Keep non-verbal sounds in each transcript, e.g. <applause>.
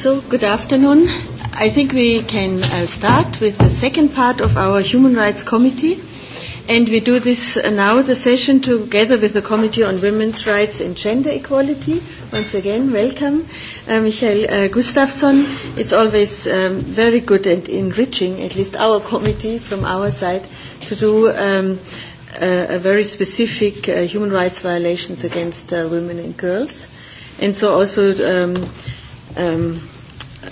So, good afternoon. I think we can uh, start with the second part of our Human Rights Committee. And we do this uh, now, the session, together with the Committee on Women's Rights and Gender Equality. Once again, welcome, uh, Michael uh, Gustafsson. It's always um, very good and enriching, at least our committee from our side, to do um, a, uh, a very specific uh, human rights violations against uh, women and girls. And so also um, um,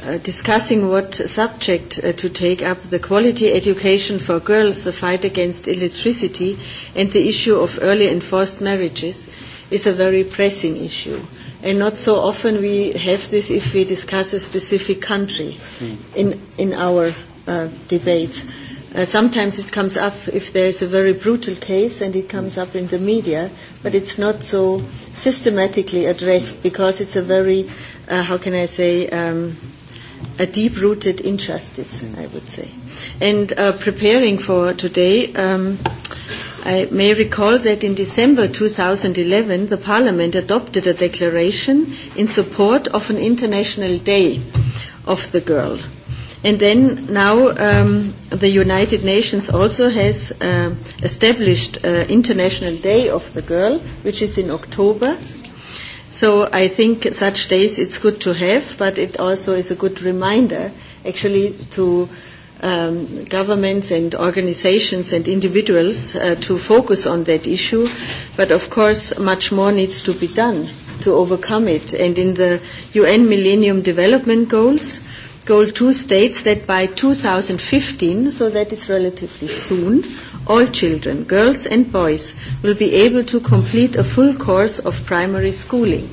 uh, discussing what subject uh, to take up the quality education for girls, the fight against electricity, and the issue of early and forced marriages is a very pressing issue. And not so often we have this if we discuss a specific country hmm. in, in our uh, debates. Uh, sometimes it comes up if there is a very brutal case and it comes up in the media, but it's not so systematically addressed because it's a very, uh, how can I say, um, a deep-rooted injustice, I would say. And uh, preparing for today, um, I may recall that in December 2011, the Parliament adopted a declaration in support of an International Day of the Girl. And then now um, the United Nations also has uh, established uh, International Day of the Girl, which is in October. So I think such days it's good to have, but it also is a good reminder actually to um, governments and organizations and individuals uh, to focus on that issue. But of course much more needs to be done to overcome it. And in the UN Millennium Development Goals, Goal 2 states that by 2015, so that is relatively soon, all children, girls and boys, will be able to complete a full course of primary schooling.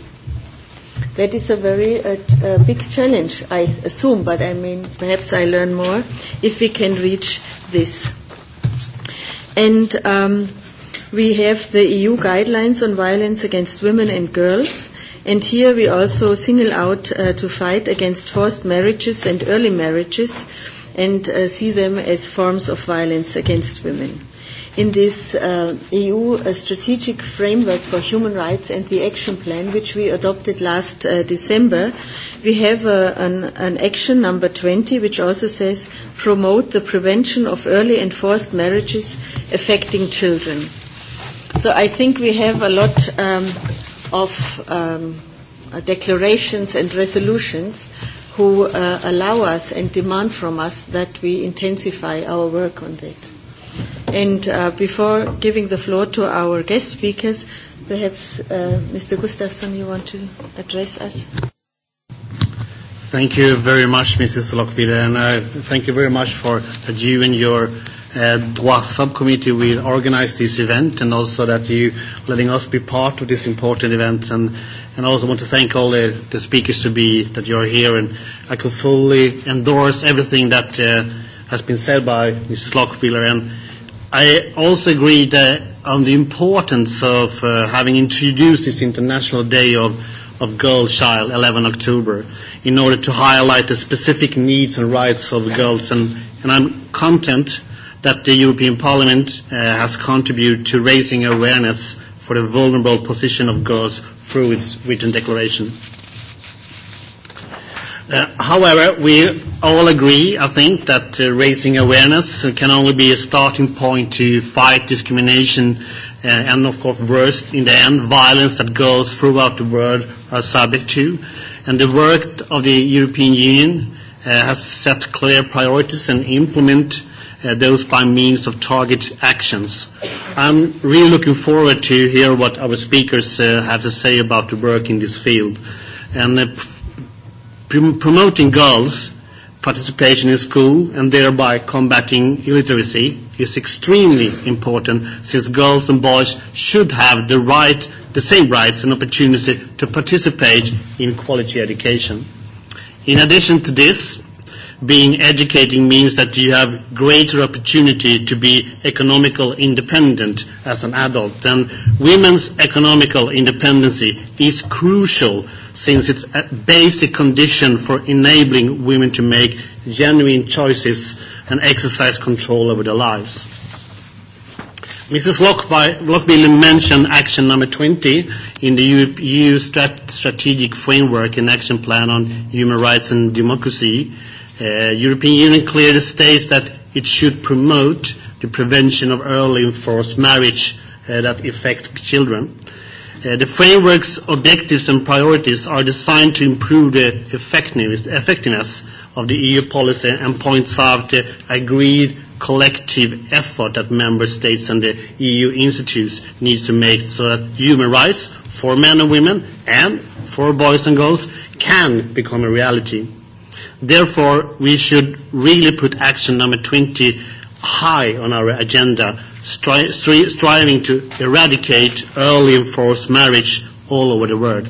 That is a very uh, uh, big challenge, I assume, but I mean, perhaps I learn more if we can reach this. And um, we have the EU guidelines on violence against women and girls, and here we also single out uh, to fight against forced marriages and early marriages and uh, see them as forms of violence against women in this uh, EU strategic framework for human rights and the action plan, which we adopted last uh, December, we have uh, an, an action number 20, which also says promote the prevention of early and forced marriages affecting children. So I think we have a lot um, of um, uh, declarations and resolutions who uh, allow us and demand from us that we intensify our work on that. And uh, before giving the floor to our guest speakers, perhaps uh, Mr. Gustafsson, you want to address us? Thank you very much, Mrs. Lockbiller, and uh, thank you very much for that you and your uh, DWA subcommittee will organize this event and also that you letting us be part of this important event. And, and I also want to thank all the, the speakers to be that you're here. And I can fully endorse everything that uh, has been said by Mrs. Lockbiller. And I also agree that on the importance of uh, having introduced this International Day of, of Girl Child, 11 October, in order to highlight the specific needs and rights of girls. And, and I'm content that the European Parliament uh, has contributed to raising awareness for the vulnerable position of girls through its written declaration. Uh, however, we all agree, I think, that uh, raising awareness can only be a starting point to fight discrimination uh, and, of course, worst in the end, violence that goes throughout the world are subject to. And the work of the European Union uh, has set clear priorities and implement uh, those by means of target actions. I'm really looking forward to hear what our speakers uh, have to say about the work in this field. And uh, prom promoting girls' participation in school and thereby combating illiteracy is extremely important since girls and boys should have the right, the same rights and opportunity to participate in quality education. In addition to this, being educating means that you have greater opportunity to be economical independent as an adult. And women's economical independency is crucial since it's a basic condition for enabling women to make genuine choices and exercise control over their lives. Mrs. Lockbiller mentioned action number 20 in the EU, EU strat strategic framework and action plan on human rights and democracy Uh, European Union clearly states that it should promote the prevention of early enforced marriage uh, that affect children. Uh, the framework's objectives and priorities are designed to improve the effectiveness, effectiveness of the EU policy and points out the agreed collective effort that member states and the EU institutes needs to make so that human rights for men and women and for boys and girls can become a reality. Therefore, we should really put action number 20 high on our agenda, stri stri striving to eradicate early enforced marriage all over the world.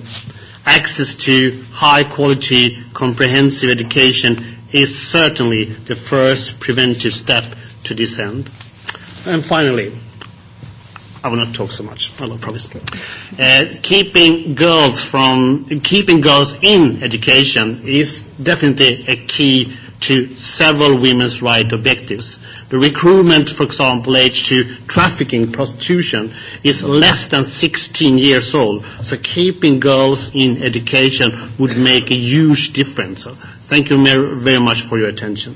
Access to high quality, comprehensive education is certainly the first preventive step to this end. And finally, I will not talk so much. I will promise. Uh, keeping girls from keeping girls in education is definitely a key to several women's rights objectives. The recruitment, for example, age to trafficking, prostitution, is less than 16 years old. So keeping girls in education would make a huge difference. So thank you very much for your attention.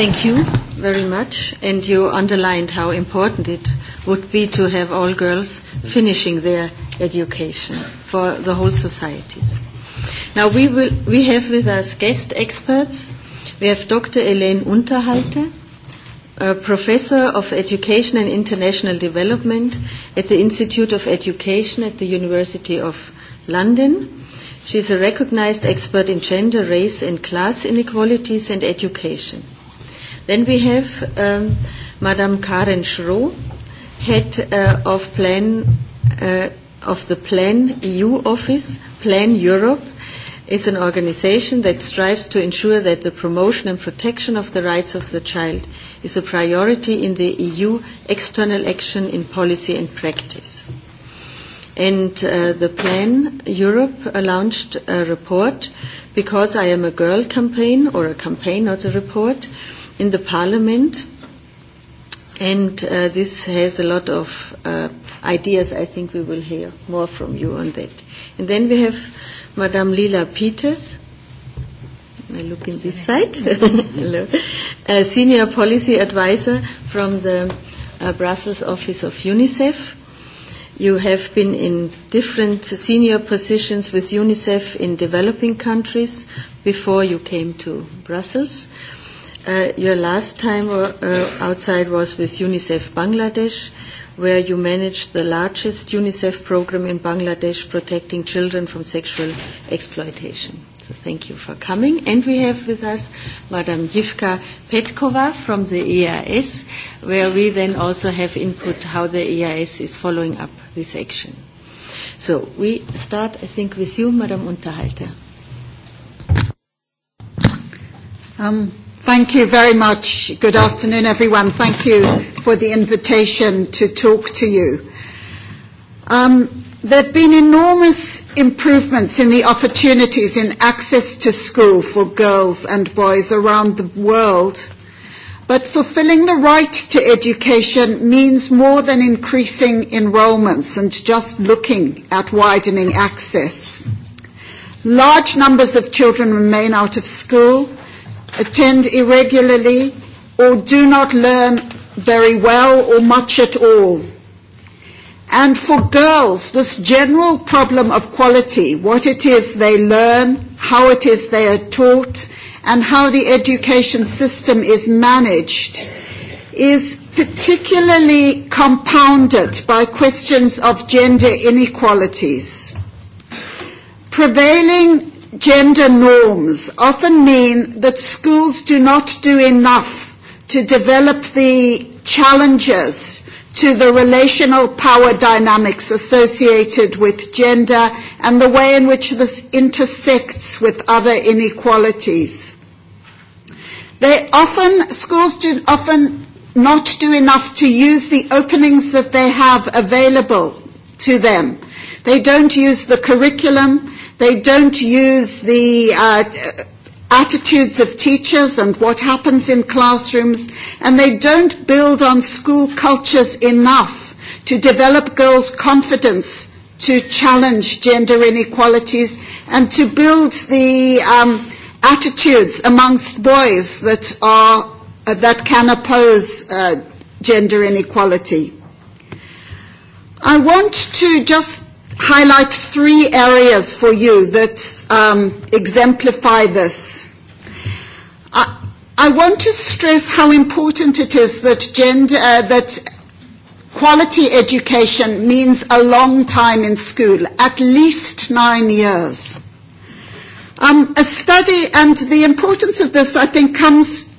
Thank you very much. And you underlined how important it would be to have all girls finishing their education for the whole societies. Now we, will, we have with us guest experts. We have Dr. Elaine Unterhalter, a professor of education and international development at the Institute of Education at the University of London. She is a recognized expert in gender, race and class inequalities and education. Then we have um, Madame Karen Schru, head uh, of plan uh, of the Plan EU office, Plan Europe, is an organization that strives to ensure that the promotion and protection of the rights of the child is a priority in the EU external action in policy and practice. And uh, the Plan Europe uh, launched a report, Because I Am a Girl campaign, or a campaign, not a report, uh, in the parliament. And uh, this has a lot of uh, ideas. I think we will hear more from you on that. And then we have Madame Lila Peters. I look in this side. <laughs> Hello. A senior policy advisor from the uh, Brussels office of UNICEF. You have been in different senior positions with UNICEF in developing countries before you came to Brussels. Uh, Uh, your last time uh, uh, outside was with UNICEF Bangladesh, where you managed the largest UNICEF program in Bangladesh protecting children from sexual exploitation. So thank you for coming. And we have with us Madam Yivka Petkova from the EIS, where we then also have input how the EIS is following up this action. So we start, I think, with you, Madam Unterhalter. Um, Thank you very much. Good afternoon, everyone. Thank you for the invitation to talk to you. Um, there have been enormous improvements in the opportunities in access to school for girls and boys around the world. But fulfilling the right to education means more than increasing enrolments and just looking at widening access. Large numbers of children remain out of school attend irregularly, or do not learn very well or much at all. And for girls, this general problem of quality, what it is they learn, how it is they are taught, and how the education system is managed, is particularly compounded by questions of gender inequalities. Prevailing gender norms often mean that schools do not do enough to develop the challenges to the relational power dynamics associated with gender and the way in which this intersects with other inequalities. They often, schools do often not do enough to use the openings that they have available to them. They don't use the curriculum, They don't use the uh, attitudes of teachers and what happens in classrooms, and they don't build on school cultures enough to develop girls' confidence to challenge gender inequalities and to build the um, attitudes amongst boys that, are, uh, that can oppose uh, gender inequality. I want to just highlight three areas for you that um, exemplify this. I, I want to stress how important it is that gender, uh, that quality education means a long time in school, at least nine years. Um, a study, and the importance of this, I think, comes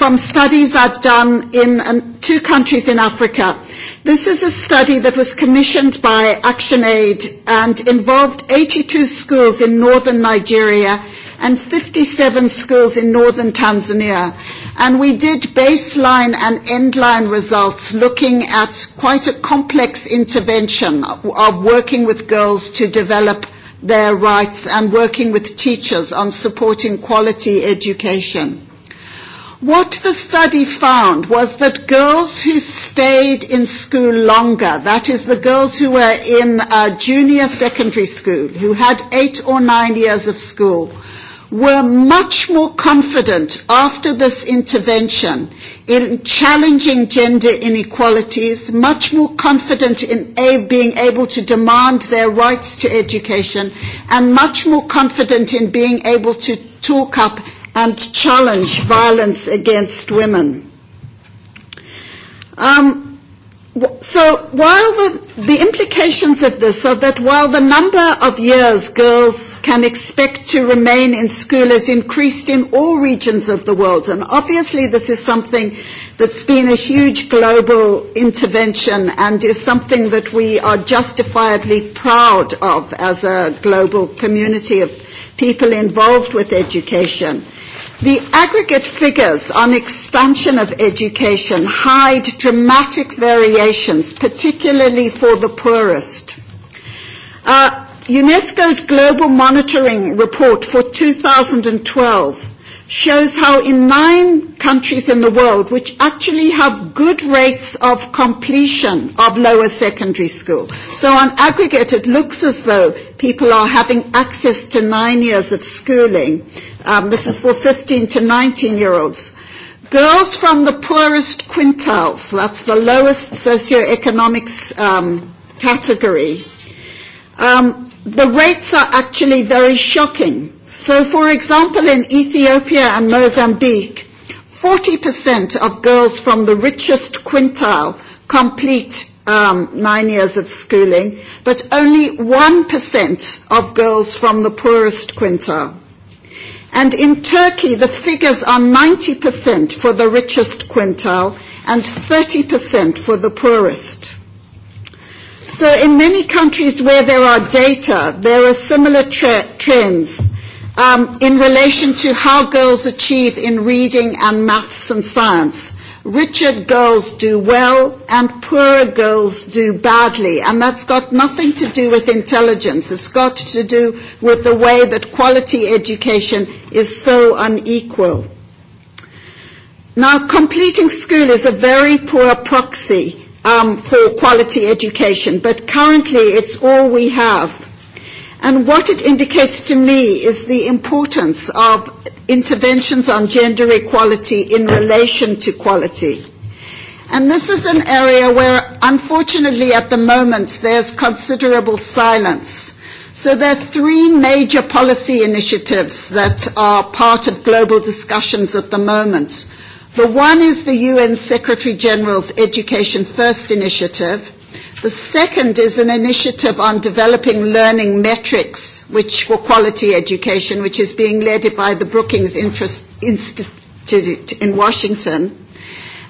from studies I've done in um, two countries in Africa. This is a study that was commissioned by ActionAid and involved 82 schools in northern Nigeria and 57 schools in northern Tanzania. And we did baseline and endline results looking at quite a complex intervention of, of working with girls to develop their rights and working with teachers on supporting quality education. What the study found was that girls who stayed in school longer, that is the girls who were in uh, junior secondary school, who had eight or nine years of school, were much more confident after this intervention in challenging gender inequalities, much more confident in a, being able to demand their rights to education, and much more confident in being able to talk up and challenge violence against women. Um, so while the, the implications of this are that while the number of years girls can expect to remain in school has increased in all regions of the world, and obviously this is something that's been a huge global intervention and is something that we are justifiably proud of as a global community of people involved with education. The aggregate figures on expansion of education hide dramatic variations, particularly for the poorest. Uh, UNESCO's Global Monitoring Report for 2012 shows how in nine countries in the world, which actually have good rates of completion of lower secondary school, so on aggregate it looks as though people are having access to nine years of schooling. Um, this is for 15 to 19 year olds. Girls from the poorest quintiles, that's the lowest socioeconomic um, category, um, the rates are actually very shocking. So, for example, in Ethiopia and Mozambique, 40% of girls from the richest quintile complete um, nine years of schooling, but only 1% of girls from the poorest quintile. And in Turkey, the figures are 90% for the richest quintile and 30% for the poorest. So in many countries where there are data, there are similar tra trends um, in relation to how girls achieve in reading and maths and science. Richer girls do well and poorer girls do badly. And that's got nothing to do with intelligence. It's got to do with the way that quality education is so unequal. Now, completing school is a very poor proxy um, for quality education, but currently it's all we have. And what it indicates to me is the importance of interventions on gender equality in relation to quality. And this is an area where, unfortunately, at the moment, there's considerable silence. So there are three major policy initiatives that are part of global discussions at the moment. The one is the UN Secretary General's Education First initiative, The second is an initiative on developing learning metrics which for quality education, which is being led by the Brookings Interest Institute in Washington.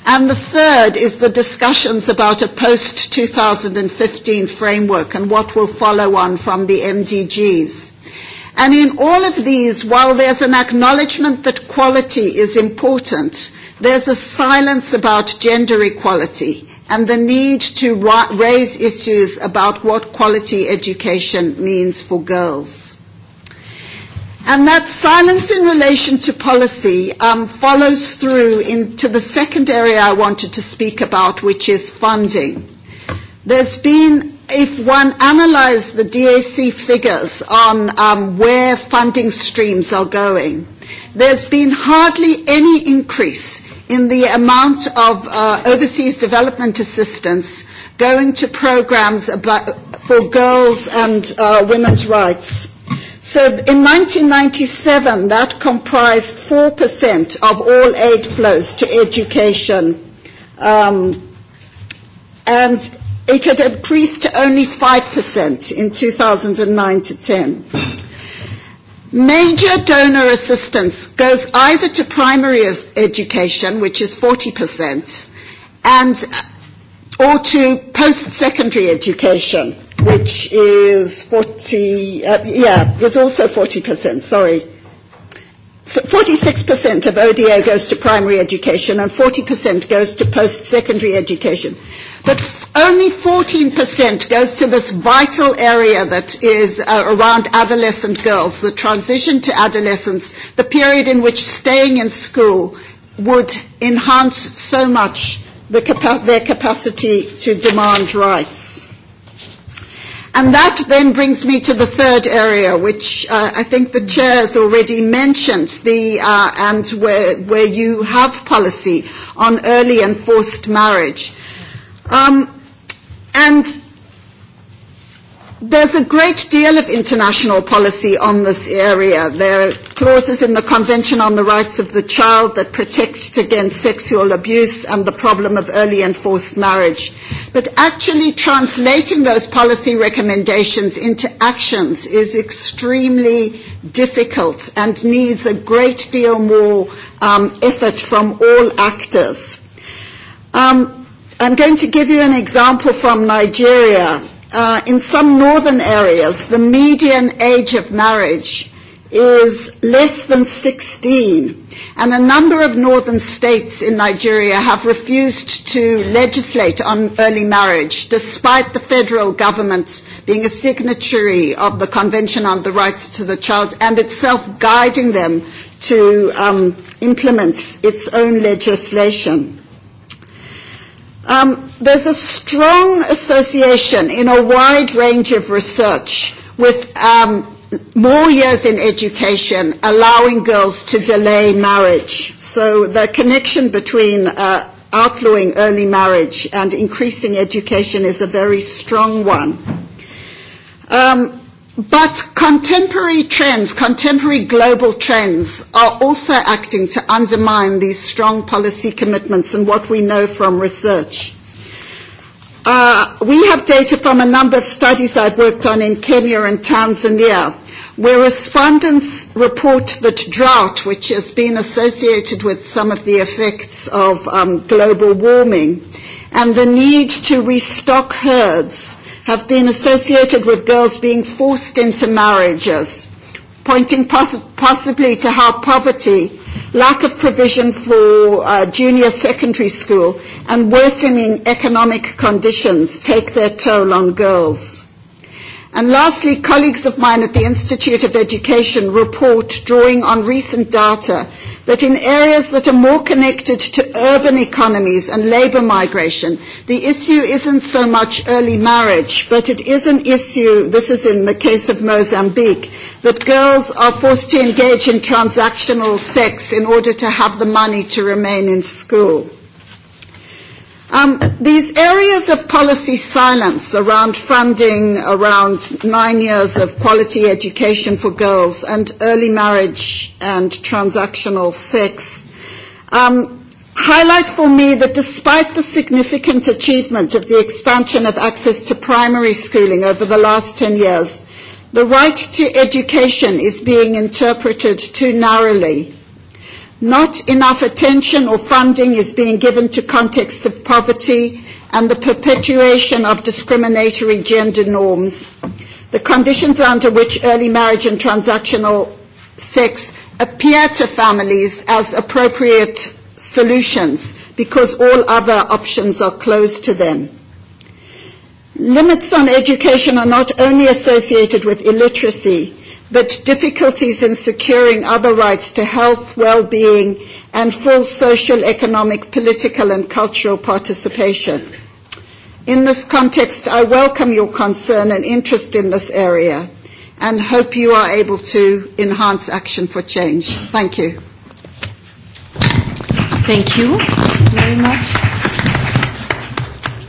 And the third is the discussions about a post-2015 framework and what will follow on from the MDGs. And in all of these, while there's an acknowledgement that quality is important, there's a silence about gender equality and the need to raise issues about what quality education means for girls. And that silence in relation to policy um, follows through into the second area I wanted to speak about, which is funding. There's been if one analyzes the DAC figures on um, where funding streams are going, there's been hardly any increase in the amount of uh, overseas development assistance going to programs about, for girls and uh, women's rights. So in 1997, that comprised 4% of all aid flows to education. Um, and it had increased to only 5% in 2009 to 10. Major donor assistance goes either to primary education, which is 40%, and uh, or to post-secondary education, which is 40, uh, yeah, is also 40%, sorry. So 46% of ODA goes to primary education and 40% goes to post-secondary education. But only 14% goes to this vital area that is uh, around adolescent girls, the transition to adolescence, the period in which staying in school would enhance so much the capa their capacity to demand rights. And that then brings me to the third area, which uh, I think the chair has already mentioned, the, uh, and where, where you have policy on early and forced marriage. Um, and There's a great deal of international policy on this area. There are clauses in the Convention on the Rights of the Child that protect against sexual abuse and the problem of early and forced marriage. But actually translating those policy recommendations into actions is extremely difficult and needs a great deal more um, effort from all actors. Um, I'm going to give you an example from Nigeria. Uh, in some northern areas, the median age of marriage is less than 16. And a number of northern states in Nigeria have refused to legislate on early marriage, despite the federal government being a signatory of the Convention on the Rights to the Child and itself guiding them to um, implement its own legislation. Um, there's a strong association in a wide range of research with um, more years in education allowing girls to delay marriage. So the connection between uh, outlawing early marriage and increasing education is a very strong one. Um, But contemporary trends, contemporary global trends are also acting to undermine these strong policy commitments and what we know from research. Uh, we have data from a number of studies I've worked on in Kenya and Tanzania where respondents report that drought, which has been associated with some of the effects of um, global warming, and the need to restock herds have been associated with girls being forced into marriages, pointing poss possibly to how poverty, lack of provision for uh, junior secondary school, and worsening economic conditions take their toll on girls. And lastly, colleagues of mine at the Institute of Education report, drawing on recent data, that in areas that are more connected to urban economies and labour migration, the issue isn't so much early marriage, but it is an issue, this is in the case of Mozambique, that girls are forced to engage in transactional sex in order to have the money to remain in school. Um, these areas of policy silence around funding, around nine years of quality education for girls and early marriage and transactional sex um, highlight for me that despite the significant achievement of the expansion of access to primary schooling over the last 10 years, the right to education is being interpreted too narrowly Not enough attention or funding is being given to contexts of poverty and the perpetuation of discriminatory gender norms. The conditions under which early marriage and transactional sex appear to families as appropriate solutions because all other options are closed to them. Limits on education are not only associated with illiteracy, but difficulties in securing other rights to health, well-being and full social, economic, political and cultural participation. In this context, I welcome your concern and interest in this area and hope you are able to enhance action for change. Thank you. Thank you very much.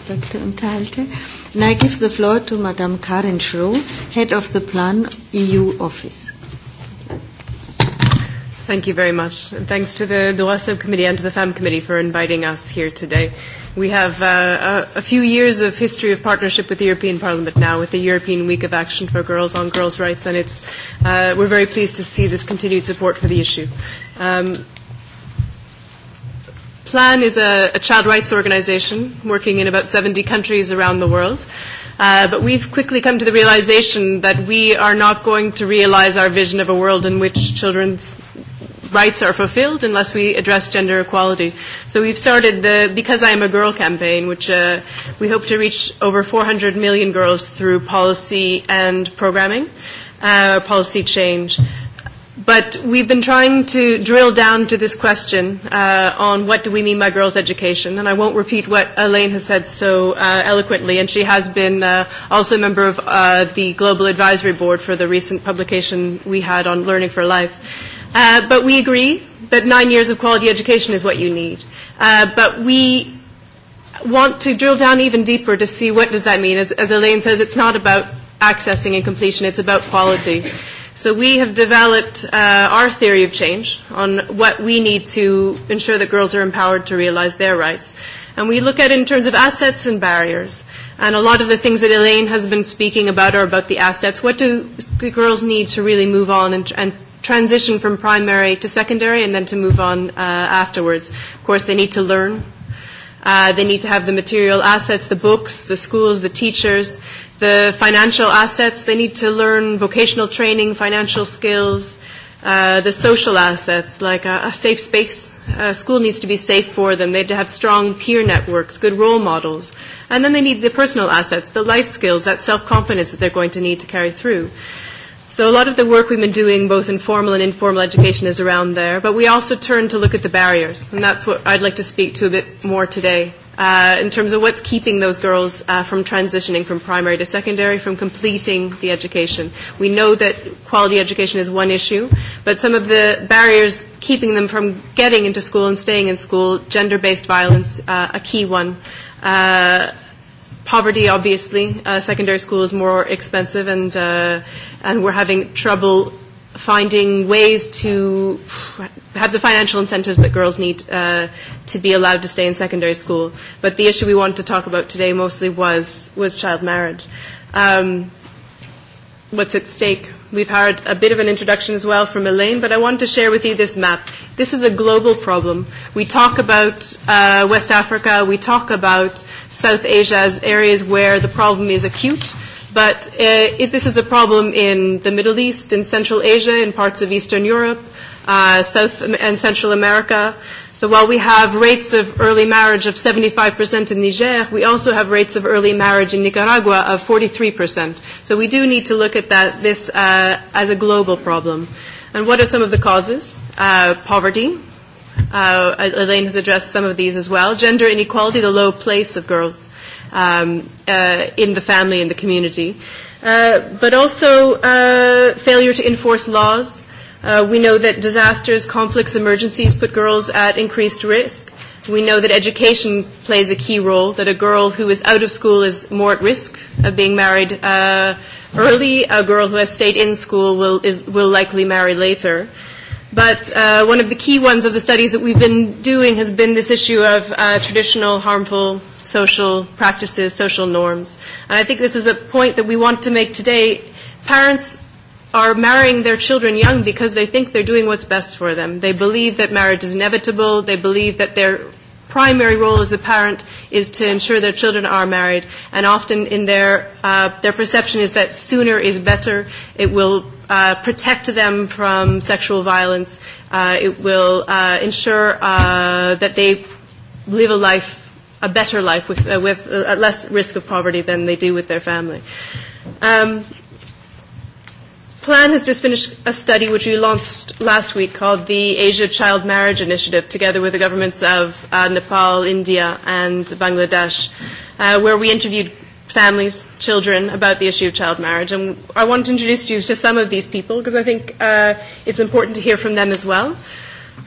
Dr. And I give the floor to Madame Karin Schroe, Head of the Plan EU Office. Thank you very much. And thanks to the DOA Subcommittee and to the FAM Committee for inviting us here today. We have uh, a, a few years of history of partnership with the European Parliament now, with the European Week of Action for Girls on Girls' Rights, and it's, uh, we're very pleased to see this continued support for the issue. Um, Plan is a, a child rights organization working in about 70 countries around the world. Uh, but we've quickly come to the realization that we are not going to realize our vision of a world in which children's rights are fulfilled unless we address gender equality. So we've started the Because I Am a Girl campaign, which uh, we hope to reach over 400 million girls through policy and programming, uh, policy change. But we've been trying to drill down to this question uh, on what do we mean by girls' education, and I won't repeat what Elaine has said so uh, eloquently, and she has been uh, also a member of uh, the Global Advisory Board for the recent publication we had on Learning for Life. Uh, but we agree that nine years of quality education is what you need. Uh, but we want to drill down even deeper to see what does that mean. As, as Elaine says, it's not about accessing and completion, it's about quality. So we have developed uh, our theory of change on what we need to ensure that girls are empowered to realize their rights. And we look at it in terms of assets and barriers. And a lot of the things that Elaine has been speaking about are about the assets. What do girls need to really move on and, and transition from primary to secondary and then to move on uh, afterwards? Of course, they need to learn. Uh, they need to have the material assets, the books, the schools, the teachers the financial assets, they need to learn vocational training, financial skills, uh, the social assets, like a, a safe space. Uh, school needs to be safe for them. They need to have strong peer networks, good role models. And then they need the personal assets, the life skills, that self-confidence that they're going to need to carry through. So a lot of the work we've been doing, both in formal and informal education, is around there. But we also turn to look at the barriers, and that's what I'd like to speak to a bit more today uh, in terms of what's keeping those girls uh, from transitioning from primary to secondary, from completing the education. We know that quality education is one issue, but some of the barriers keeping them from getting into school and staying in school, gender-based violence, uh, a key one. Uh, poverty, obviously, uh, secondary school is more expensive, and, uh, and we're having trouble finding ways to have the financial incentives that girls need uh, to be allowed to stay in secondary school. But the issue we wanted to talk about today mostly was, was child marriage. Um, what's at stake? We've heard a bit of an introduction as well from Elaine, but I want to share with you this map. This is a global problem. We talk about uh, West Africa, we talk about South Asia as areas where the problem is acute, But uh, it, this is a problem in the Middle East, in Central Asia, in parts of Eastern Europe, uh, South and Central America. So while we have rates of early marriage of 75% in Niger, we also have rates of early marriage in Nicaragua of 43%. So we do need to look at that, this uh, as a global problem. And what are some of the causes? Uh, poverty. Uh, Elaine has addressed some of these as well. Gender inequality, the low place of girls um, uh, in the family and the community. Uh, but also uh, failure to enforce laws. Uh, we know that disasters, conflicts, emergencies put girls at increased risk. We know that education plays a key role, that a girl who is out of school is more at risk of being married uh, early. A girl who has stayed in school will, is, will likely marry later. But uh, one of the key ones of the studies that we've been doing has been this issue of uh, traditional harmful social practices, social norms. And I think this is a point that we want to make today. Parents are marrying their children young because they think they're doing what's best for them. They believe that marriage is inevitable. They believe that they're primary role as a parent is to ensure their children are married. And often in their, uh, their perception is that sooner is better. It will uh, protect them from sexual violence. Uh, it will uh, ensure uh, that they live a life, a better life with, uh, with uh, less risk of poverty than they do with their family. Um, Plan has just finished a study which we launched last week called the Asia Child Marriage Initiative, together with the governments of uh, Nepal, India, and Bangladesh, uh, where we interviewed families, children, about the issue of child marriage. And I want to introduce you to some of these people because I think uh, it's important to hear from them as well.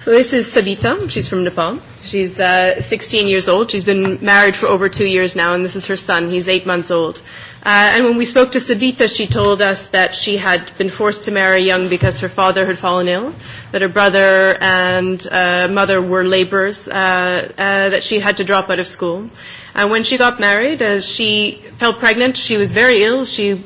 So this is Sabita. She's from Nepal. She's uh, 16 years old. She's been married for over two years now, and this is her son. He's eight months old. Uh, and when we spoke to Sabita, she told us that she had been forced to marry young because her father had fallen ill, that her brother and uh, mother were laborers, uh, uh, that she had to drop out of school. And when she got married, uh, she fell pregnant. She was very ill. She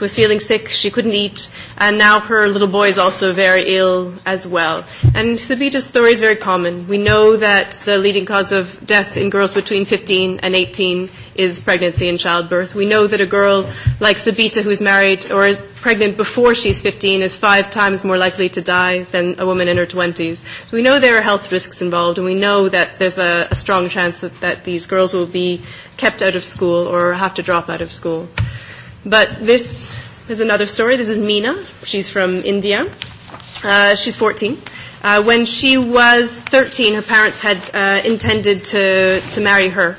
was feeling sick, she couldn't eat, and now her little boy is also very ill as well. And Sabita's story is very common. We know that the leading cause of death in girls between 15 and 18 is pregnancy and childbirth. We know that a girl like Sabita who's married or is pregnant before she's 15 is five times more likely to die than a woman in her 20s. So we know there are health risks involved and we know that there's a, a strong chance that, that these girls will be kept out of school or have to drop out of school. But this is another story. This is Mina. She's from India. Uh, she's 14. Uh, when she was 13, her parents had uh, intended to, to marry her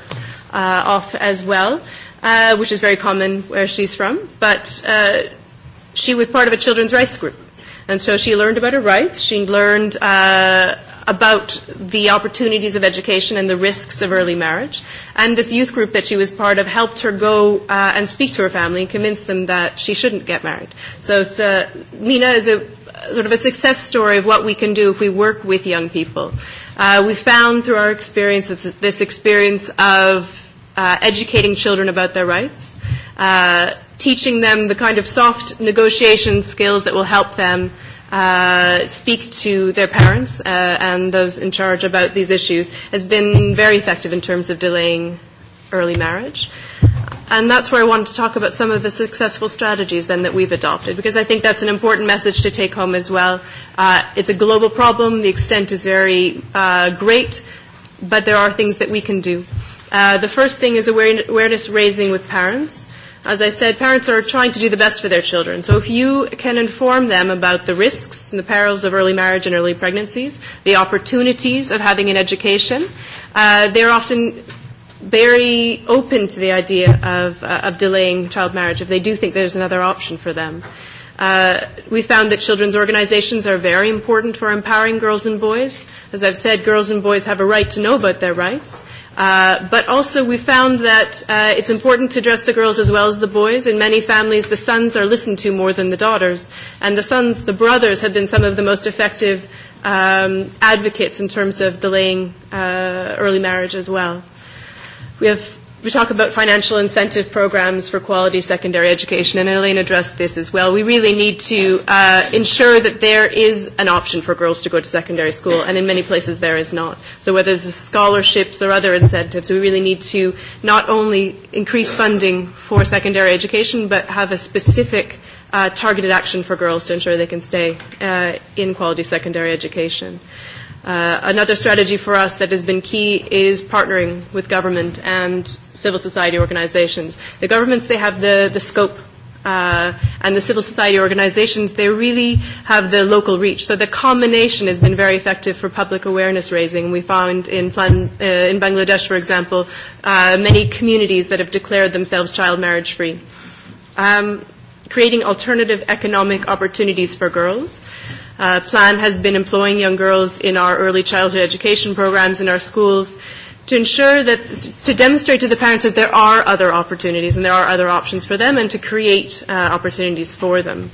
uh, off as well, uh, which is very common where she's from. But uh, she was part of a children's rights group. And so she learned about her rights. She learned uh, about the opportunities of education and the risks of early marriage. And this youth group that she was part of helped her go uh, and speak to her family and convince them that she shouldn't get married. So, so uh, Mina is a sort of a success story of what we can do if we work with young people. Uh, we found through our experience this experience of uh, educating children about their rights, uh, teaching them the kind of soft negotiation skills that will help them uh, speak to their parents uh, and those in charge about these issues has been very effective in terms of delaying early marriage. And that's where I wanted to talk about some of the successful strategies then that we've adopted, because I think that's an important message to take home as well. Uh, it's a global problem. The extent is very uh, great, but there are things that we can do. Uh, the first thing is awareness raising with parents. As I said, parents are trying to do the best for their children. So if you can inform them about the risks and the perils of early marriage and early pregnancies, the opportunities of having an education, uh, they're often very open to the idea of, uh, of delaying child marriage if they do think there's another option for them. Uh, we found that children's organizations are very important for empowering girls and boys. As I've said, girls and boys have a right to know about their rights. Uh, but also we found that uh, it's important to dress the girls as well as the boys. In many families, the sons are listened to more than the daughters. And the sons, the brothers, have been some of the most effective um, advocates in terms of delaying uh, early marriage as well. We have we talk about financial incentive programs for quality secondary education, and Elaine addressed this as well. We really need to uh, ensure that there is an option for girls to go to secondary school, and in many places there is not. So whether it's scholarships or other incentives, we really need to not only increase funding for secondary education, but have a specific uh, targeted action for girls to ensure they can stay uh, in quality secondary education. Uh, Uh, another strategy for us that has been key is partnering with government and civil society organizations. The governments, they have the, the scope uh, and the civil society organizations, they really have the local reach. So the combination has been very effective for public awareness raising. We found in, plan, uh, in Bangladesh, for example, uh, many communities that have declared themselves child marriage free. Um, creating alternative economic opportunities for girls. Uh, Uh, Plan has been employing young girls in our early childhood education programs in our schools to ensure that, to demonstrate to the parents that there are other opportunities and there are other options for them and to create uh, opportunities for them.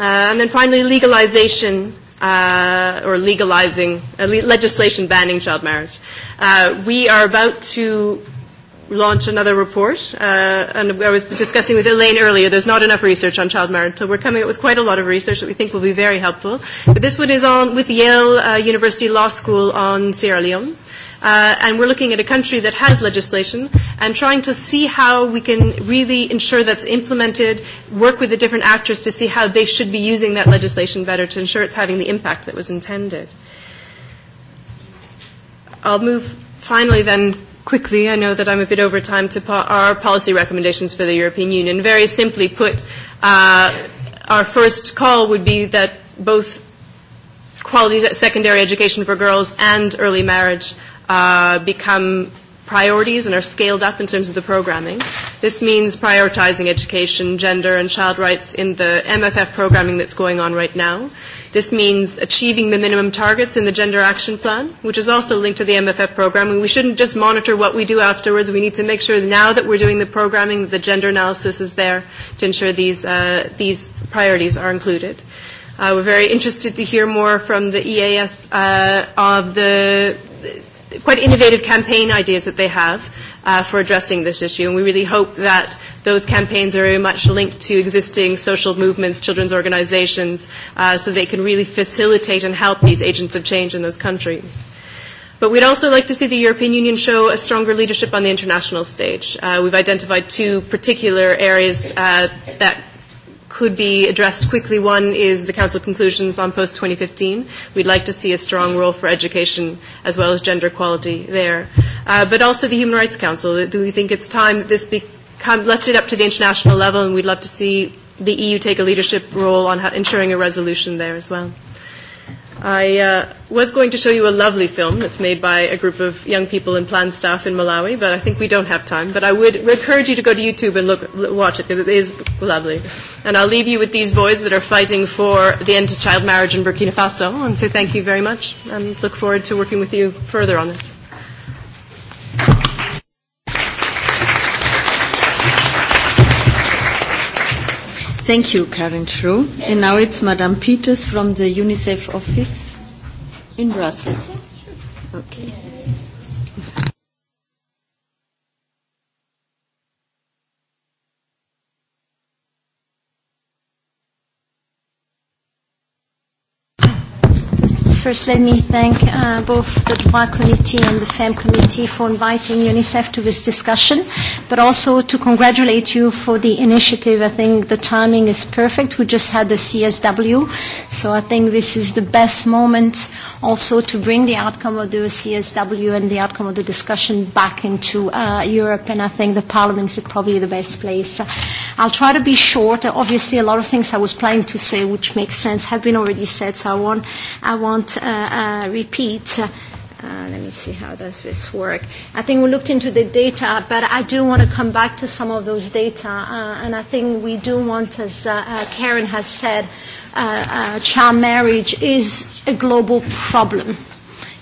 Uh, and then finally, legalization uh, or legalizing, uh, le legislation banning child marriage. Uh, we are about to launch another report. Uh, and I was discussing with Elaine earlier, there's not enough research on child marriage, so we're coming up with quite a lot of research that we think will be very helpful. But this one is on with Yale uh, University Law School on Sierra Leone. Uh, and we're looking at a country that has legislation and trying to see how we can really ensure that's implemented, work with the different actors to see how they should be using that legislation better to ensure it's having the impact that was intended. I'll move finally then quickly, I know that I'm a bit over time, to po our policy recommendations for the European Union. Very simply put, uh, our first call would be that both quality secondary education for girls and early marriage uh, become priorities and are scaled up in terms of the programming. This means prioritizing education, gender, and child rights in the MFF programming that's going on right now. This means achieving the minimum targets in the Gender Action Plan, which is also linked to the MFF program. And we shouldn't just monitor what we do afterwards. We need to make sure now that we're doing the programming, the gender analysis is there to ensure these, uh, these priorities are included. Uh, we're very interested to hear more from the EAS uh, of the quite innovative campaign ideas that they have uh, for addressing this issue. And we really hope that those campaigns are very much linked to existing social movements, children's organizations, uh, so they can really facilitate and help these agents of change in those countries. But we'd also like to see the European Union show a stronger leadership on the international stage. Uh, we've identified two particular areas uh, that could be addressed quickly. One is the Council conclusions on post-2015. We'd like to see a strong role for education as well as gender equality there. Uh, but also the Human Rights Council. Do We think it's time that this be left it up to the international level, and we'd love to see the EU take a leadership role on ensuring a resolution there as well. I uh, was going to show you a lovely film that's made by a group of young people and plan staff in Malawi, but I think we don't have time. But I would encourage you to go to YouTube and look, watch it because it is lovely. And I'll leave you with these boys that are fighting for the end to child marriage in Burkina Faso and say thank you very much and look forward to working with you further on this. Thank you, Karen True. And now it's Madame Peters from the UNICEF office in Brussels. Okay. First, let me thank uh, both the Droit Committee and the FEM Committee for inviting UNICEF to this discussion, but also to congratulate you for the initiative. I think the timing is perfect. We just had the CSW, so I think this is the best moment also to bring the outcome of the CSW and the outcome of the discussion back into uh, Europe, and I think the Parliament is probably the best place. I'll try to be short. Obviously, a lot of things I was planning to say, which makes sense, have been already said, so I won't, I won't not uh, uh, repeat. Uh, let me see how does this work. I think we looked into the data, but I do want to come back to some of those data, uh, and I think we do want, as uh, uh, Karen has said, uh, uh, child marriage is a global problem.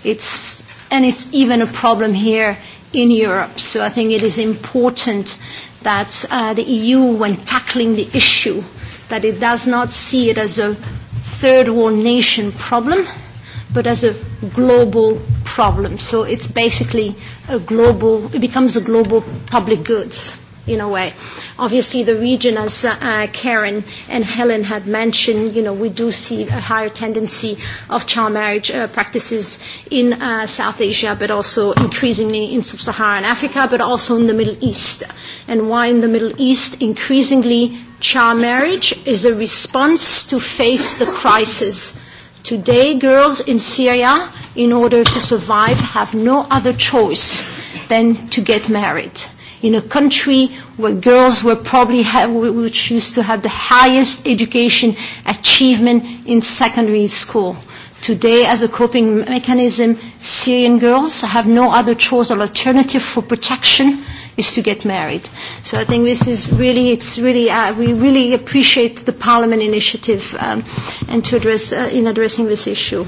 It's, and it's even a problem here in Europe. So I think it is important that uh, the EU, when tackling the issue, that it does not see it as a third world nation problem, but as a global problem. So it's basically a global, it becomes a global public goods in a way. Obviously, the region, as uh, uh, Karen and Helen had mentioned, you know, we do see a higher tendency of child marriage uh, practices in uh, South Asia, but also increasingly in Sub-Saharan Africa, but also in the Middle East. And why in the Middle East? Increasingly, child marriage is a response to face the crisis Today, girls in Syria, in order to survive, have no other choice than to get married. In a country where girls were probably have, which used to have the highest education achievement in secondary school Today, as a coping mechanism, Syrian girls have no other choice or alternative for protection is to get married. So I think this is really, it's really, uh, we really appreciate the Parliament initiative um, and to address, uh, in addressing this issue.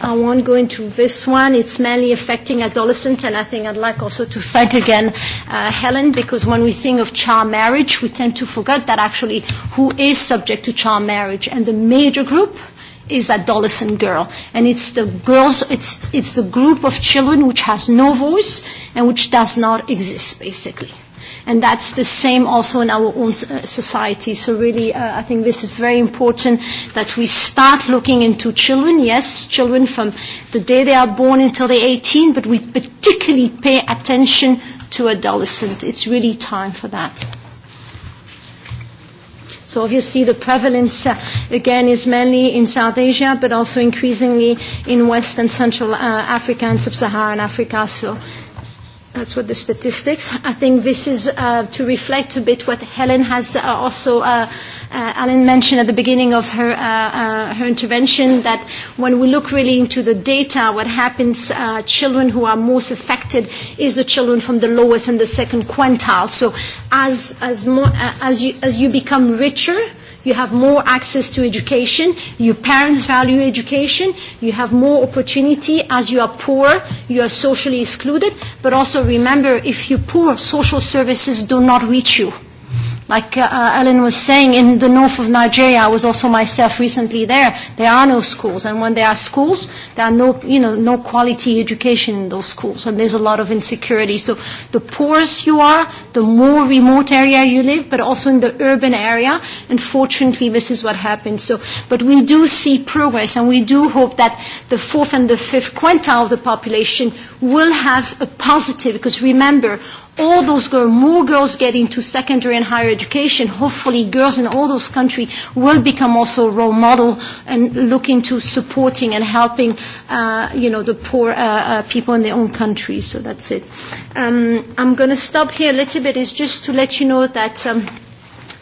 I won't go into this one. It's mainly affecting adolescents, and I think I'd like also to thank again uh, Helen, because when we think of child marriage, we tend to forget that actually who is subject to child marriage. And the major group is adolescent girl. And it's the girls, it's, it's the group of children which has no voice and which does not exist, basically. And that's the same also in our own uh, society. So really, uh, I think this is very important that we start looking into children. Yes, children from the day they are born until they're 18, but we particularly pay attention to adolescent. It's really time for that. So obviously the prevalence, uh, again, is mainly in South Asia, but also increasingly in West and Central uh, Africa and Sub-Saharan Africa. So That's what the statistics. I think this is uh, to reflect a bit what Helen has uh, also, uh, uh, Alan mentioned at the beginning of her, uh, uh, her intervention, that when we look really into the data, what happens, uh, children who are most affected is the children from the lowest and the second quintile. So as, as, more, uh, as, you, as you become richer, you have more access to education, your parents value education, you have more opportunity as you are poor, you are socially excluded, but also remember if you're poor, social services do not reach you. Like uh, Alan uh, was saying, in the north of Nigeria, I was also myself recently there, there are no schools. And when there are schools, there are no, you know, no quality education in those schools. And there's a lot of insecurity. So the poorest you are, the more remote area you live, but also in the urban area, unfortunately, this is what happens. So, but we do see progress, and we do hope that the fourth and the fifth quintile of the population will have a positive, because remember, all those girls, more girls get into secondary and higher education, hopefully girls in all those countries will become also a role model and look into supporting and helping, uh, you know, the poor uh, uh, people in their own countries. So that's it. Um, I'm going to stop here a little bit. It's just to let you know that... Um,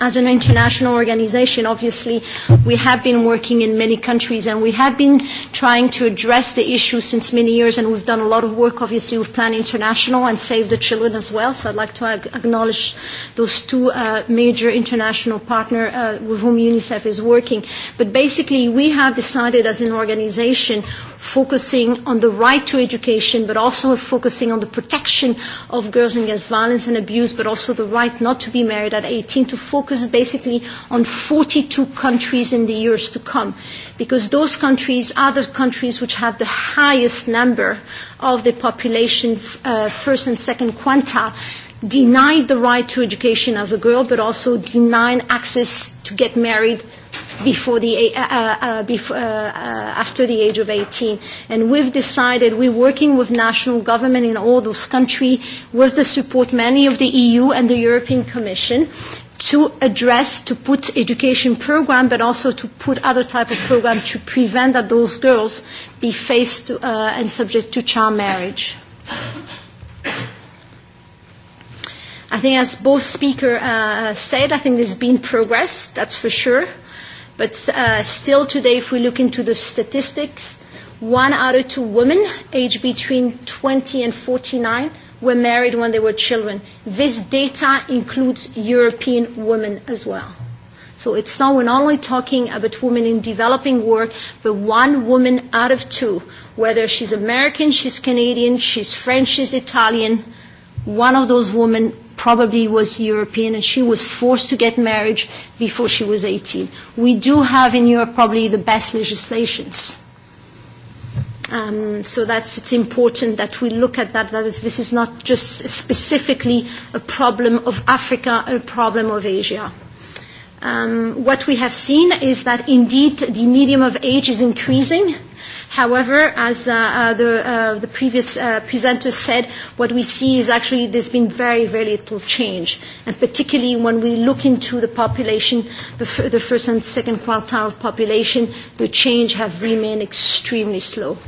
as an international organization, obviously, we have been working in many countries and we have been trying to address the issue since many years and we've done a lot of work, obviously, with Plan International and Save the Children as well. So I'd like to acknowledge those two uh, major international partners uh, with whom UNICEF is working. But basically, we have decided as an organization focusing on the right to education, but also focusing on the protection of girls against violence and abuse, but also the right not to be married at 18, to focus basically on 42 countries in the years to come, because those countries are the countries which have the highest number of the population, uh, first and second quanta, denied the right to education as a girl, but also denied access to get married before the, uh, uh, before, uh, uh, after the age of 18. And we've decided, we're working with national government in all those countries with the support many of the EU and the European Commission to address, to put education program, but also to put other type of program to prevent that those girls be faced to, uh, and subject to child marriage. I think as both speakers uh, said, I think there's been progress, that's for sure. But uh, still today, if we look into the statistics, one out of two women aged between 20 and 49 were married when they were children. This data includes European women as well. So it's not, we're not only talking about women in developing world, but one woman out of two, whether she's American, she's Canadian, she's French, she's Italian, One of those women probably was European and she was forced to get marriage before she was 18. We do have in Europe probably the best legislations. Um, so that's, it's important that we look at that, that is, this is not just specifically a problem of Africa, a problem of Asia. Um, what we have seen is that indeed the medium of age is increasing However, as uh, uh, the, uh, the previous uh, presenter said, what we see is actually there's been very, very little change. And particularly when we look into the population, the, f the first and second quartile population, the change have remained extremely slow.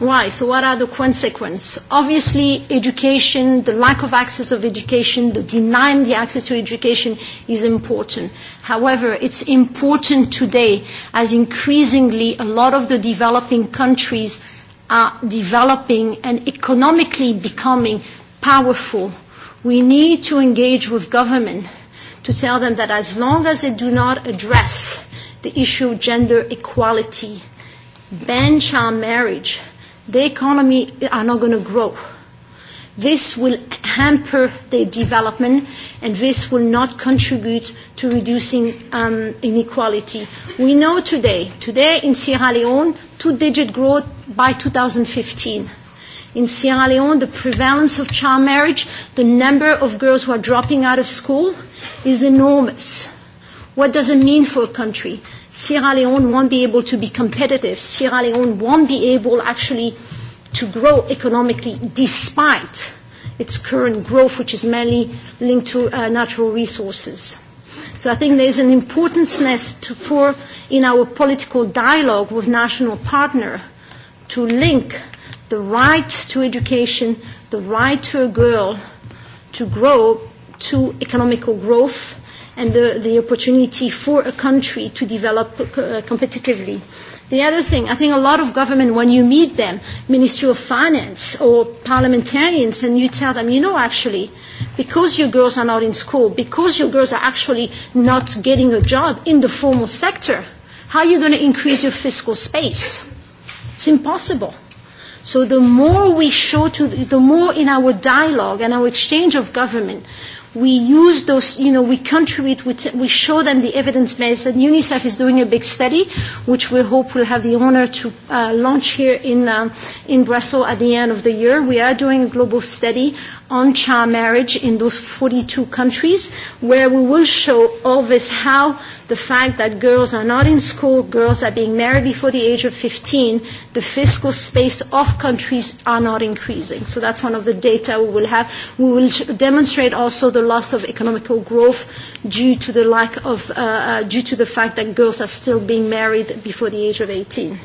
Why? So what are the consequences? Obviously, education, the lack of access of education, the denying the access to education is important. However, it's important today as increasingly a lot of the developing countries are developing and economically becoming powerful. We need to engage with government to tell them that as long as they do not address the issue of gender equality, ban child marriage, the economy are not going to grow. This will hamper their development and this will not contribute to reducing um, inequality. We know today, today in Sierra Leone, two-digit growth by 2015. In Sierra Leone, the prevalence of child marriage, the number of girls who are dropping out of school is enormous. What does it mean for a country? Sierra Leone won't be able to be competitive. Sierra Leone won't be able actually to grow economically despite its current growth, which is mainly linked to uh, natural resources. So I think there's an importance to, for in our political dialogue with national partner to link the right to education, the right to a girl to grow to economical growth and the, the opportunity for a country to develop uh, competitively. The other thing, I think a lot of government, when you meet them, Ministry of Finance or parliamentarians, and you tell them, you know, actually, because your girls are not in school, because your girls are actually not getting a job in the formal sector, how are you going to increase your fiscal space? It's impossible. So the more we show to, the more in our dialogue and our exchange of government, we use those, you know, we contribute, we, we show them the evidence base, and UNICEF is doing a big study, which we hope will have the honor to uh, launch here in, um, in Brussels at the end of the year. We are doing a global study on child marriage in those 42 countries where we will show all this how the fact that girls are not in school, girls are being married before the age of 15, the fiscal space of countries are not increasing. So that's one of the data we will have. We will demonstrate also the loss of economical growth due to the lack of, uh, uh, due to the fact that girls are still being married before the age of 18.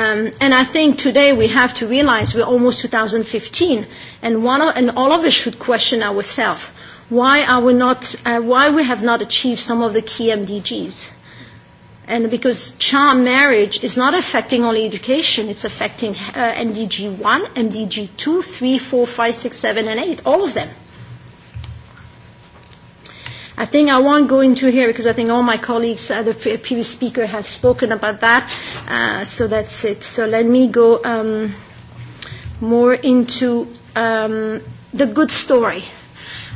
Um, and I think today we have to realize we're almost 2015, and, one of, and all of us should question ourselves why are we not, uh, why we have not achieved some of the key MDGs. And because child marriage is not affecting only education, it's affecting uh, MDG 1, MDG 2, 3, 4, 5, 6, 7, and 8, all of them. I think I won't go into here because I think all my colleagues, uh, the previous speaker, have spoken about that. Uh, so that's it. So let me go um, more into um, the good story.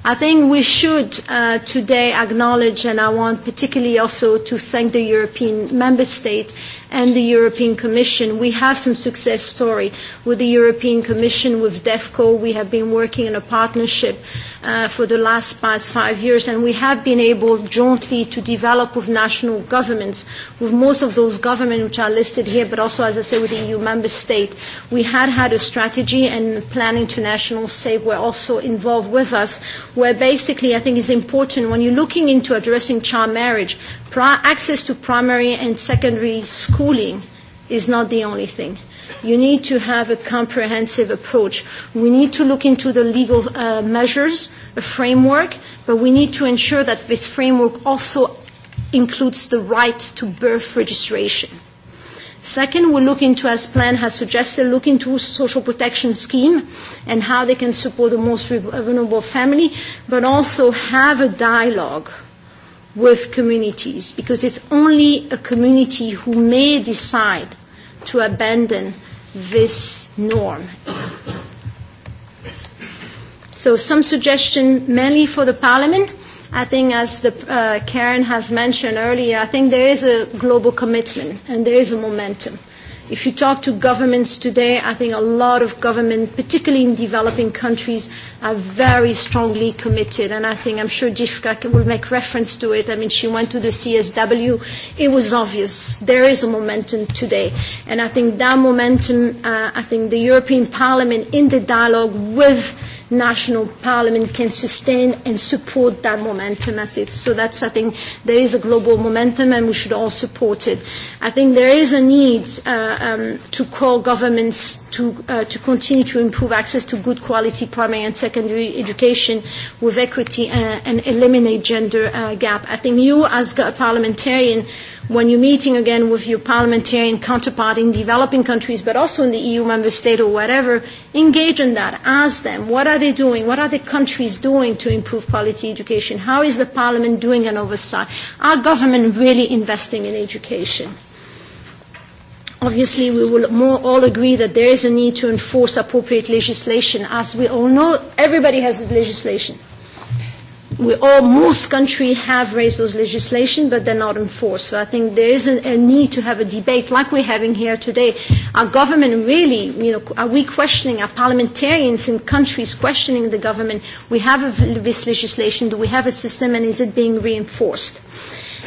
I think we should uh, today acknowledge, and I want particularly also to thank the European member state and the European Commission. We have some success story with the European Commission, with DEFCO. We have been working in a partnership uh, for the last past five years, and we have been able jointly to develop with national governments, with most of those governments which are listed here, but also, as I say with the EU member state. We had had a strategy, and Plan International SAVE were also involved with us, where basically I think it's important when you're looking into addressing child marriage, Pri access to primary and secondary schooling is not the only thing. You need to have a comprehensive approach. We need to look into the legal uh, measures, a framework, but we need to ensure that this framework also includes the right to birth registration. Second, we look into, as plan has suggested, look into social protection scheme and how they can support the most vulnerable family, but also have a dialogue with communities because it's only a community who may decide to abandon this norm. So some suggestion mainly for the parliament. I think as the, uh, Karen has mentioned earlier, I think there is a global commitment and there is a momentum. If you talk to governments today, I think a lot of governments, particularly in developing countries, are very strongly committed. And I think, I'm sure Jifka will make reference to it. I mean, she went to the CSW. It was obvious. There is a momentum today. And I think that momentum, uh, I think the European Parliament in the dialogue with national parliament can sustain and support that momentum as it's. So that's, I think, there is a global momentum and we should all support it. I think there is a need uh, um, to call governments to, uh, to continue to improve access to good quality primary and secondary education with equity uh, and eliminate gender uh, gap. I think you as a parliamentarian when you're meeting again with your parliamentarian counterpart in developing countries, but also in the EU member state or whatever, engage in that. Ask them, what are they doing? What are the countries doing to improve quality education? How is the parliament doing an oversight? Are government really investing in education? Obviously, we will more all agree that there is a need to enforce appropriate legislation. As we all know, everybody has legislation we all, most countries have raised those legislation, but they're not enforced. So I think there is a, a need to have a debate like we're having here today. Our government really, you know, are we questioning, our parliamentarians in countries questioning the government, we have a, this legislation, do we have a system, and is it being reinforced?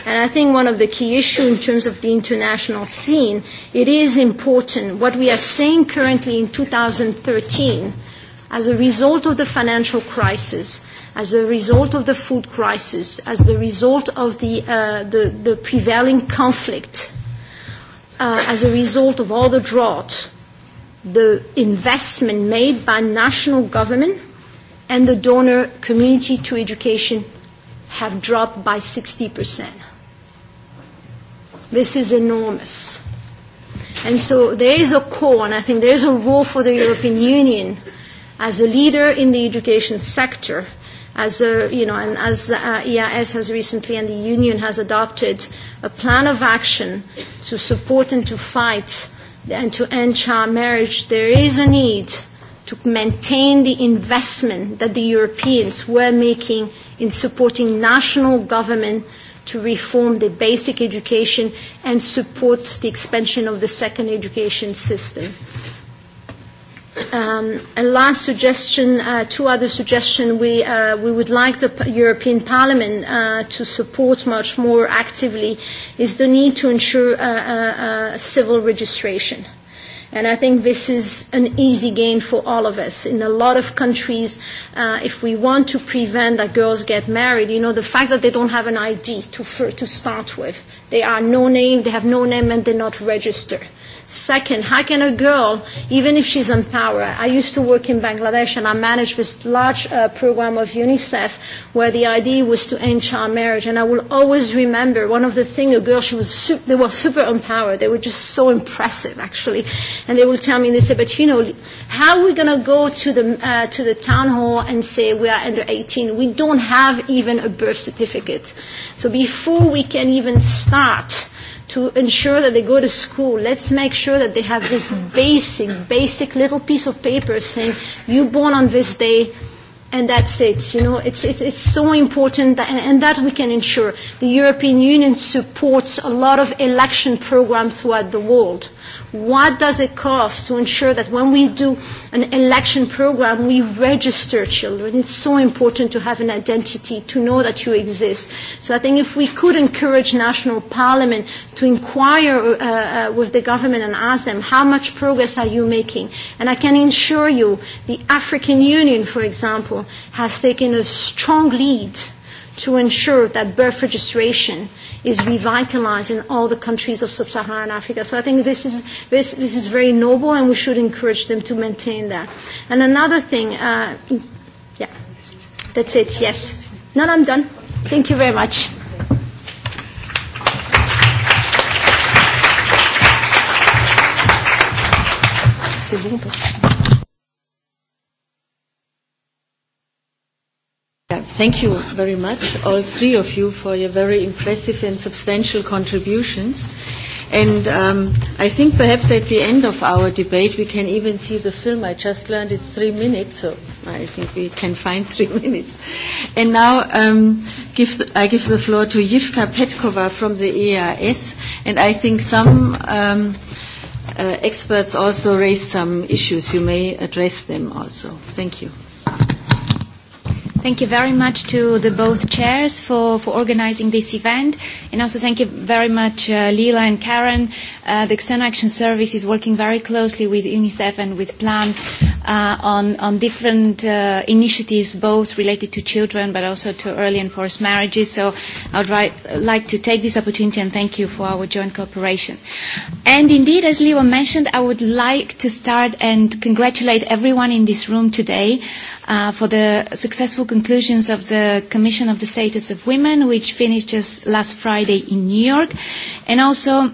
And I think one of the key issues in terms of the international scene, it is important. What we are saying currently in 2013, as a result of the financial crisis, as a result of the food crisis, as the result of the, uh, the, the prevailing conflict, uh, as a result of all the drought, the investment made by national government and the donor community to education have dropped by 60%. This is enormous. And so there is a call, and I think there is a role for the European Union as a leader in the education sector, as a, you know, and as uh, EIS has recently and the union has adopted a plan of action to support and to fight and to end child marriage, there is a need to maintain the investment that the Europeans were making in supporting national government to reform the basic education and support the expansion of the second education system. Um, a last suggestion, uh, two other suggestions, we, uh, we would like the European Parliament uh, to support much more actively is the need to ensure uh, uh, uh, civil registration. And I think this is an easy gain for all of us. In a lot of countries, uh, if we want to prevent that girls get married, you know, the fact that they don't have an ID to, for, to start with, they are no name, they have no name and they're not registered Second, how can a girl, even if she's in power, I used to work in Bangladesh and I managed this large uh, program of UNICEF where the idea was to end child marriage. And I will always remember one of the things, a girl, she was they were super empowered. They were just so impressive, actually. And they will tell me, they say, but you know, how are we going to go to the, uh, to the town hall and say we are under 18? We don't have even a birth certificate. So before we can even start, to ensure that they go to school. Let's make sure that they have this basic, basic little piece of paper saying, you born on this day, and that's it. You know, it's, it's, it's so important, that, and, and that we can ensure. The European Union supports a lot of election programs throughout the world. What does it cost to ensure that when we do an election program, we register children? It's so important to have an identity, to know that you exist. So I think if we could encourage national parliament to inquire uh, uh, with the government and ask them, how much progress are you making? And I can assure you, the African Union, for example, has taken a strong lead to ensure that birth registration is revitalizing all the countries of sub-Saharan Africa. So I think this is, this, this is very noble and we should encourage them to maintain that. And another thing, uh, yeah, that's it, yes. No, no, I'm done. Thank you very much. C'est bon. Thank you very much, all three of you, for your very impressive and substantial contributions. And um, I think perhaps at the end of our debate we can even see the film. I just learned it's three minutes, so I think we can find <laughs> three minutes. And now um, give the, I give the floor to Yivka Petkova from the EAS, and I think some um, uh, experts also raised some issues. You may address them also. Thank you. Thank you very much to the both chairs for, for organizing this event. And also thank you very much, uh, Leela and Karen. Uh, the External Action Service is working very closely with UNICEF and with PLAN uh, on, on different uh, initiatives, both related to children but also to early and forced marriages. So I would right, like to take this opportunity and thank you for our joint cooperation. And indeed, as Leo mentioned, I would like to start and congratulate everyone in this room today uh, for the successful conclusions of the Commission of the Status of Women, which finished just last Friday in New York, and also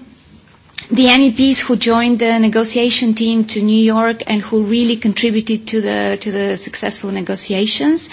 the MEPs who joined the negotiation team to New York and who really contributed to the, to the successful negotiations.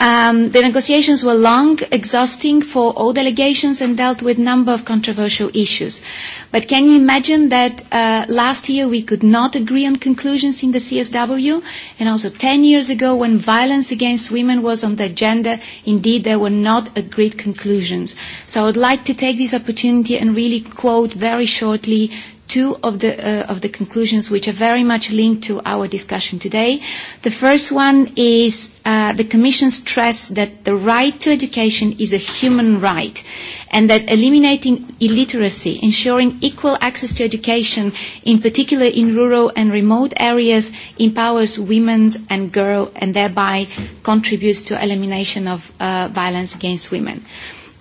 Um, the negotiations were long, exhausting for all delegations and dealt with a number of controversial issues. But can you imagine that uh, last year we could not agree on conclusions in the CSW and also 10 years ago when violence against women was on the agenda, indeed there were not agreed conclusions. So I would like to take this opportunity and really quote very shortly two of the, uh, of the conclusions which are very much linked to our discussion today. The first one is uh, the Commission stress that the right to education is a human right and that eliminating illiteracy, ensuring equal access to education, in particular in rural and remote areas, empowers women and girls and thereby contributes to elimination of uh, violence against women.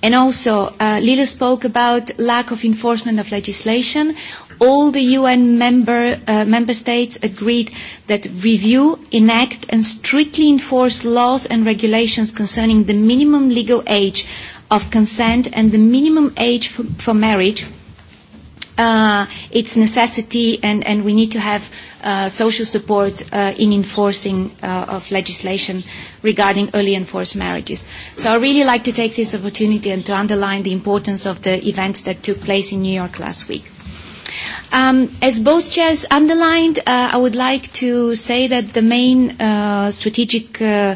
And also, uh, Lila spoke about lack of enforcement of legislation. All the UN member, uh, member states agreed that review, enact and strictly enforce laws and regulations concerning the minimum legal age of consent and the minimum age for, for marriage uh, its necessity and, and we need to have uh, social support uh, in enforcing uh, of legislation regarding early and forced marriages. So I really like to take this opportunity and to underline the importance of the events that took place in New York last week. Um, as both chairs underlined, uh, I would like to say that the main uh, strategic uh,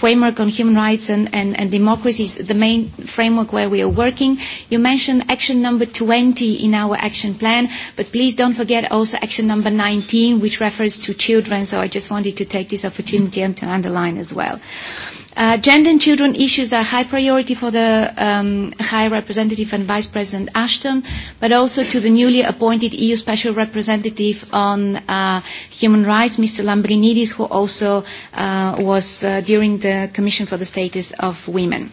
framework on human rights and, and, and democracy is the main framework where we are working. You mentioned action number 20 in our action plan, but please don't forget also action number 19, which refers to children, so I just wanted to take this opportunity and to underline as well. Uh, Uh, gender and children issues are high priority for the um, High Representative and Vice President Ashton, but also to the newly appointed EU Special Representative on uh, Human Rights, Mr. Lambrinidis, who also uh, was uh, during the Commission for the Status of Women.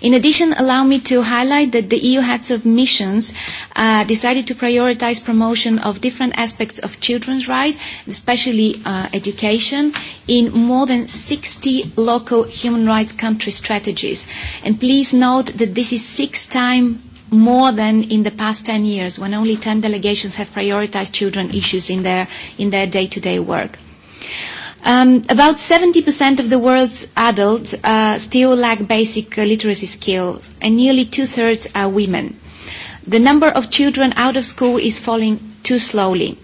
In addition, allow me to highlight that the EU Heads of Missions uh, decided to prioritize promotion of different aspects of children's rights, especially uh, education, in more than 60 local human rights country strategies. And please note that this is six times more than in the past 10 years, when only 10 delegations have prioritized children issues in their, in their day to their -day work. Um, about 70% of the world's adults uh, still lack basic uh, literacy skills, and nearly two-thirds are women. The number of children out of school is falling too slowly.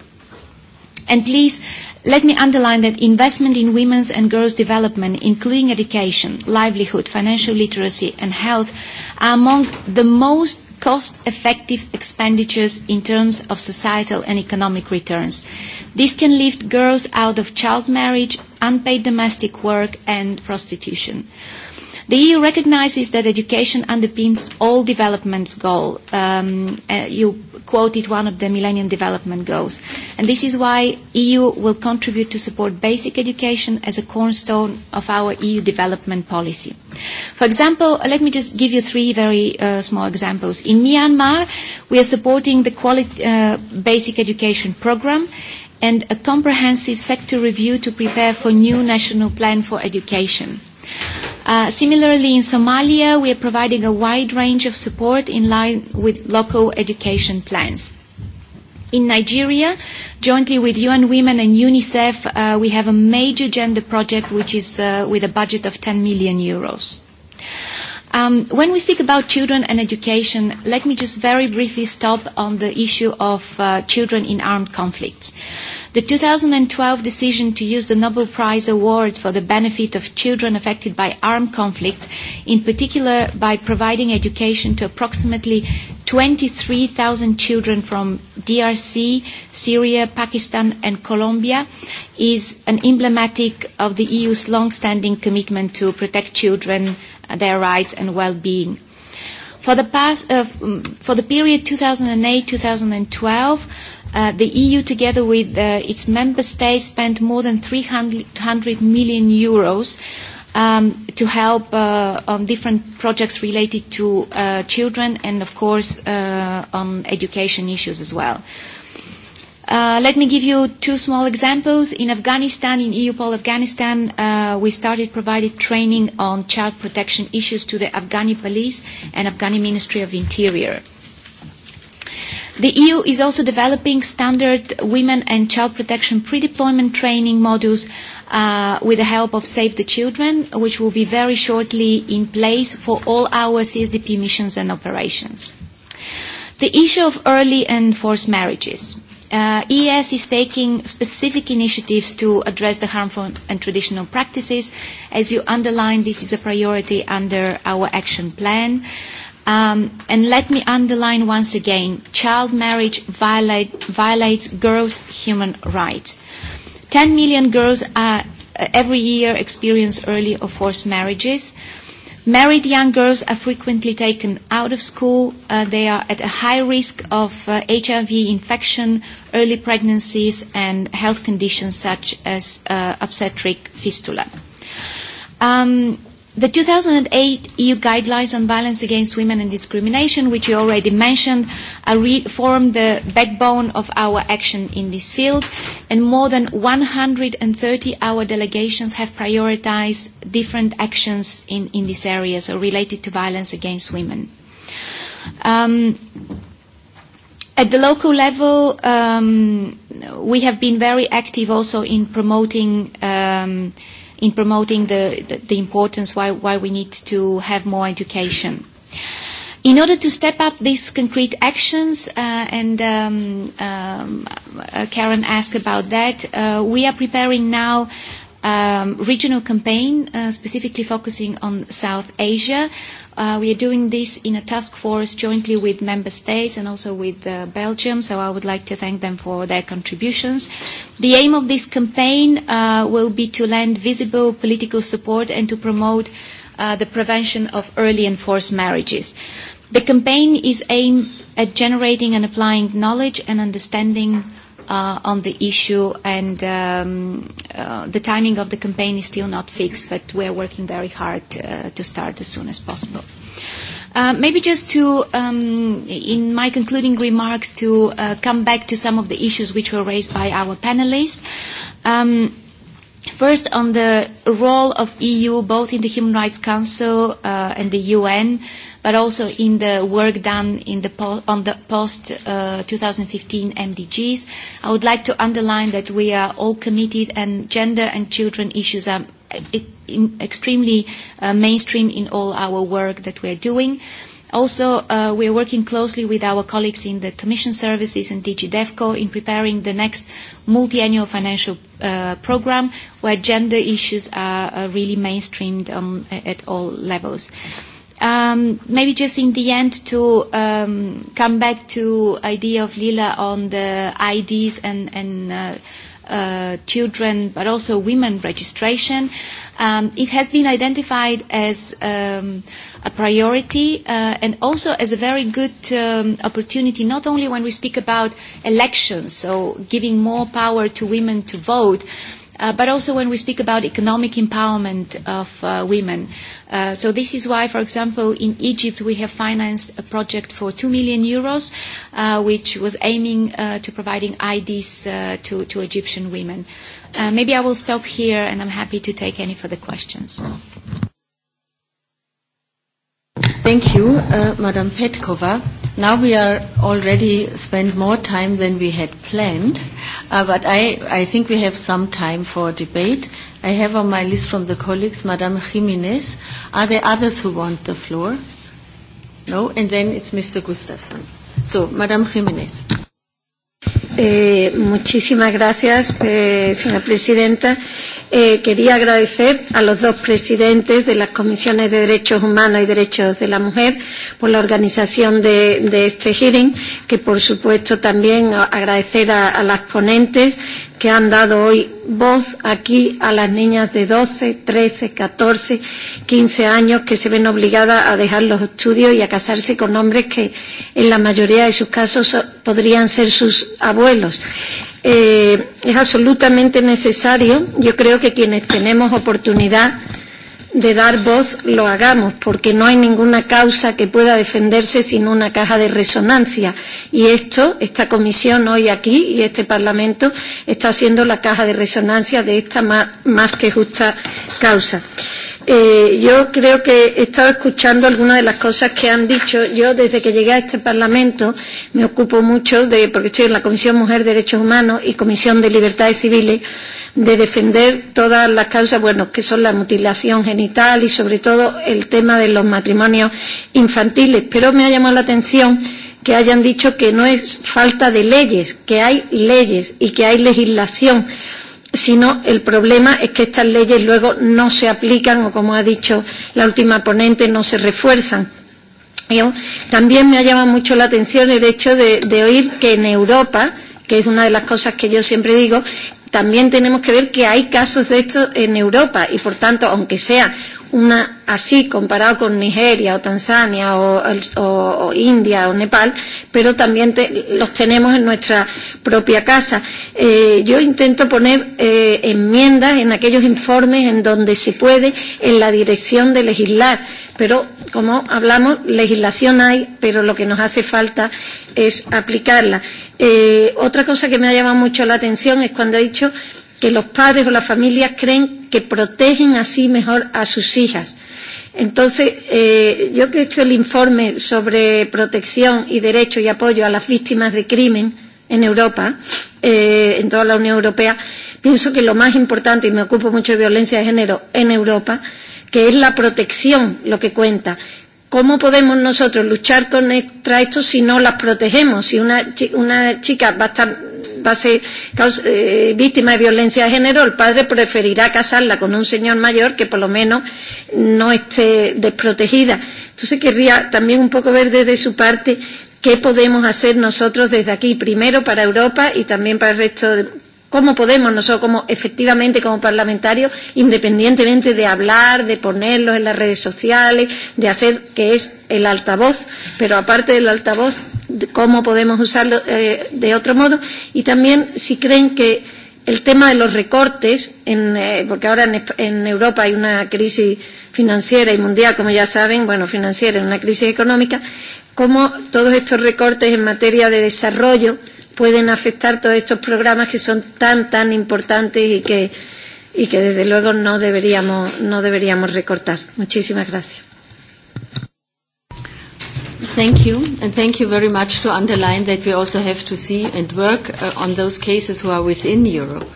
And please, let me underline that investment in women's and girls' development, including education, livelihood, financial literacy, and health, are among the most cost-effective expenditures in terms of societal and economic returns. This can lift girls out of child marriage, unpaid domestic work and prostitution. The EU recognizes that education underpins all development goals. Um, uh, you quoted one of the Millennium Development Goals. And this is why EU will contribute to support basic education as a cornerstone of our EU development policy. For example, uh, let me just give you three very uh, small examples. In Myanmar, we are supporting the quality, uh, basic education program and a comprehensive sector review to prepare for new national plan for education. Uh, similarly, in Somalia, we are providing a wide range of support in line with local education plans. In Nigeria, jointly with UN Women and UNICEF, uh, we have a major gender project which is uh, with a budget of 10 million euros. Uh, Um, when we speak about children and education, let me just very briefly stop on the issue of uh, children in armed conflicts. The 2012 decision to use the Nobel Prize Award for the benefit of children affected by armed conflicts, in particular by providing education to approximately 23,000 children from DRC, Syria, Pakistan and Colombia, is an emblematic of the EU's long-standing commitment to protect children their rights and well-being. For the, past, uh, mm, for the period 2008-2012, uh, the EU, together with uh, its member states, spent more than 300 million euros um, to help uh, on different projects related to uh, children and, of course, uh, on education issues as well. Uh, let me give you two small examples. In Afghanistan, in EUPOL Afghanistan, uh, we started providing training on child protection issues to the Afghani police and Afghani Ministry of Interior. The EU is also developing standard women and child protection pre-deployment training modules uh, with the help of Save the Children, which will be very shortly in place for all our CSDP missions and operations. The issue of early and forced marriages. Uh, ES is taking specific initiatives to address the harmful and traditional practices. As you underline, this is a priority under our action plan. Um, and let me underline once again, child marriage violate, violates girls' human rights. 10 million girls are, uh, every year experience early or forced marriages. Uh, Married young girls are frequently taken out of school. Uh, they are at a high risk of uh, HIV infection, early pregnancies, and health conditions such as uh, obstetric fistula. Um, The 2008 EU e guidelines on violence against women and discrimination, which you already mentioned, are uh, form the backbone of our action in this field, and more than 130 our delegations have prioritized different actions in, in this area, so related to violence against women. Um, At the local level, um, we have been very active also in promoting um, in promoting the, the, the importance why, why we need to have more education. In order to step up these concrete actions, uh, and um, um, uh, Karen asked about that, uh, we are preparing now um, regional campaign uh, specifically focusing on South Asia Uh, we are doing this in a task force jointly with member states and also with uh, Belgium, so I would like to thank them for their contributions. The aim of this campaign uh, will be to lend visible political support and to promote uh, the prevention of early and forced marriages. The campaign is aimed at generating and applying knowledge and understanding uh, on the issue and um, uh, the timing of the campaign is still not fixed but we are working very hard uh, to start as soon as possible. Uh, maybe just to, um, in my concluding remarks, to uh, come back to some of the issues which were raised by our panelists. Um, First, on the role of EU both in the Human Rights Council uh, and the UN, but also in the work done in the po on the post-2015 uh, MDGs, I would like to underline that we are all committed and gender and children issues are uh, extremely uh, mainstream in all our work that we are doing. Uh, Also, uh, we are working closely with our colleagues in the Commission Services and DG DEFCO in preparing the next multi-annual financial uh, program where gender issues are uh, really mainstreamed um, at all levels. Um, maybe just in the end to um, come back to idea of Lila on the IDs and, and uh, uh, children, but also women registration. Um, it has been identified as um, a priority uh, and also as a very good um, opportunity, not only when we speak about elections, so giving more power to women to vote, uh, uh, but also when we speak about economic empowerment of uh, women. Uh, so this is why, for example, in Egypt we have financed a project for 2 million euros, uh, which was aiming uh, to providing IDs uh, to, to Egyptian women. Uh, maybe I will stop here and I'm happy to take any further questions. Thank you, uh, Madam Petkova. Now we are already spent more time than we had planned, uh, but I, I think we have some time for debate. I have on my list from the colleagues, Madame Jimenez. Are there others who want the floor? No? And then it's Mr. Gustafsson. So, Madame Jimenez. Eh, muchísimas gracias, eh, señora presidenta. Eh, quería agradecer a los dos presidentes de las comisiones de derechos humanos y derechos de la mujer por la organización de, de este hearing, que por supuesto también agradecer a, a las ponentes que han dado hoy voz aquí a las niñas de 12, 13, 14, 15 años que se ven obligadas a dejar los estudios y a casarse con hombres que en la mayoría de sus casos podrían ser sus abuelos eh, es absolutamente necesario. Yo creo que quienes tenemos oportunidad de dar voz lo hagamos, porque no hay ninguna causa que pueda defenderse sin una caja de resonancia. Y esto, esta comisión hoy aquí y este Parlamento está haciendo la caja de resonancia de esta más, más que justa causa. Eh, yo creo que he estado escuchando algunas de las cosas que han dicho. Yo desde que llegué a este Parlamento me ocupo mucho de, porque estoy en la Comisión Mujer, Derechos Humanos y Comisión de Libertades Civiles, de defender todas las causas, bueno, que son la mutilación genital y sobre todo el tema de los matrimonios infantiles. Pero me ha llamado la atención que hayan dicho que no es falta de leyes, que hay leyes y que hay legislación sino el problema es que estas leyes luego no se aplican o, como ha dicho la última ponente, no se refuerzan. Yo, también me ha llamado mucho la atención el hecho de, de oír que en Europa, que es una de las cosas que yo siempre digo, también tenemos que ver que hay casos de esto en Europa y, por tanto, aunque sea una así comparado con Nigeria o Tanzania o, o, o India o Nepal, pero también te, los tenemos en nuestra propia casa eh, yo intento poner eh, enmiendas en aquellos informes en donde se puede, en la dirección de legislar. Pero, como hablamos, legislación hay, pero lo que nos hace falta es aplicarla. Eh, otra cosa que me ha llamado mucho la atención es cuando he dicho que los padres o las familias creen que protegen así mejor a sus hijas. Entonces, eh, yo que he hecho el informe sobre protección y derecho y apoyo a las víctimas de crimen, en Europa, eh, en toda la Unión Europea, pienso que lo más importante, y me ocupo mucho de violencia de género en Europa, que es la protección lo que cuenta. ¿Cómo podemos nosotros luchar contra esto si no las protegemos? Si una, una chica va a, estar, va a ser causa, eh, víctima de violencia de género, el padre preferirá casarla con un señor mayor que por lo menos no esté desprotegida. Entonces querría también un poco ver desde su parte ¿Qué podemos hacer nosotros desde aquí, primero para Europa y también para el resto de, cómo podemos nosotros como efectivamente como parlamentarios independientemente de hablar de ponerlos en las redes sociales de hacer que es el altavoz pero aparte del altavoz cómo podemos usarlo eh, de otro modo y también si creen que el tema de los recortes en, eh, porque ahora en, en Europa hay una crisis financiera y mundial como ya saben bueno financiera una crisis económica cómo todos estos recortes en materia de desarrollo pueden afectar todos estos programas que son tan, tan importantes y que, y que desde luego no deberíamos, no deberíamos recortar. Muchísimas gracias. Thank you, and thank you very much to underline that we also have to see and work uh, on those cases who are within Europe.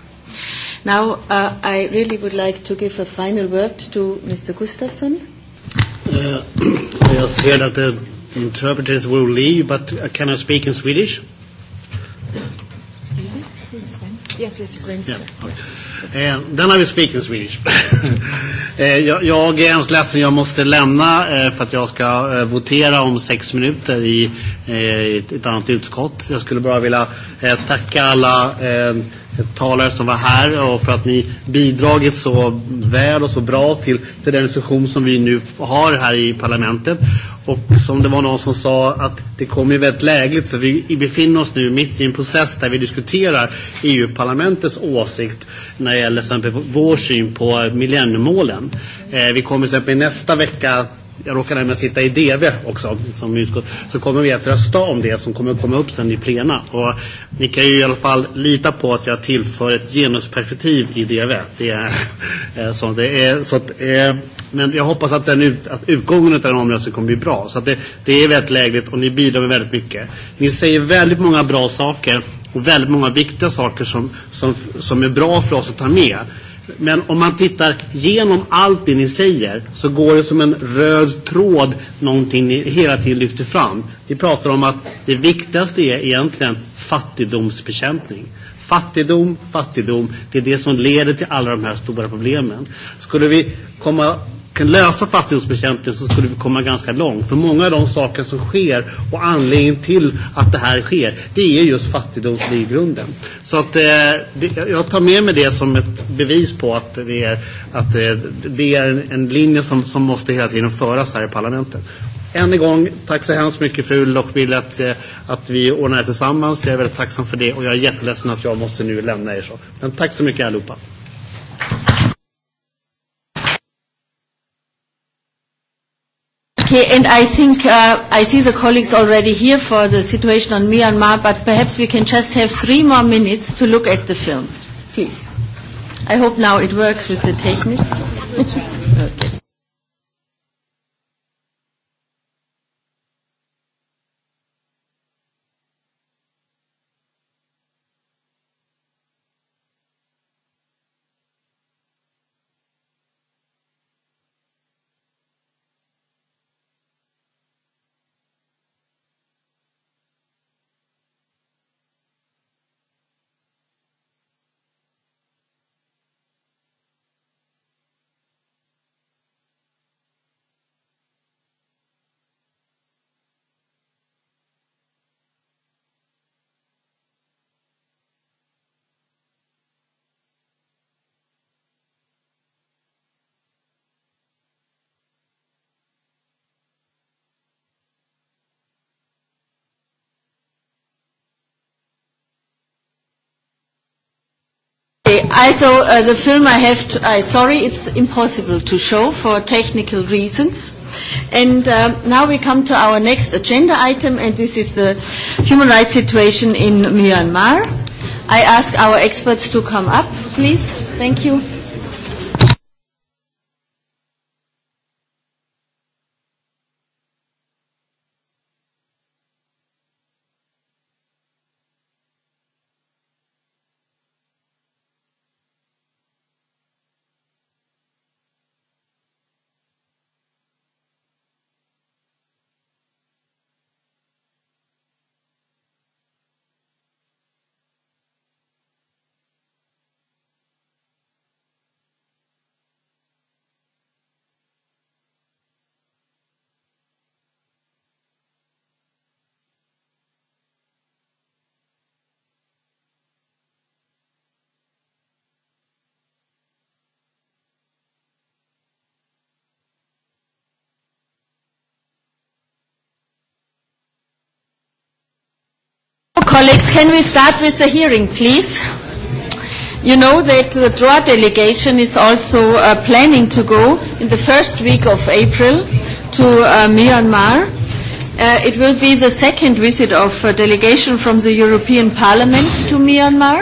Now, uh, I really would like to give a final word to Mr. Gustafsson. Uh, yes, <clears throat> here the interpreters will leave, but uh, can I speak in Swedish? Yes, yes, yeah, okay. Uh, eh, Den I vi speak in Swedish. uh, <laughs> jag, är hemskt ledsen, jag måste lämna uh, för att jag ska uh, votera om sex minuter i uh, ett, ett annat utskott. Jag skulle bara vilja uh, tacka alla talare som var här och för att ni bidragit så väl och så bra till, till den diskussion som vi nu har här i parlamentet. Och som det var någon som sa att det kommer ju väldigt lägligt för vi befinner oss nu mitt i en process där vi diskuterar EU-parlamentets åsikt när det gäller exempel vår syn på millenniemålen. Eh, vi kommer till exempel nästa vecka jag råkar nämna sitta i DV också som utskott, så kommer vi att rösta om det som kommer att komma upp sen i plena. Och ni kan ju i alla fall lita på att jag tillför ett genusperspektiv i DV. Det är, <laughs> eh, så det är, så att, eh, men jag hoppas att, den ut, att utgången av den omröstningen kommer bli bra. Så att det, det är väldigt lägligt och ni bidrar med väldigt mycket. Ni säger väldigt många bra saker och väldigt många viktiga saker som, som, som är bra för oss att ta med. Men om man tittar genom allt det ni säger så går det som en röd tråd någonting ni hela tiden lyfter fram. Vi pratar om att det viktigaste är egentligen fattigdomsbekämpning. Fattigdom, fattigdom, det är det som leder till alla de här stora problemen. Skulle vi komma kan lösa fattigdomsbekämpning så skulle vi komma ganska långt. För många av de saker som sker och anledningen till att det här sker, det är just fattigdomsligrunden. Så att, eh, det, jag tar med mig det som ett bevis på att det är, att, eh, det är en, en linje som, som måste hela tiden föras här i parlamentet. Än en gång, tack så hemskt mycket för Lockbill att, eh, att vi ordnar det tillsammans. Jag är väldigt tacksam för det och jag är jätteledsen att jag måste nu lämna er så. Men tack så mycket allihopa. Okay, and I think uh, I see the colleagues already here for the situation on Myanmar, but perhaps we can just have three more minutes to look at the film, please. I hope now it works with the technique. <laughs> okay. I saw uh, the film I have to, uh, sorry, it's impossible to show for technical reasons. And uh, now we come to our next agenda item, and this is the human rights situation in Myanmar. I ask our experts to come up, please. Thank you. Colleagues, can we start with the hearing, please? You know that the DROA delegation is also uh, planning to go in the first week of April to uh, Myanmar. Uh, it will be the second visit of a delegation from the European Parliament to Myanmar.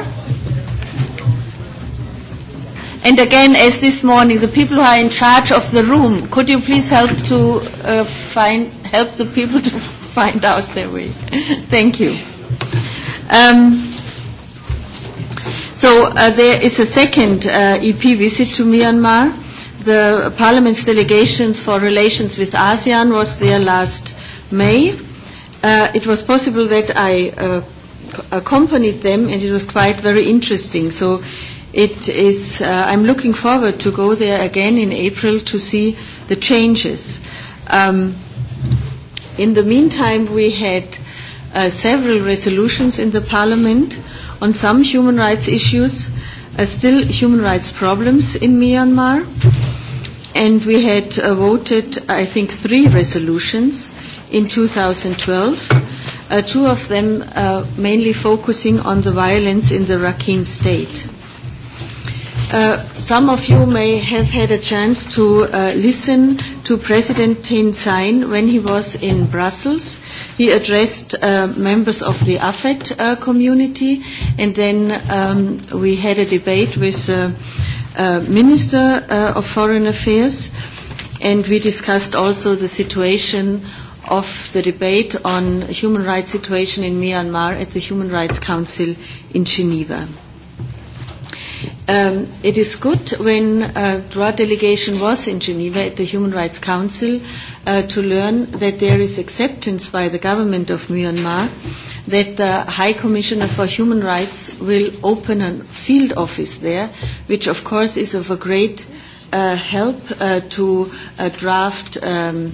And again, as this morning, the people who are in charge of the room, could you please help to uh, find help the people to <laughs> find out their way? Thank you. Um, so uh, there is a second uh, EP visit to Myanmar. The Parliament's delegations for relations with ASEAN was there last May. Uh, it was possible that I uh, accompanied them and it was quite very interesting. So it is, uh, I'm looking forward to go there again in April to see the changes. Um, in the meantime, we had uh, several resolutions in the Parliament on some human rights issues, uh, still human rights problems in Myanmar. And we had uh, voted, I think, three resolutions in 2012, uh, two of them uh, mainly focusing on the violence in the Rakhine state. Uh, some of you may have had a chance to uh, listen to President Tin Sein when he was in Brussels. He addressed uh, members of the AFET uh, community and then um, we had a debate with the uh, uh, Minister uh, of Foreign Affairs and we discussed also the situation of the debate on human rights situation in Myanmar at the Human Rights Council in Geneva. Um, it is good when uh, DRA delegation was in Geneva at the Human Rights Council uh, to learn that there is acceptance by the government of Myanmar that the High Commissioner for Human Rights will open a field office there, which of course is of a great uh, help uh, to uh, draft um,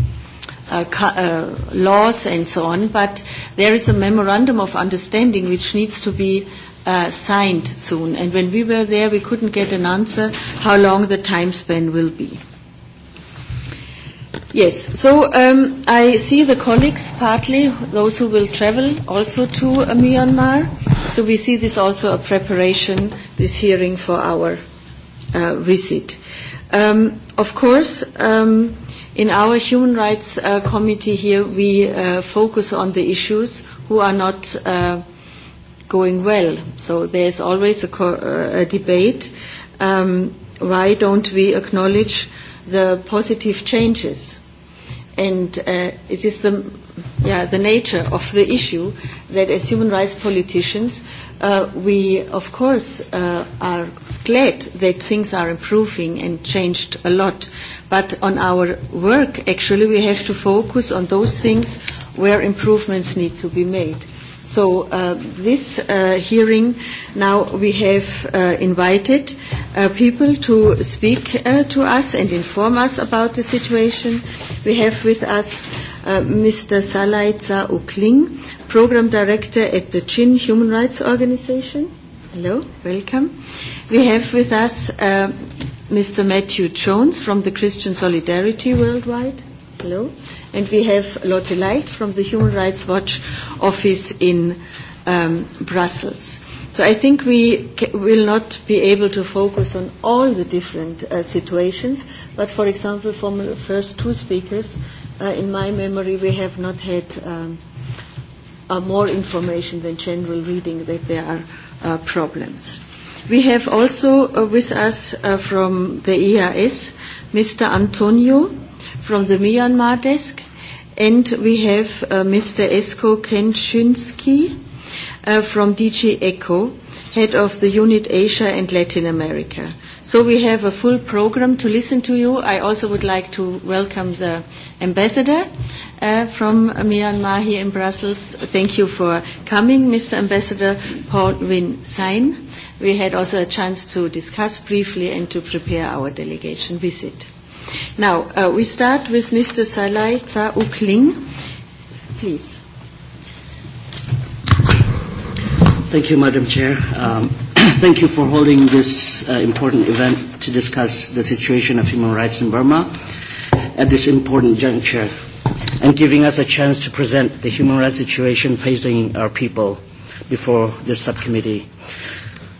uh, uh, laws and so on. But there is a memorandum of understanding which needs to be uh, signed soon. And when we were there, we couldn't get an answer how long the time span will be. Yes, so um, I see the colleagues, partly those who will travel also to uh, Myanmar. So we see this also a preparation, this hearing for our uh, visit. Um, of course, um, in our Human Rights uh, Committee here, we uh, focus on the issues who are not uh, going well. So there's always a, co uh, a debate. Um, why don't we acknowledge the positive changes? And uh, it is the, yeah, the nature of the issue that as human rights politicians, uh, we of course uh, are glad that things are improving and changed a lot. But on our work, actually, we have to focus on those things where improvements need to be made. So uh, this uh, hearing now we have uh, invited uh, people to speak uh, to us and inform us about the situation. We have with us uh, Mr. Salaitza Ukling, Program Director at the Chin Human Rights Organization. Hello, welcome. We have with us uh, Mr. Matthew Jones from the Christian Solidarity Worldwide. Hello and we have Lotte Light from the Human Rights Watch office in um, Brussels. So I think we will not be able to focus on all the different uh, situations, but for example, from the first two speakers, uh, in my memory, we have not had um, uh, more information than general reading that there are uh, problems. We have also uh, with us uh, from the EAS Mr. Antonio from the Myanmar desk, and we have uh, Mr. Esko Kenshinsky uh, from DG ECHO, head of the unit Asia and Latin America. So we have a full program to listen to you. I also would like to welcome the ambassador uh, from Myanmar here in Brussels. Thank you for coming, Mr. Ambassador Paul Win Sein. We had also a chance to discuss briefly and to prepare our delegation visit. Now, uh, we start with Mr. Salai Tsa Ukling. Please. Thank you, Madam Chair. Um, <clears throat> thank you for holding this uh, important event to discuss the situation of human rights in Burma at this important juncture and giving us a chance to present the human rights situation facing our people before this subcommittee.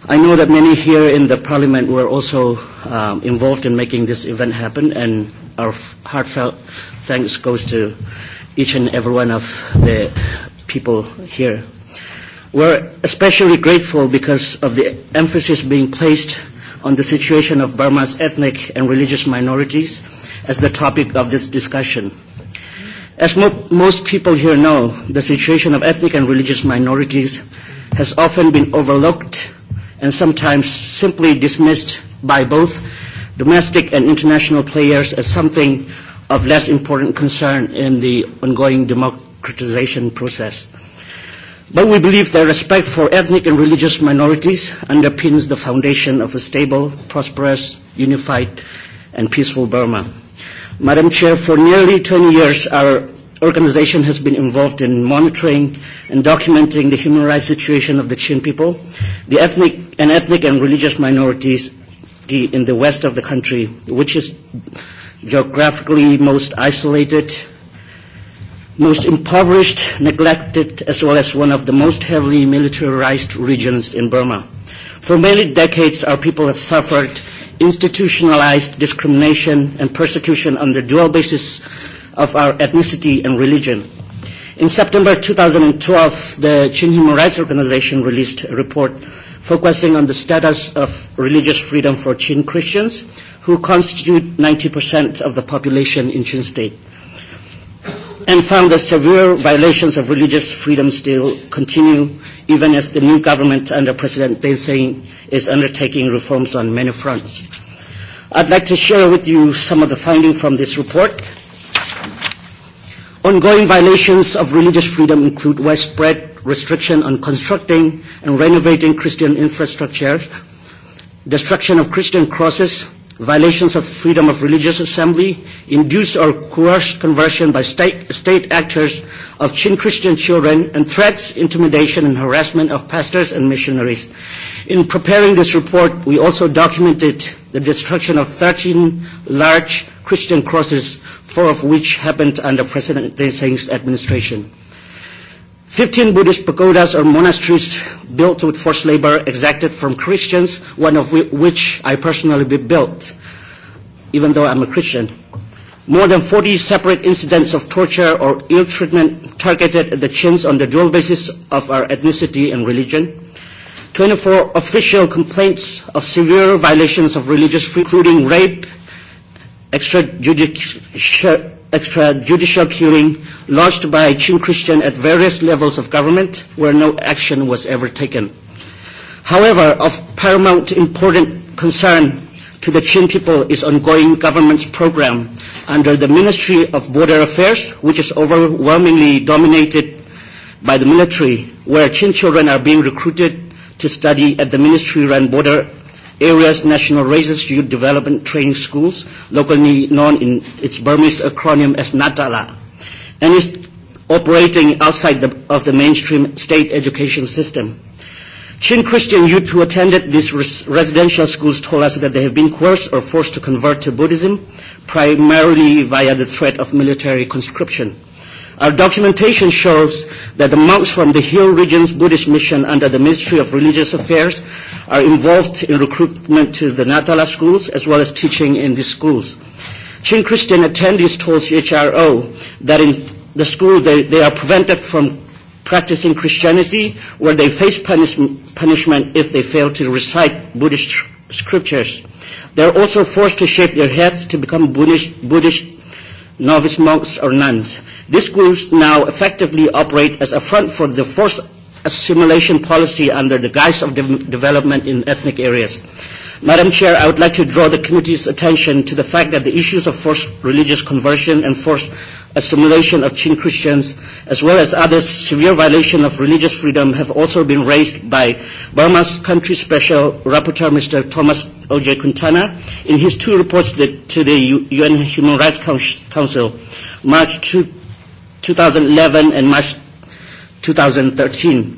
I know that many here in the Parliament were also um, involved in making this event happen, and our heartfelt thanks goes to each and every one of the people here. We're especially grateful because of the emphasis being placed on the situation of Burma's ethnic and religious minorities as the topic of this discussion. As mo most people here know, the situation of ethnic and religious minorities has often been overlooked and sometimes simply dismissed by both domestic and international players as something of less important concern in the ongoing democratization process. But we believe that respect for ethnic and religious minorities underpins the foundation of a stable, prosperous, unified, and peaceful Burma. Madam Chair, for nearly 20 years, our organization has been involved in monitoring and documenting the human rights situation of the Chin people, the ethnic and ethnic and religious minorities in the west of the country, which is geographically most isolated, most impoverished, neglected, as well as one of the most heavily militarized regions in Burma. For many decades, our people have suffered institutionalized discrimination and persecution on the dual basis of our ethnicity and religion. In September 2012, the Human Rights Organization released a report focusing on the status of religious freedom for Chin Christians, who constitute 90% of the population in Chin State, and found that severe violations of religious freedom still continue, even as the new government under President Deng Sein is undertaking reforms on many fronts. I'd like to share with you some of the findings from this report Ongoing violations of religious freedom include widespread restriction on constructing and renovating Christian infrastructure, destruction of Christian crosses, violations of freedom of religious assembly, induced or coerced conversion by state, state actors of Chin Christian children, and threats, intimidation, and harassment of pastors and missionaries. In preparing this report, we also documented the destruction of 13 large Christian crosses, four of which happened under President Deng Seng's administration. 15 Buddhist pagodas or monasteries built with forced labor exacted from Christians, one of which I personally built, even though I'm a Christian. More than 40 separate incidents of torture or ill treatment targeted at the Chins on the dual basis of our ethnicity and religion. 24 official complaints of severe violations of religious freedom, including rape, extrajudicial extrajudicial killing lodged by Qing Christian at various levels of government where no action was ever taken. However, of paramount important concern to the Qin people is ongoing government's program under the Ministry of Border Affairs, which is overwhelmingly dominated by the military, where Qin children are being recruited to study at the ministry-run border areas, national races, youth development training schools, locally known in its Burmese acronym as NATALA, and is operating outside the, of the mainstream state education system. Chin Christian youth who attended these res residential schools told us that they have been coerced or forced to convert to Buddhism, primarily via the threat of military conscription. Our documentation shows that the monks from the Hill Region's Buddhist mission under the Ministry of Religious Affairs are involved in recruitment to the Natala schools as well as teaching in these schools. Ching Christian attendees told CHRO that in the school they, they are prevented from practicing Christianity where they face punish, punishment if they fail to recite Buddhist scriptures. They are also forced to shave their heads to become Buddhist, Buddhist novice monks or nuns. These schools now effectively operate as a front for the forced assimilation policy under the guise of de development in ethnic areas. Madam Chair, I would like to draw the committee's attention to the fact that the issues of forced religious conversion and forced assimilation of Qing Christians, as well as other severe violation of religious freedom have also been raised by Burma's country special rapporteur, Mr. Thomas O.J. Quintana, in his two reports to the UN Human Rights Council, March 2011 and March 2013,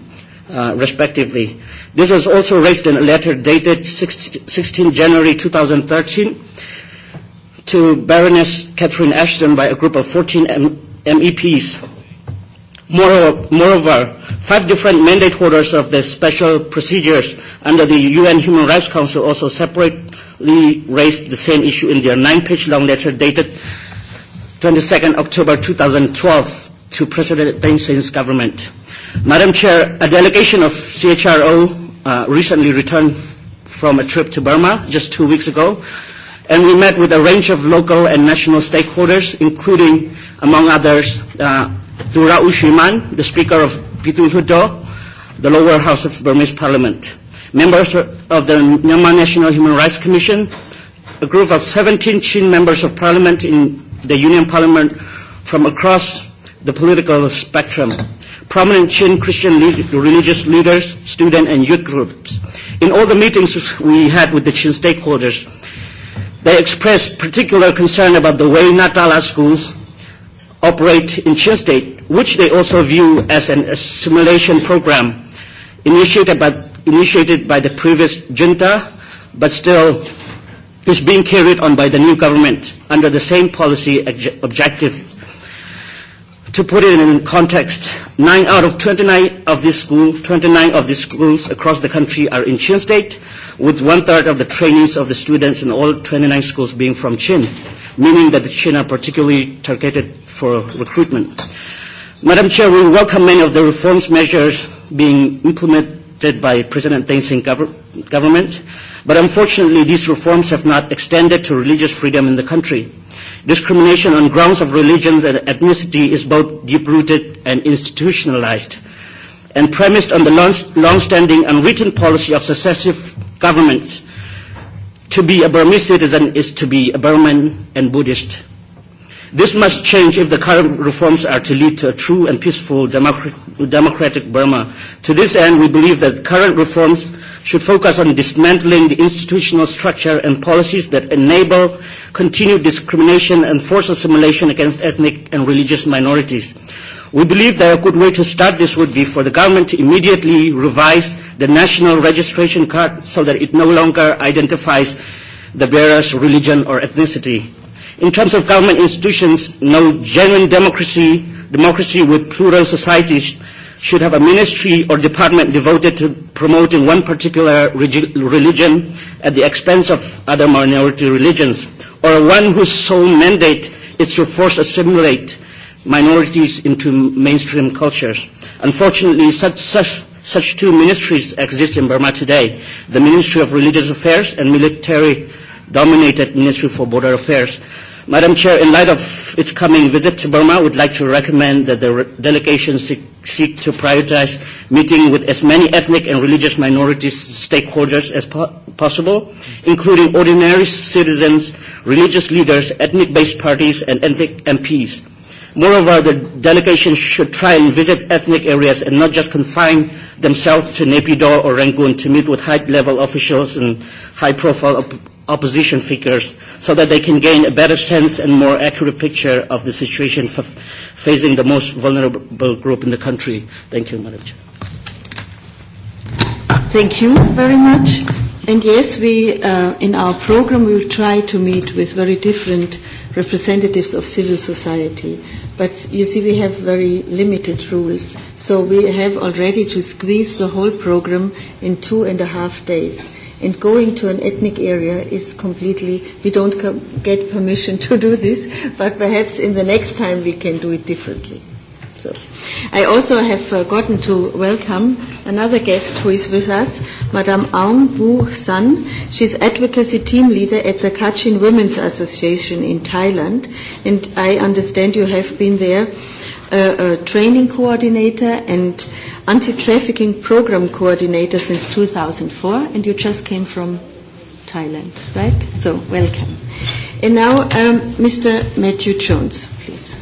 uh, respectively. This was also raised in a letter dated 16 January 2013, to Baroness Catherine Ashton by a group of 14 M MEPs. Moreover, five different mandate holders of the special procedures under the UN Human Rights Council also separately raised the same issue in their nine-page long letter dated 22nd October 2012 to President Thein government. Madam Chair, a delegation of CHRO uh, recently returned from a trip to Burma just two weeks ago And we met with a range of local and national stakeholders, including, among others, uh, Dura Ushiman, the Speaker of Pitul Hudo, the lower house of Burmese parliament, members of the Myanmar National Human Rights Commission, a group of 17 Chin members of parliament in the Union Parliament from across the political spectrum, prominent Chin Christian lead, religious leaders, student and youth groups. In all the meetings we had with the Chin stakeholders, They expressed particular concern about the way Natala schools operate in Chin State, which they also view as an assimilation program initiated by, initiated by the previous junta, but still is being carried on by the new government under the same policy objectives to put it in context, nine out of 29 of these schools, 29 of these schools across the country are in Chin state, with one-third of the trainees of the students in all 29 schools being from Chin, meaning that the Chin are particularly targeted for recruitment. Madam Chair, we welcome many of the reforms measures being implemented by President Deng's Xing gov government, But unfortunately, these reforms have not extended to religious freedom in the country. Discrimination on grounds of religion and ethnicity is both deep-rooted and institutionalized and premised on the long-standing unwritten policy of successive governments. To be a Burmese citizen is to be a Burman and Buddhist. This must change if the current reforms are to lead to a true and peaceful democratic Burma. To this end, we believe that current reforms should focus on dismantling the institutional structure and policies that enable continued discrimination and forced assimilation against ethnic and religious minorities. We believe that a good way to start this would be for the government to immediately revise the national registration card so that it no longer identifies the bearer's religion or ethnicity. In terms of government institutions, no genuine democracy, democracy with plural societies should have a ministry or department devoted to promoting one particular religion at the expense of other minority religions, or one whose sole mandate is to force assimilate minorities into mainstream cultures. Unfortunately, such, such, such two ministries exist in Burma today, the Ministry of Religious Affairs and military-dominated Ministry for Border Affairs. Madam Chair, in light of its coming visit to Burma, I would like to recommend that the re delegation seek, seek to prioritize meeting with as many ethnic and religious minorities stakeholders as po possible, including ordinary citizens, religious leaders, ethnic-based parties, and ethnic MPs. Moreover, the delegation should try and visit ethnic areas and not just confine themselves to Naypyidaw or Rangoon to meet with high-level officials and high-profile opposition figures so that they can gain a better sense and more accurate picture of the situation f facing the most vulnerable group in the country. Thank you, Madam Chair. Thank you very much. And yes, we, uh, in our program, we will try to meet with very different representatives of civil society. But you see, we have very limited rules. So we have already to squeeze the whole program in two and a half days. And going to an ethnic area is completely, we don't get permission to do this, but perhaps in the next time we can do it differently. So, I also have uh, gotten to welcome another guest who is with us, Madame Aung Bu San. She's advocacy team leader at the Kachin Women's Association in Thailand, and I understand you have been there, uh, a training coordinator and anti-trafficking program coordinator since 2004, and you just came from Thailand, right? So, welcome. And now, um, Mr. Matthew Jones, please.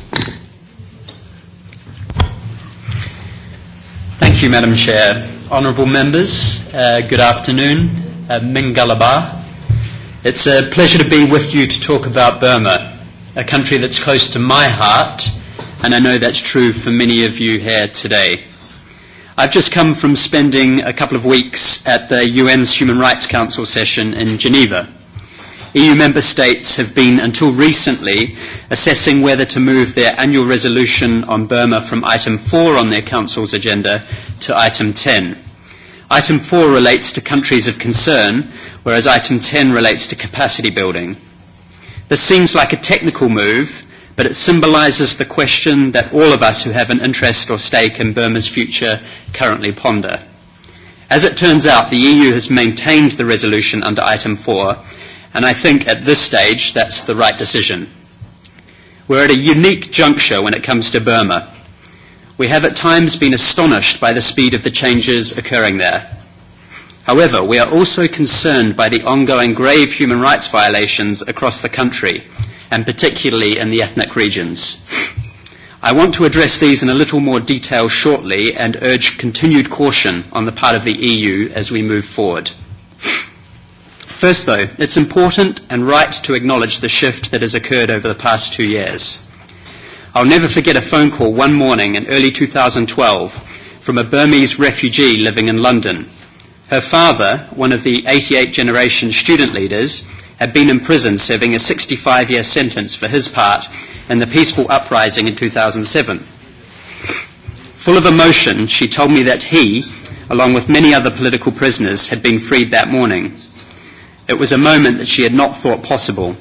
Thank you, Madam Chair. Honourable members, uh, good afternoon. Uh, Mingalaba. It's a pleasure to be with you to talk about Burma, a country that's close to my heart, and I know that's true for many of you here today. I've just come from spending a couple of weeks at the UN's Human Rights Council session in Geneva. EU member states have been, until recently, assessing whether to move their annual resolution on Burma from item 4 on their Council's agenda to item 10. Item 4 relates to countries of concern, whereas item 10 relates to capacity building. This seems like a technical move, but it symbolizes the question that all of us who have an interest or stake in Burma's future currently ponder. As it turns out, the EU has maintained the resolution under item 4, and I think at this stage that's the right decision. We're at a unique juncture when it comes to Burma. We have at times been astonished by the speed of the changes occurring there. However, we are also concerned by the ongoing grave human rights violations across the country, and particularly in the ethnic regions. I want to address these in a little more detail shortly and urge continued caution on the part of the EU as we move forward. First though, it's important and right to acknowledge the shift that has occurred over the past two years. I'll never forget a phone call one morning in early 2012 from a Burmese refugee living in London. Her father, one of the 88 generation student leaders, had been in prison serving a 65-year sentence for his part in the peaceful uprising in 2007. Full of emotion, she told me that he, along with many other political prisoners, had been freed that morning. It was a moment that she had not thought possible.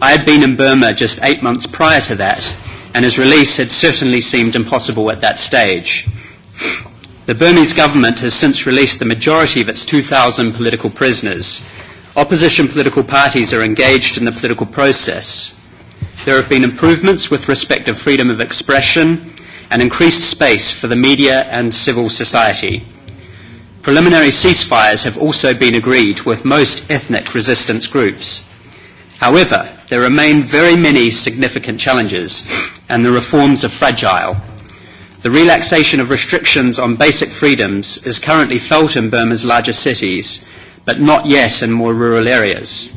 I had been in Burma just eight months prior to that, and his release had certainly seemed impossible at that stage. The Burmese government has since released the majority of its 2,000 political prisoners, Opposition political parties are engaged in the political process. There have been improvements with respect to freedom of expression and increased space for the media and civil society. Preliminary ceasefires have also been agreed with most ethnic resistance groups. However, there remain very many significant challenges, and the reforms are fragile. The relaxation of restrictions on basic freedoms is currently felt in Burma's larger cities, but not yet in more rural areas.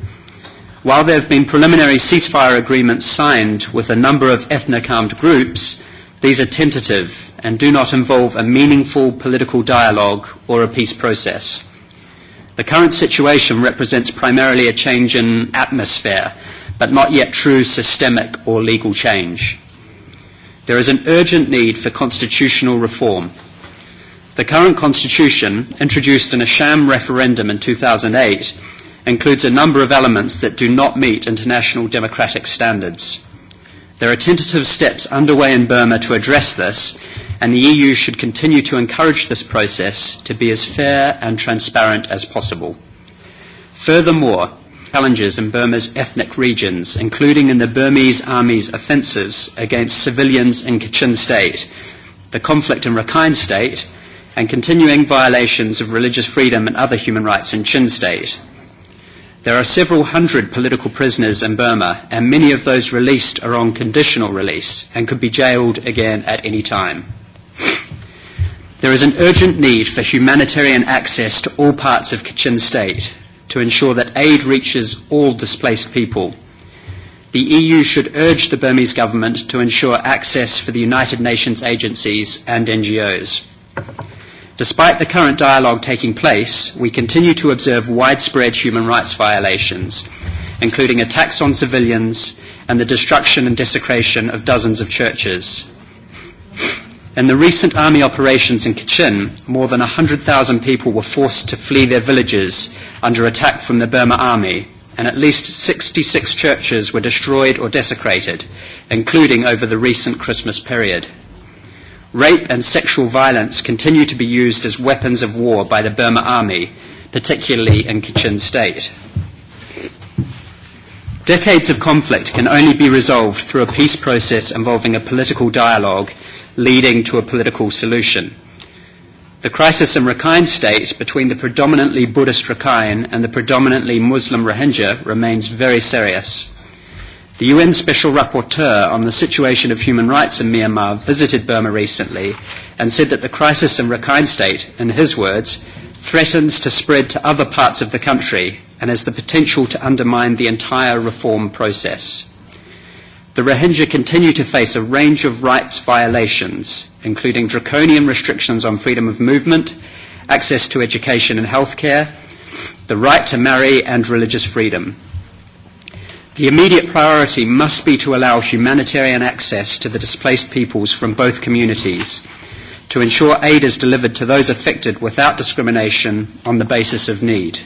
While there have been preliminary ceasefire agreements signed with a number of ethnic armed groups, these are tentative and do not involve a meaningful political dialogue or a peace process. The current situation represents primarily a change in atmosphere, but not yet true systemic or legal change. There is an urgent need for constitutional reform The current constitution, introduced in a sham referendum in 2008, includes a number of elements that do not meet international democratic standards. There are tentative steps underway in Burma to address this, and the EU should continue to encourage this process to be as fair and transparent as possible. Furthermore, challenges in Burma's ethnic regions, including in the Burmese army's offensives against civilians in Kachin state, the conflict in Rakhine state, and continuing violations of religious freedom and other human rights in Chin State. There are several hundred political prisoners in Burma, and many of those released are on conditional release and could be jailed again at any time. There is an urgent need for humanitarian access to all parts of Kachin State to ensure that aid reaches all displaced people. The EU should urge the Burmese government to ensure access for the United Nations agencies and NGOs. Despite the current dialogue taking place, we continue to observe widespread human rights violations, including attacks on civilians and the destruction and desecration of dozens of churches. In the recent army operations in Kachin, more than 100,000 people were forced to flee their villages under attack from the Burma army, and at least 66 churches were destroyed or desecrated, including over the recent Christmas period rape and sexual violence continue to be used as weapons of war by the Burma army, particularly in Kachin state. Decades of conflict can only be resolved through a peace process involving a political dialogue leading to a political solution. The crisis in Rakhine state between the predominantly Buddhist Rakhine and the predominantly Muslim Rohingya remains very serious. The UN Special Rapporteur on the situation of human rights in Myanmar visited Burma recently and said that the crisis in Rakhine State, in his words, threatens to spread to other parts of the country and has the potential to undermine the entire reform process. The Rohingya continue to face a range of rights violations, including draconian restrictions on freedom of movement, access to education and healthcare, the right to marry and religious freedom. The immediate priority must be to allow humanitarian access to the displaced peoples from both communities, to ensure aid is delivered to those affected without discrimination on the basis of need.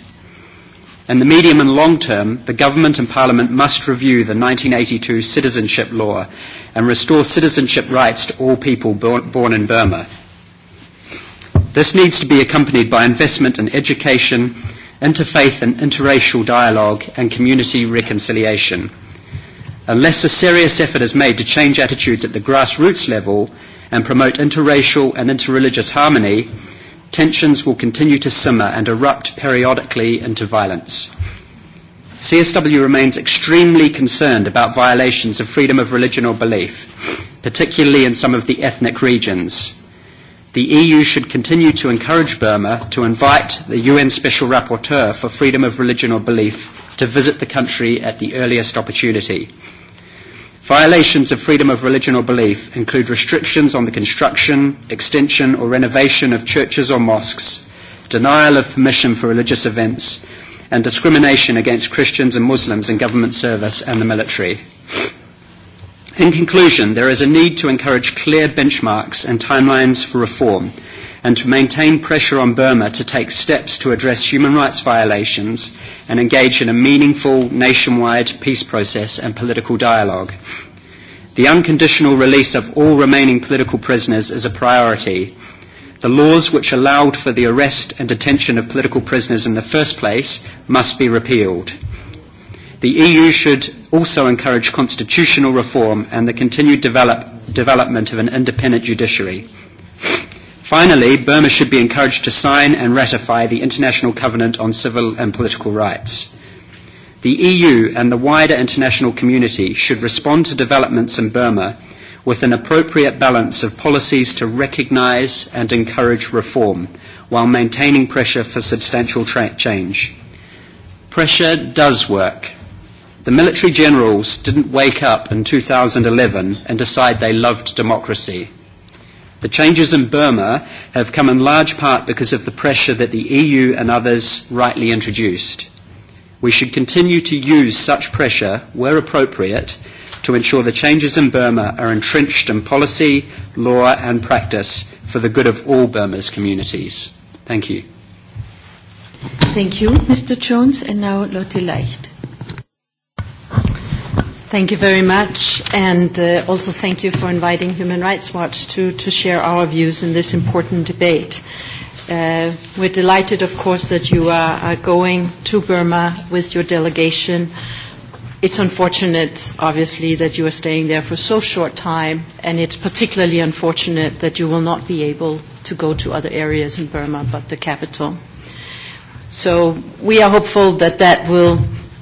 In the medium and long term, the government and parliament must review the 1982 citizenship law and restore citizenship rights to all people born in Burma. This needs to be accompanied by investment in education, interfaith and interracial dialogue and community reconciliation. Unless a serious effort is made to change attitudes at the grassroots level and promote interracial and interreligious harmony, tensions will continue to simmer and erupt periodically into violence. CSW remains extremely concerned about violations of freedom of religion or belief, particularly in some of the ethnic regions the EU should continue to encourage Burma to invite the UN Special Rapporteur for freedom of religion or belief to visit the country at the earliest opportunity. Violations of freedom of religion or belief include restrictions on the construction, extension or renovation of churches or mosques, denial of permission for religious events, and discrimination against Christians and Muslims in government service and the military. In conclusion, there is a need to encourage clear benchmarks and timelines for reform and to maintain pressure on Burma to take steps to address human rights violations and engage in a meaningful nationwide peace process and political dialogue. The unconditional release of all remaining political prisoners is a priority. The laws which allowed for the arrest and detention of political prisoners in the first place must be repealed. The EU should also encourage constitutional reform and the continued develop, development of an independent judiciary. Finally, Burma should be encouraged to sign and ratify the International Covenant on Civil and Political Rights. The EU and the wider international community should respond to developments in Burma with an appropriate balance of policies to recognize and encourage reform while maintaining pressure for substantial tra- change. Pressure does work. The military generals didn't wake up in 2011 and decide they loved democracy. The changes in Burma have come in large part because of the pressure that the EU and others rightly introduced. We should continue to use such pressure, where appropriate, to ensure the changes in Burma are entrenched in policy, law and practice for the good of all Burma's communities. Thank you. Thank you, Mr. Jones, and now Lotte Leicht. Thank you very much, and uh, also thank you for inviting Human Rights Watch to, to share our views in this important debate. Uh, we're delighted, of course, that you are, are going to Burma with your delegation. It's unfortunate, obviously, that you are staying there for so short time, and it's particularly unfortunate that you will not be able to go to other areas in Burma but the capital. So we are hopeful that that will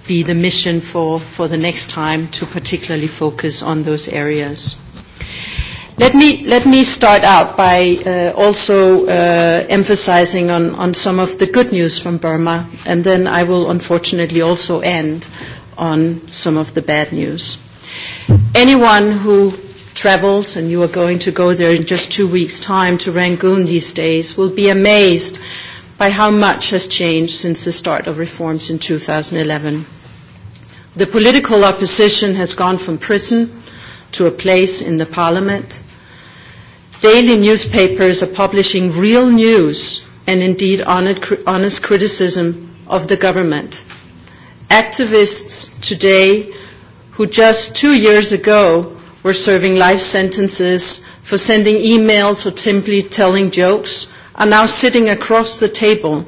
be the mission for, for the next time to particularly focus on those areas. Let me, let me start out by uh, also uh, emphasizing on, on some of the good news from Burma, and then I will unfortunately also end on some of the bad news. Anyone who travels, and you are going to go there in just two weeks' time to Rangoon these days, will be amazed by how much has changed since the start of reforms in 2011. The political opposition has gone from prison to a place in the parliament. Daily newspapers are publishing real news and indeed honest criticism of the government. Activists today who just two years ago were serving life sentences for sending emails or simply telling jokes are now sitting across the table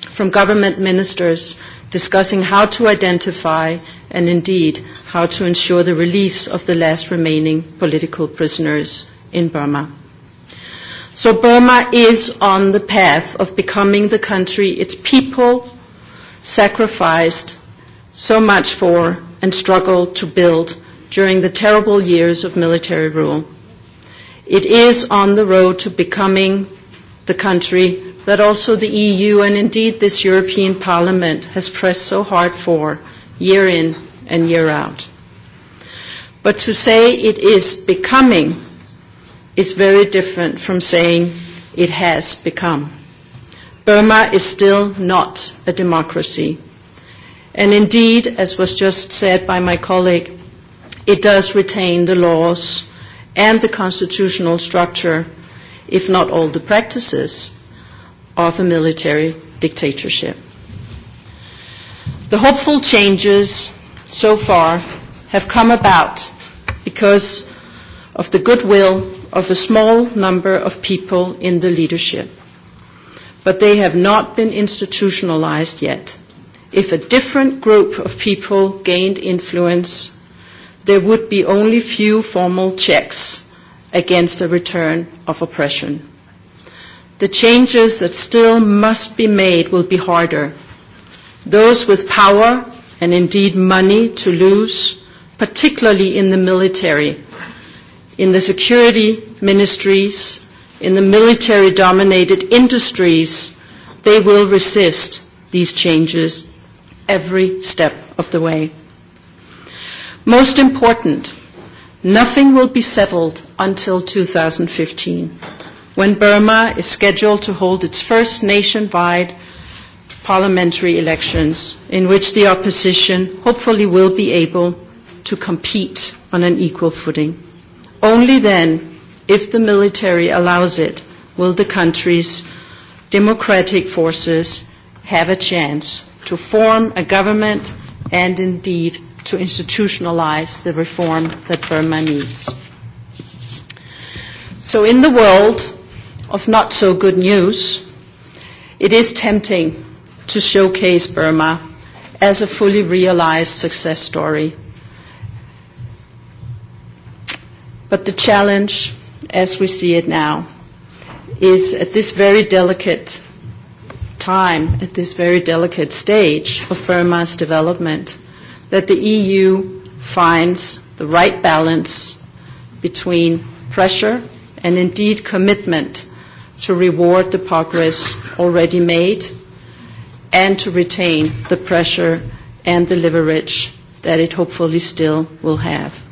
from government ministers discussing how to identify and indeed how to ensure the release of the last remaining political prisoners in Burma. So Burma is on the path of becoming the country its people sacrificed so much for and struggled to build during the terrible years of military rule. It is on the road to becoming the country that also the EU and indeed this European Parliament has pressed so hard for year in and year out. But to say it is becoming is very different from saying it has become. Burma is still not a democracy. And indeed, as was just said by my colleague, it does retain the laws and the constitutional structure if not all the practices, of a military dictatorship. The hopeful changes so far have come about because of the goodwill of a small number of people in the leadership. But they have not been institutionalized yet. If a different group of people gained influence, there would be only few formal checks against a return of oppression. The changes that still must be made will be harder. Those with power and indeed money to lose, particularly in the military, in the security ministries, in the military-dominated industries, they will resist these changes every step of the way. Most important, Nothing will be settled until 2015, when Burma is scheduled to hold its first nationwide parliamentary elections, in which the opposition hopefully will be able to compete on an equal footing. Only then, if the military allows it, will the country's democratic forces have a chance to form a government and indeed to institutionalize the reform that Burma needs. So in the world of not so good news, it is tempting to showcase Burma as a fully realized success story. But the challenge, as we see it now, is at this very delicate time, at this very delicate stage of Burma's development, that the EU finds the right balance between pressure and indeed commitment to reward the progress already made and to retain the pressure and the leverage that it hopefully still will have.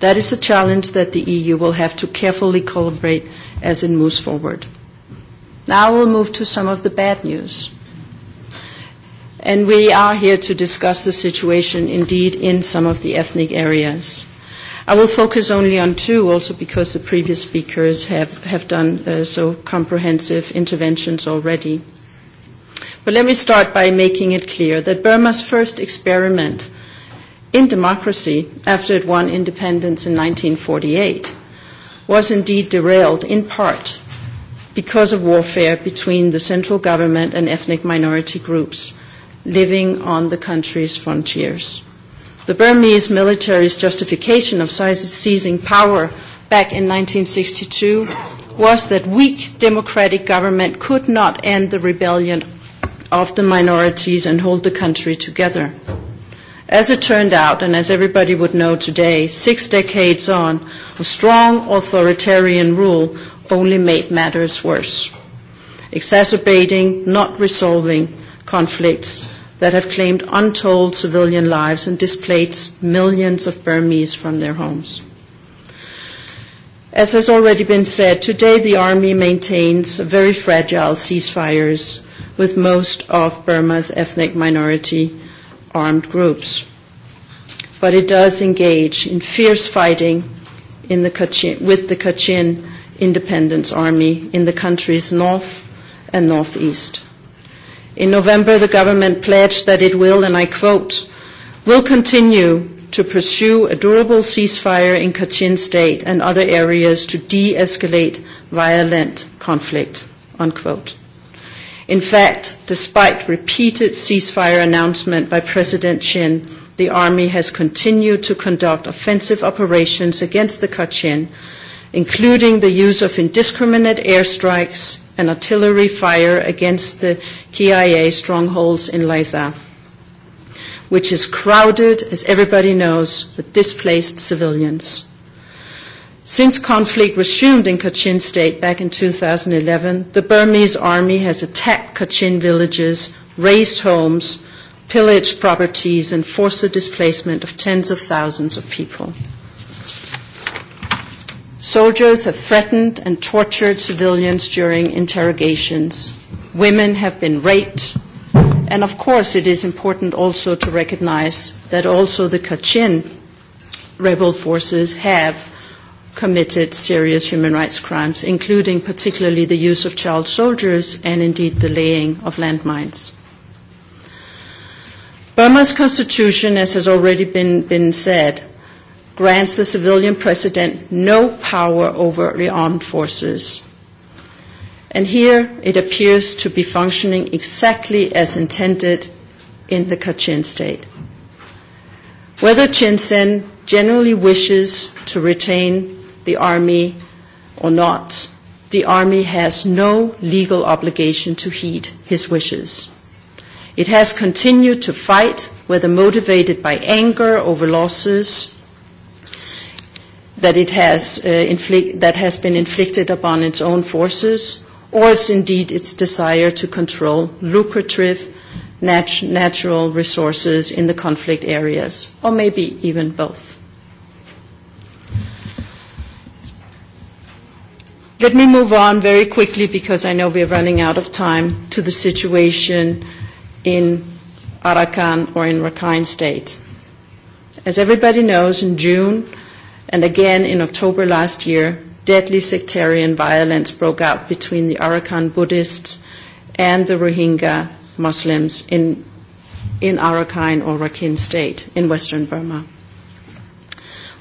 That is a challenge that the EU will have to carefully calibrate as it moves forward. Now we'll move to some of the bad news. And we are here to discuss the situation indeed in some of the ethnic areas. I will focus only on two, also because the previous speakers have, have done uh, so comprehensive interventions already. But let me start by making it clear that Burma's first experiment in democracy after it won independence in 1948 was indeed derailed in part because of warfare between the central government and ethnic minority groups living on the country's frontiers. The Burmese military's justification of seizing power back in 1962 was that weak democratic government could not end the rebellion of the minorities and hold the country together. As it turned out, and as everybody would know today, six decades on of strong authoritarian rule only made matters worse, exacerbating, not resolving conflicts that have claimed untold civilian lives and displaced millions of Burmese from their homes. As has already been said, today the army maintains very fragile ceasefires with most of Burma's ethnic minority armed groups. But it does engage in fierce fighting in the Kachin, with the Kachin Independence Army in the country's north and northeast. In November, the government pledged that it will, and I quote, will continue to pursue a durable ceasefire in Kachin state and other areas to de-escalate violent conflict, unquote. In fact, despite repeated ceasefire announcement by President Chin, the army has continued to conduct offensive operations against the Kachin, including the use of indiscriminate airstrikes and artillery fire against the KIA strongholds in Liza, which is crowded, as everybody knows, with displaced civilians. Since conflict resumed in Kachin state back in 2011, the Burmese army has attacked Kachin villages, razed homes, pillaged properties, and forced the displacement of tens of thousands of people. Soldiers have threatened and tortured civilians during interrogations. Women have been raped. And of course, it is important also to recognize that also the Kachin rebel forces have committed serious human rights crimes, including particularly the use of child soldiers and indeed the laying of landmines. Burma's constitution, as has already been, been said, grants the civilian president no power over the armed forces. And here it appears to be functioning exactly as intended in the Kachin state. Whether Chin Sen generally wishes to retain the army or not, the army has no legal obligation to heed his wishes. It has continued to fight, whether motivated by anger over losses that it has, uh, inflict, that has been inflicted upon its own forces, or it's indeed its desire to control lucrative nat natural resources in the conflict areas, or maybe even both. Let me move on very quickly because I know we're running out of time to the situation in Arakan or in Rakhine State. As everybody knows, in June, And again, in October last year, deadly sectarian violence broke out between the Arakan Buddhists and the Rohingya Muslims in, in Arakan or Rakhine State in western Burma.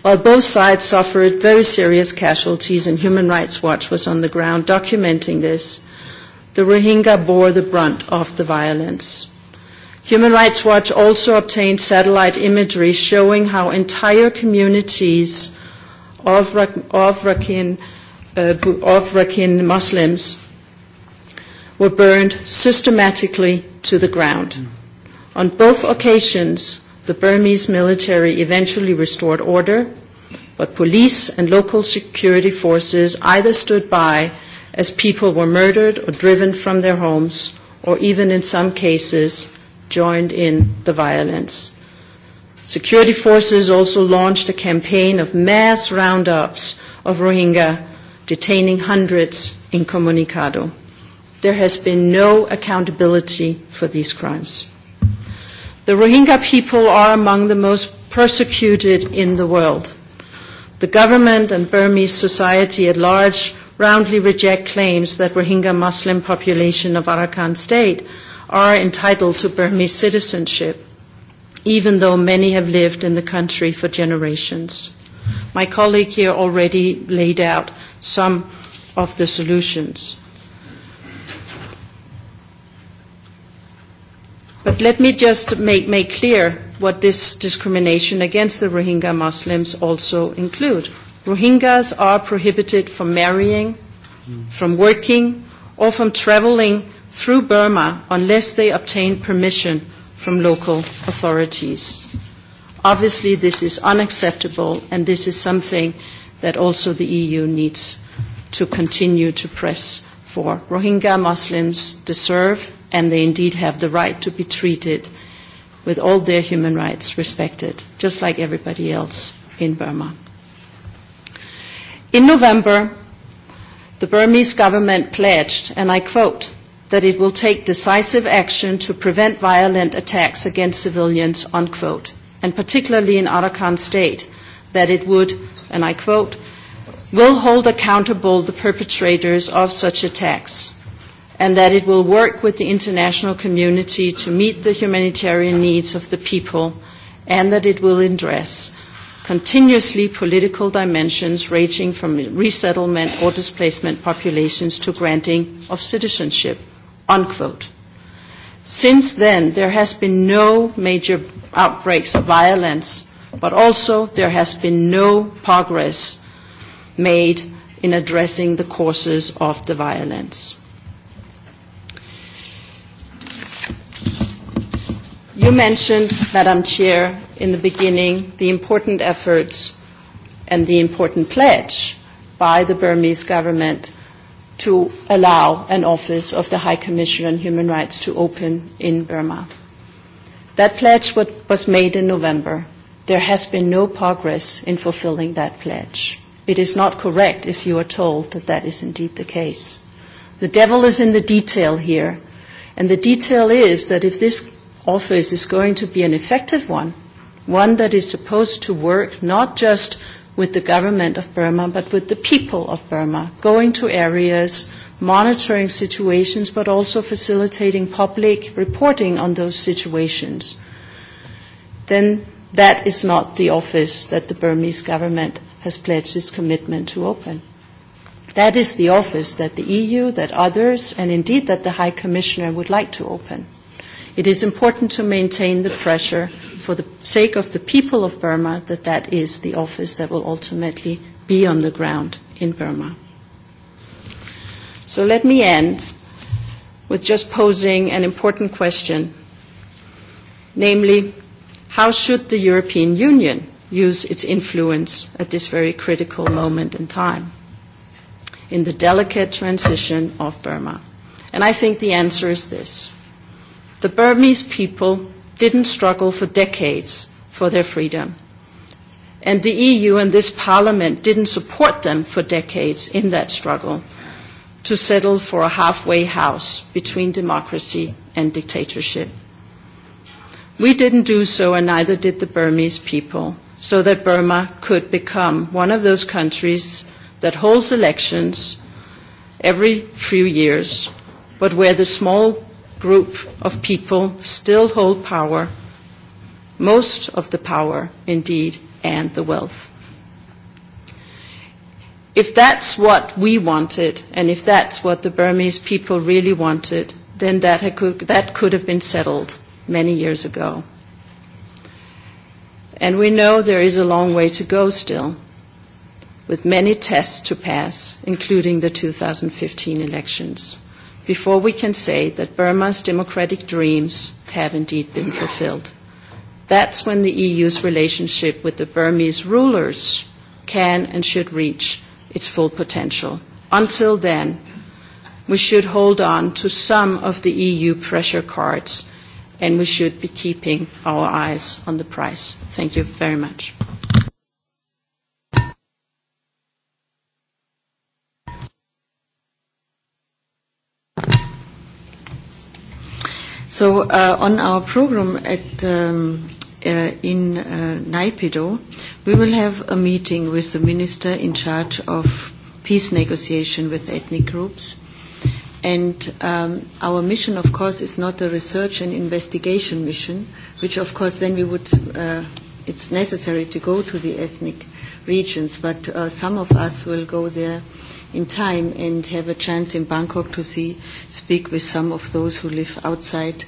While both sides suffered very serious casualties and Human Rights Watch was on the ground documenting this, the Rohingya bore the brunt of the violence. Human Rights Watch also obtained satellite imagery showing how entire communities of, of, Rakhine, uh, of Rakhine Muslims were burned systematically to the ground. Mm. On both occasions, the Burmese military eventually restored order, but police and local security forces either stood by as people were murdered or driven from their homes, or even in some cases, joined in the violence. Security forces also launched a campaign of mass roundups of Rohingya, detaining hundreds incommunicado. There has been no accountability for these crimes. The Rohingya people are among the most persecuted in the world. The government and Burmese society at large roundly reject claims that Rohingya Muslim population of Arakan state are entitled to Burmese citizenship, even though many have lived in the country for generations. My colleague here already laid out some of the solutions. But let me just make, make clear what this discrimination against the Rohingya Muslims also include. Rohingyas are prohibited from marrying, from working, or from traveling through Burma unless they obtain permission from local authorities. Obviously, this is unacceptable, and this is something that also the EU needs to continue to press for. Rohingya Muslims deserve, and they indeed have the right to be treated with all their human rights respected, just like everybody else in Burma. In November, the Burmese government pledged, and I quote, that it will take decisive action to prevent violent attacks against civilians, unquote, and particularly in Arakan state, that it would, and I quote, will hold accountable the perpetrators of such attacks, and that it will work with the international community to meet the humanitarian needs of the people, and that it will address continuously political dimensions ranging from resettlement or displacement populations to granting of citizenship unquote. Since then, there has been no major outbreaks of violence, but also there has been no progress made in addressing the causes of the violence. You mentioned, Madam Chair, in the beginning, the important efforts and the important pledge by the Burmese government to allow an office of the High Commissioner on Human Rights to open in Burma. That pledge was made in November. There has been no progress in fulfilling that pledge. It is not correct if you are told that that is indeed the case. The devil is in the detail here. And the detail is that if this office is going to be an effective one, one that is supposed to work not just with the government of Burma, but with the people of Burma, going to areas, monitoring situations, but also facilitating public reporting on those situations, then that is not the office that the Burmese government has pledged its commitment to open. That is the office that the EU, that others, and indeed that the High Commissioner would like to open. It is important to maintain the pressure for the sake of the people of Burma that that is the office that will ultimately be on the ground in Burma. So let me end with just posing an important question, namely, how should the European Union use its influence at this very critical moment in time in the delicate transition of Burma? And I think the answer is this. The Burmese people didn't struggle for decades for their freedom. And the EU and this parliament didn't support them for decades in that struggle to settle for a halfway house between democracy and dictatorship. We didn't do so, and neither did the Burmese people, so that Burma could become one of those countries that holds elections every few years, but where the small group of people still hold power, most of the power indeed, and the wealth. If that's what we wanted, and if that's what the Burmese people really wanted, then that, had, could, that could have been settled many years ago. And we know there is a long way to go still, with many tests to pass, including the 2015 elections before we can say that Burma's democratic dreams have indeed been fulfilled. That's when the EU's relationship with the Burmese rulers can and should reach its full potential. Until then, we should hold on to some of the EU pressure cards and we should be keeping our eyes on the price. Thank you very much. So uh, on our program at um, uh, in uh, Naipido, we will have a meeting with the minister in charge of peace negotiation with ethnic groups. And um, our mission, of course, is not a research and investigation mission, which, of course, then we would, uh, it's necessary to go to the ethnic regions, but uh, some of us will go there in time and have a chance in Bangkok to see, speak with some of those who live outside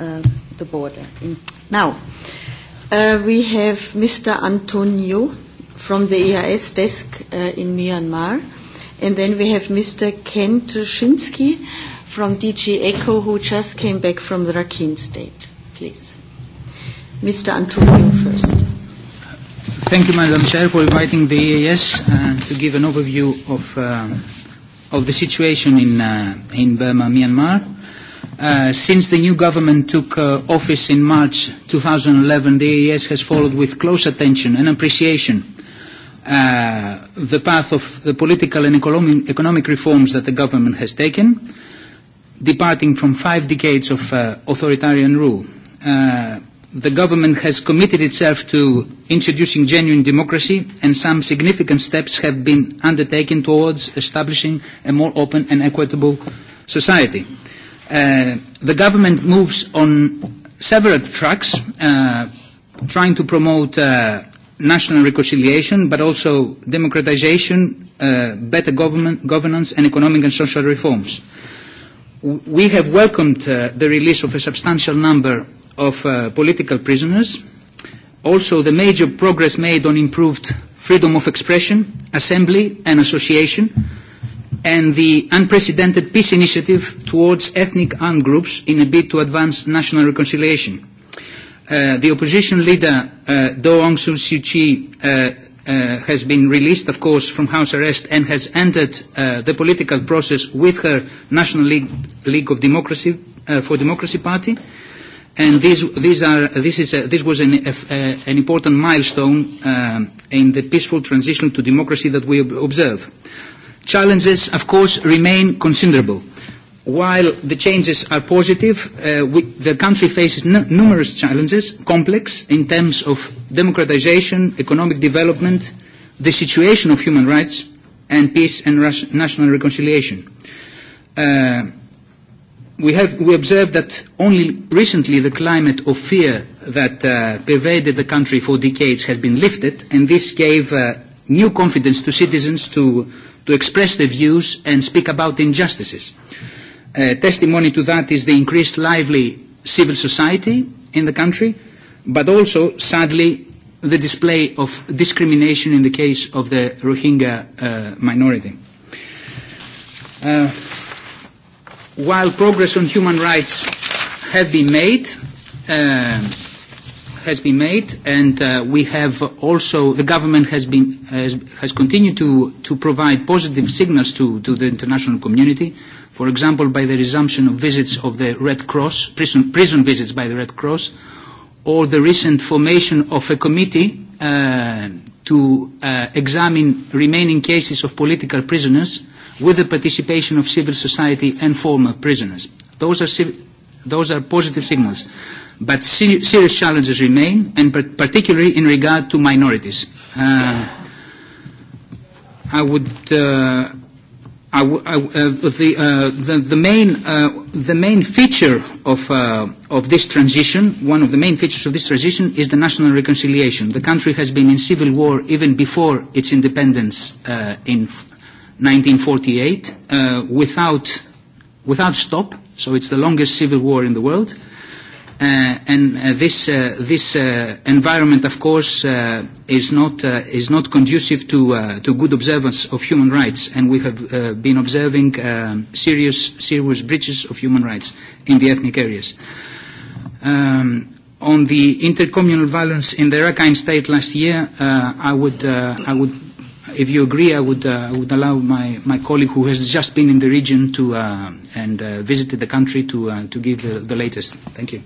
uh, the border. In now, uh, we have Mr. Antonio from the EIS desk uh, in Myanmar, and then we have Mr. Ken Tushinsky from DG ECHO who just came back from the Rakhine state. Please. Mr. Antonio first. Thank you, Madam Chair, for inviting the EAS uh, to give an overview of, uh, of the situation in, uh, in Burma, Myanmar. Uh, since the new government took uh, office in March 2011, the EAS has followed with close attention and appreciation uh, the path of the political and economic, economic reforms that the government has taken, departing from five decades of uh, authoritarian rule. Uh, the government has committed itself to introducing genuine democracy and some significant steps have been undertaken towards establishing a more open and equitable society. Uh, the government moves on several tracks, uh, trying to promote uh, national reconciliation, but also democratization, uh, better government, governance, and economic and social reforms. We have welcomed uh, the release of a substantial number of uh, political prisoners, also the major progress made on improved freedom of expression, assembly and association, and the unprecedented peace initiative towards ethnic armed groups in a bid to advance national reconciliation. Uh, the opposition leader, uh, Do Aung San Suu Kyi, uh, uh, has been released, of course, from house arrest and has entered uh, the political process with her National League, League of Democracy, uh, for Democracy Party. Uh, And these, these are, this, is a, this was an, a, an important milestone uh, in the peaceful transition to democracy that we observe. Challenges, of course, remain considerable. While the changes are positive, uh, we, the country faces n numerous challenges, complex in terms of democratization, economic development, the situation of human rights, and peace and national reconciliation. Uh, we, have, we observed that only recently the climate of fear that uh, pervaded the country for decades has been lifted, and this gave uh, new confidence to citizens to, to express their views and speak about injustices. Uh, testimony to that is the increased lively civil society in the country, but also, sadly, the display of discrimination in the case of the Rohingya uh, minority. Uh, while progress on human rights have been made, uh, has been made, and uh, we have also the government has been has, has continued to to provide positive signals to to the international community. For example, by the resumption of visits of the Red Cross prison prison visits by the Red Cross, or the recent formation of a committee uh, to uh, examine remaining cases of political prisoners with the participation of civil society and former prisoners. Those are, those are positive signals, but se serious challenges remain, and particularly in regard to minorities. Uh, I would uh, I w I w uh, the, uh, the, the, main, uh, the main feature of, uh, of this transition, one of the main features of this transition is the national reconciliation. The country has been in civil war even before its independence uh, in 1948 uh, without, without stop, so it's the longest civil war in the world. Uh, Uh, and uh, this, uh, this uh, environment, of course, uh, is, not, uh, is not conducive to, uh, to good observance of human rights, and we have uh, been observing um, serious, serious breaches of human rights in the ethnic areas. Um, on the intercommunal violence in the Rakhine state last year, uh, I, would, uh, I would, if you agree, I would, uh, I would allow my, my colleague who has just been in the region to, uh, and uh, visited the country to, uh, to give uh the latest. Thank you.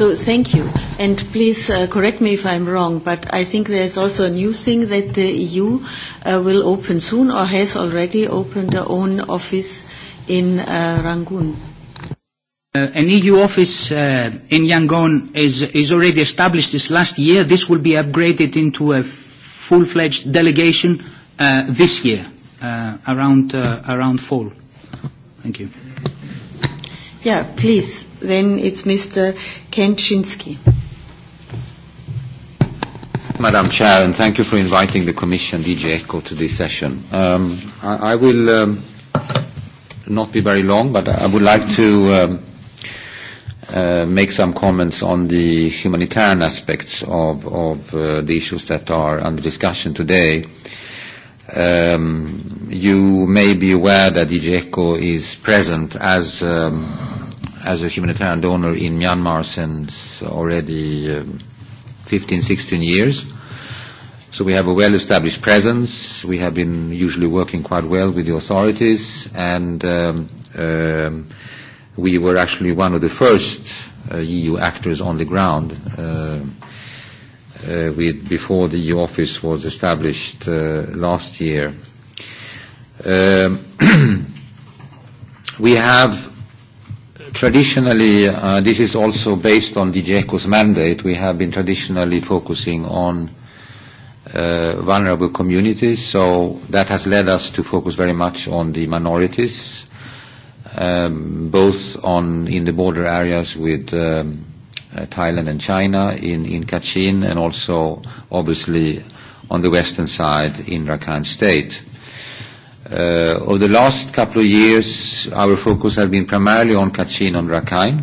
So thank you. And please uh, correct me if I'm wrong, but I think there's also a new thing that the EU uh, will open soon or has already opened their own office in uh, Rangoon. Uh, an EU office uh, in Yangon is, is already established this last year. This will be upgraded into a full-fledged delegation uh, this year, uh, around, uh, around fall. Thank you. Yeah, please. Then it's Mr. Kenczynski. Madam Chair, and thank you for inviting the Commission, DJ ECHO, to this session. Um, I, I will um, not be very long, but I would like to um, uh, make some comments on the humanitarian aspects of, of uh, the issues that are under discussion today. Uh, Um, you may be aware that DJ ECHO is present as, um, as a humanitarian donor in Myanmar since already um, 15, 16 years. So we have a well-established presence. We have been usually working quite well with the authorities, and um, um, we were actually one of the first uh, EU actors on the ground. Uh, uh, with before the EU office was established uh, last year. Um, <clears throat> we have traditionally, uh, this is also based on DG ECO's mandate, we have been traditionally focusing on uh, vulnerable communities, so that has led us to focus very much on the minorities, um, both on in the border areas with um, uh, Thailand and China, in, in Kachin, and also obviously on the western side in Rakhine State. Uh, over the last couple of years, our focus has been primarily on Kachin and Rakhine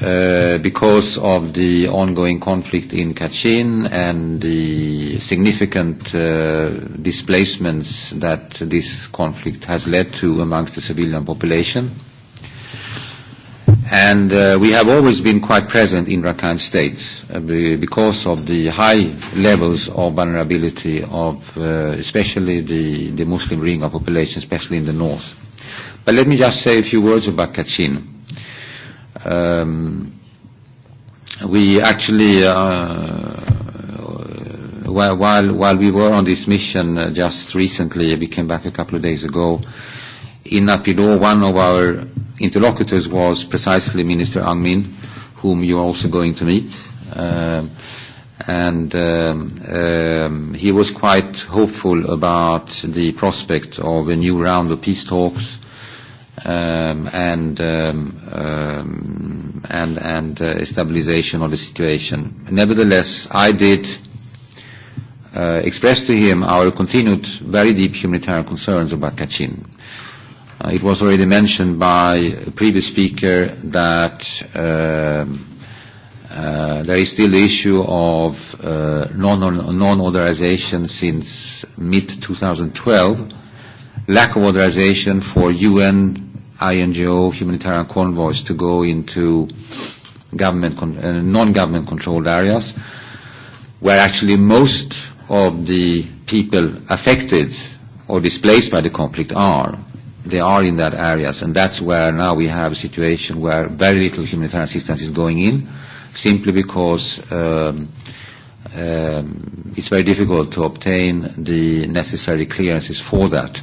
uh, because of the ongoing conflict in Kachin and the significant uh, displacements that this conflict has led to amongst the civilian population. And uh, we have always been quite present in Rakhine State uh, because of the high levels of vulnerability of uh, especially the, the Muslim Rohingya population, especially in the north. But let me just say a few words about Kachin. Um, we actually, uh, uh while, while we were on this mission uh, just recently, we came back a couple of days ago, in Apilo, one of our interlocutors was precisely Minister Angmin, whom you are also going to meet. Um, and um, um, he was quite hopeful about the prospect of a new round of peace talks um, and um, um, and and uh, stabilization of the situation. Nevertheless, I did uh, express to him our continued very deep humanitarian concerns about Kachin. Uh, it was already mentioned by a previous speaker that uh, uh, there is still the issue of uh, non-authorization non since mid-2012, lack of authorization for UN, INGO, humanitarian convoys to go into government con uh, non-government controlled areas, where actually most of the people affected or displaced by the conflict are they are in that areas, and that's where now we have a situation where very little humanitarian assistance is going in, simply because um, um, it's very difficult to obtain the necessary clearances for that.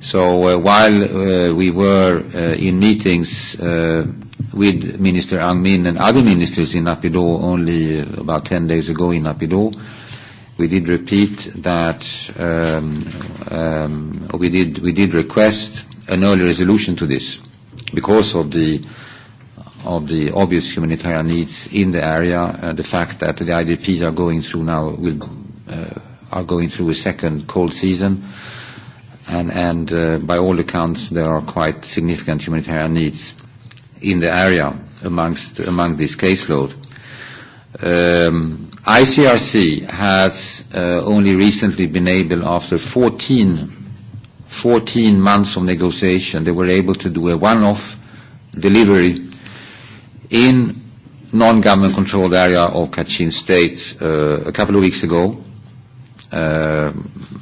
So uh, while uh, we were uh, in meetings uh, with Minister Angmin and other ministers in Apido only about 10 days ago in Apido, we did repeat that um, um, we, did, we did request an early resolution to this because of the, of the obvious humanitarian needs in the area and uh, the fact that the IDPs are going through now will, uh, are going through a second cold season and, and uh, by all accounts there are quite significant humanitarian needs in the area amongst, among this caseload. Um, ICRC has uh, only recently been able, after 14, 14 months of negotiation, they were able to do a one-off delivery in non-government controlled area of Kachin state uh, a couple of weeks ago, uh,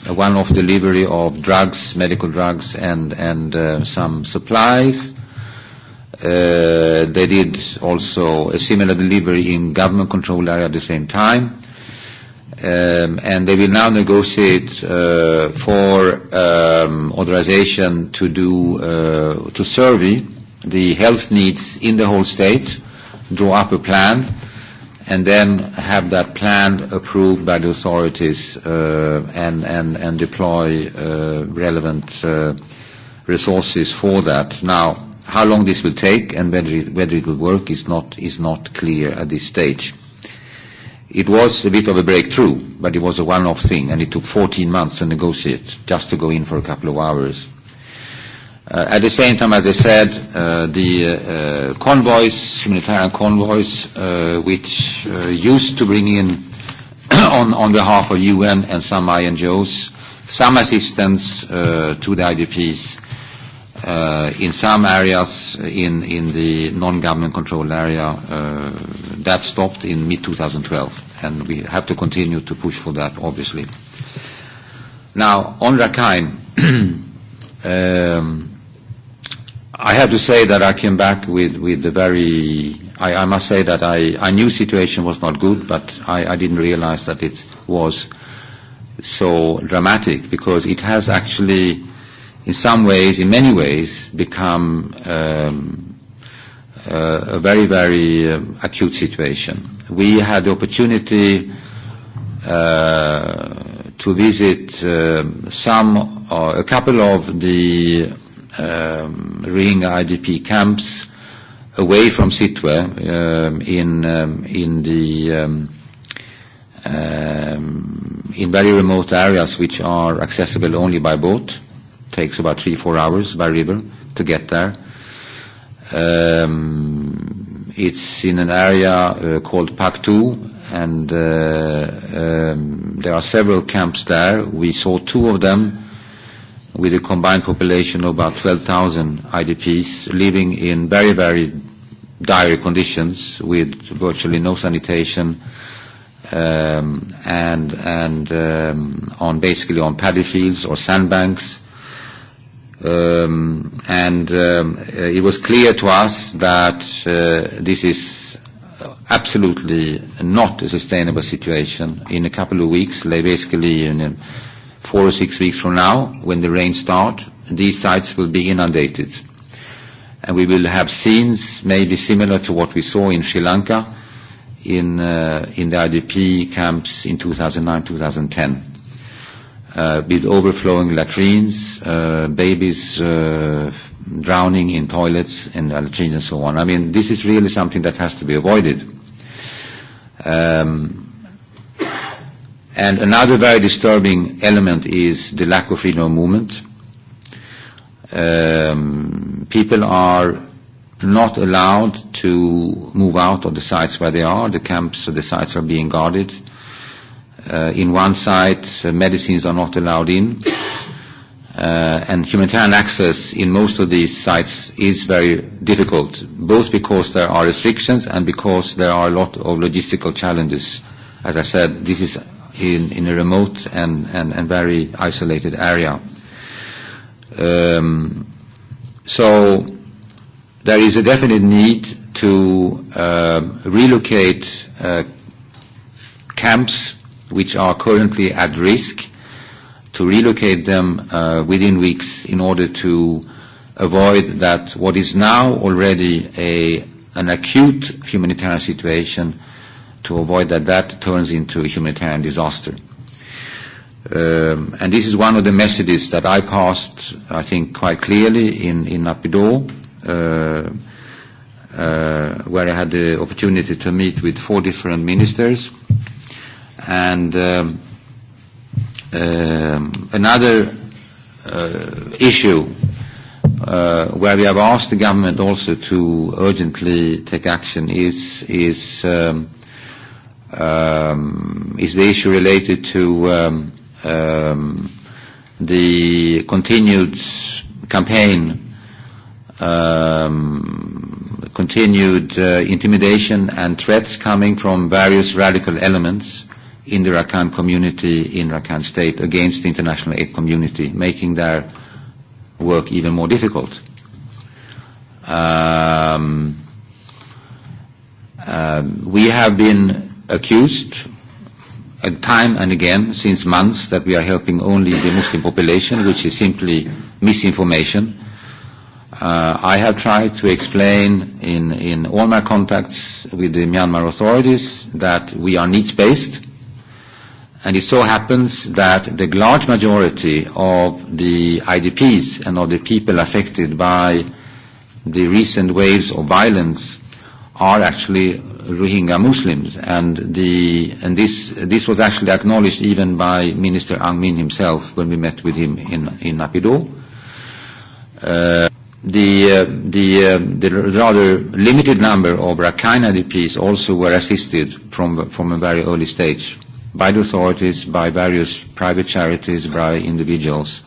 a one-off delivery of drugs, medical drugs, and, and uh, some supplies Uh, they did also a similar delivery in government control area at the same time. Um, and they will now negotiate uh, for um, authorization to do uh, to survey the health needs in the whole state, draw up a plan, and then have that plan approved by the authorities uh, and, and, and deploy uh, relevant uh, resources for that. Now, How long this will take and whether it, whether it will work is not, is not clear at this stage. It was a bit of a breakthrough, but it was a one-off thing, and it took 14 months to negotiate, just to go in for a couple of hours. Uh, at the same time, as I said, uh, the uh, convoys, humanitarian convoys, uh, which uh, used to bring in <coughs> on, on behalf of UN and some INGOs, some assistance uh, to the IDPs, uh, in some areas in, in the non-government controlled area, uh, that stopped in mid-2012, and we have to continue to push for that, obviously. Now, on Rakhine, <clears throat> um, I have to say that I came back with, with the very, I, I must say that I, I knew situation was not good, but I, I didn't realize that it was so dramatic, because it has actually in some ways, in many ways, become um, uh, a very, very um, acute situation. We had the opportunity uh, to visit uh, some, uh, a couple of the um, Rohingya IDP camps away from Sitwe um, in, um, in the um, um, in very remote areas which are accessible only by boat takes about three, four hours by river to get there. Um, it's in an area uh, called Paktu, and uh, um, there are several camps there. We saw two of them with a combined population of about 12,000 IDPs living in very, very dire conditions with virtually no sanitation um, and, and um, on basically on paddy fields or sandbanks Um, and um, uh, it was clear to us that uh, this is absolutely not a sustainable situation. In a couple of weeks, like basically in uh, four or six weeks from now, when the rain start, these sites will be inundated. And we will have scenes maybe similar to what we saw in Sri Lanka in, uh, in the IDP camps in 2009-2010 uh, with overflowing latrines, uh, babies uh, drowning in toilets and latrines and so on. I mean, this is really something that has to be avoided. Um, and another very disturbing element is the lack of freedom of movement. Um, people are not allowed to move out of the sites where they are. The camps or the sites are being guarded. Uh, in one side, uh, medicines are not allowed in, uh, and humanitarian access in most of these sites is very difficult, both because there are restrictions and because there are a lot of logistical challenges. As I said, this is in, in a remote and, and, and very isolated area. Um, so there is a definite need to uh, relocate uh, camps which are currently at risk to relocate them uh, within weeks in order to avoid that what is now already a, an acute humanitarian situation to avoid that that turns into a humanitarian disaster. Um, and this is one of the messages that I passed, I think, quite clearly in, in Napido, uh, uh, where I had the opportunity to meet with four different ministers And um, uh, another uh, issue uh, where we have asked the government also to urgently take action is, is, um, um, is the issue related to um, um, the continued campaign, um, continued uh, intimidation and threats coming from various radical elements in the Rakhine community, in Rakhine state, against the international aid community, making their work even more difficult. Um, um, we have been accused uh, time and again since months that we are helping only the Muslim population, which is simply misinformation. Uh, I have tried to explain in, in all my contacts with the Myanmar authorities that we are needs-based, And it so happens that the large majority of the IDPs and of the people affected by the recent waves of violence are actually Rohingya Muslims. And, the, and this, this was actually acknowledged even by Minister Ang Min himself when we met with him in, in Napido. Uh, the, uh, the, uh, the rather limited number of Rakhine IDPs also were assisted from, from a very early stage by the authorities, by various private charities, by individuals,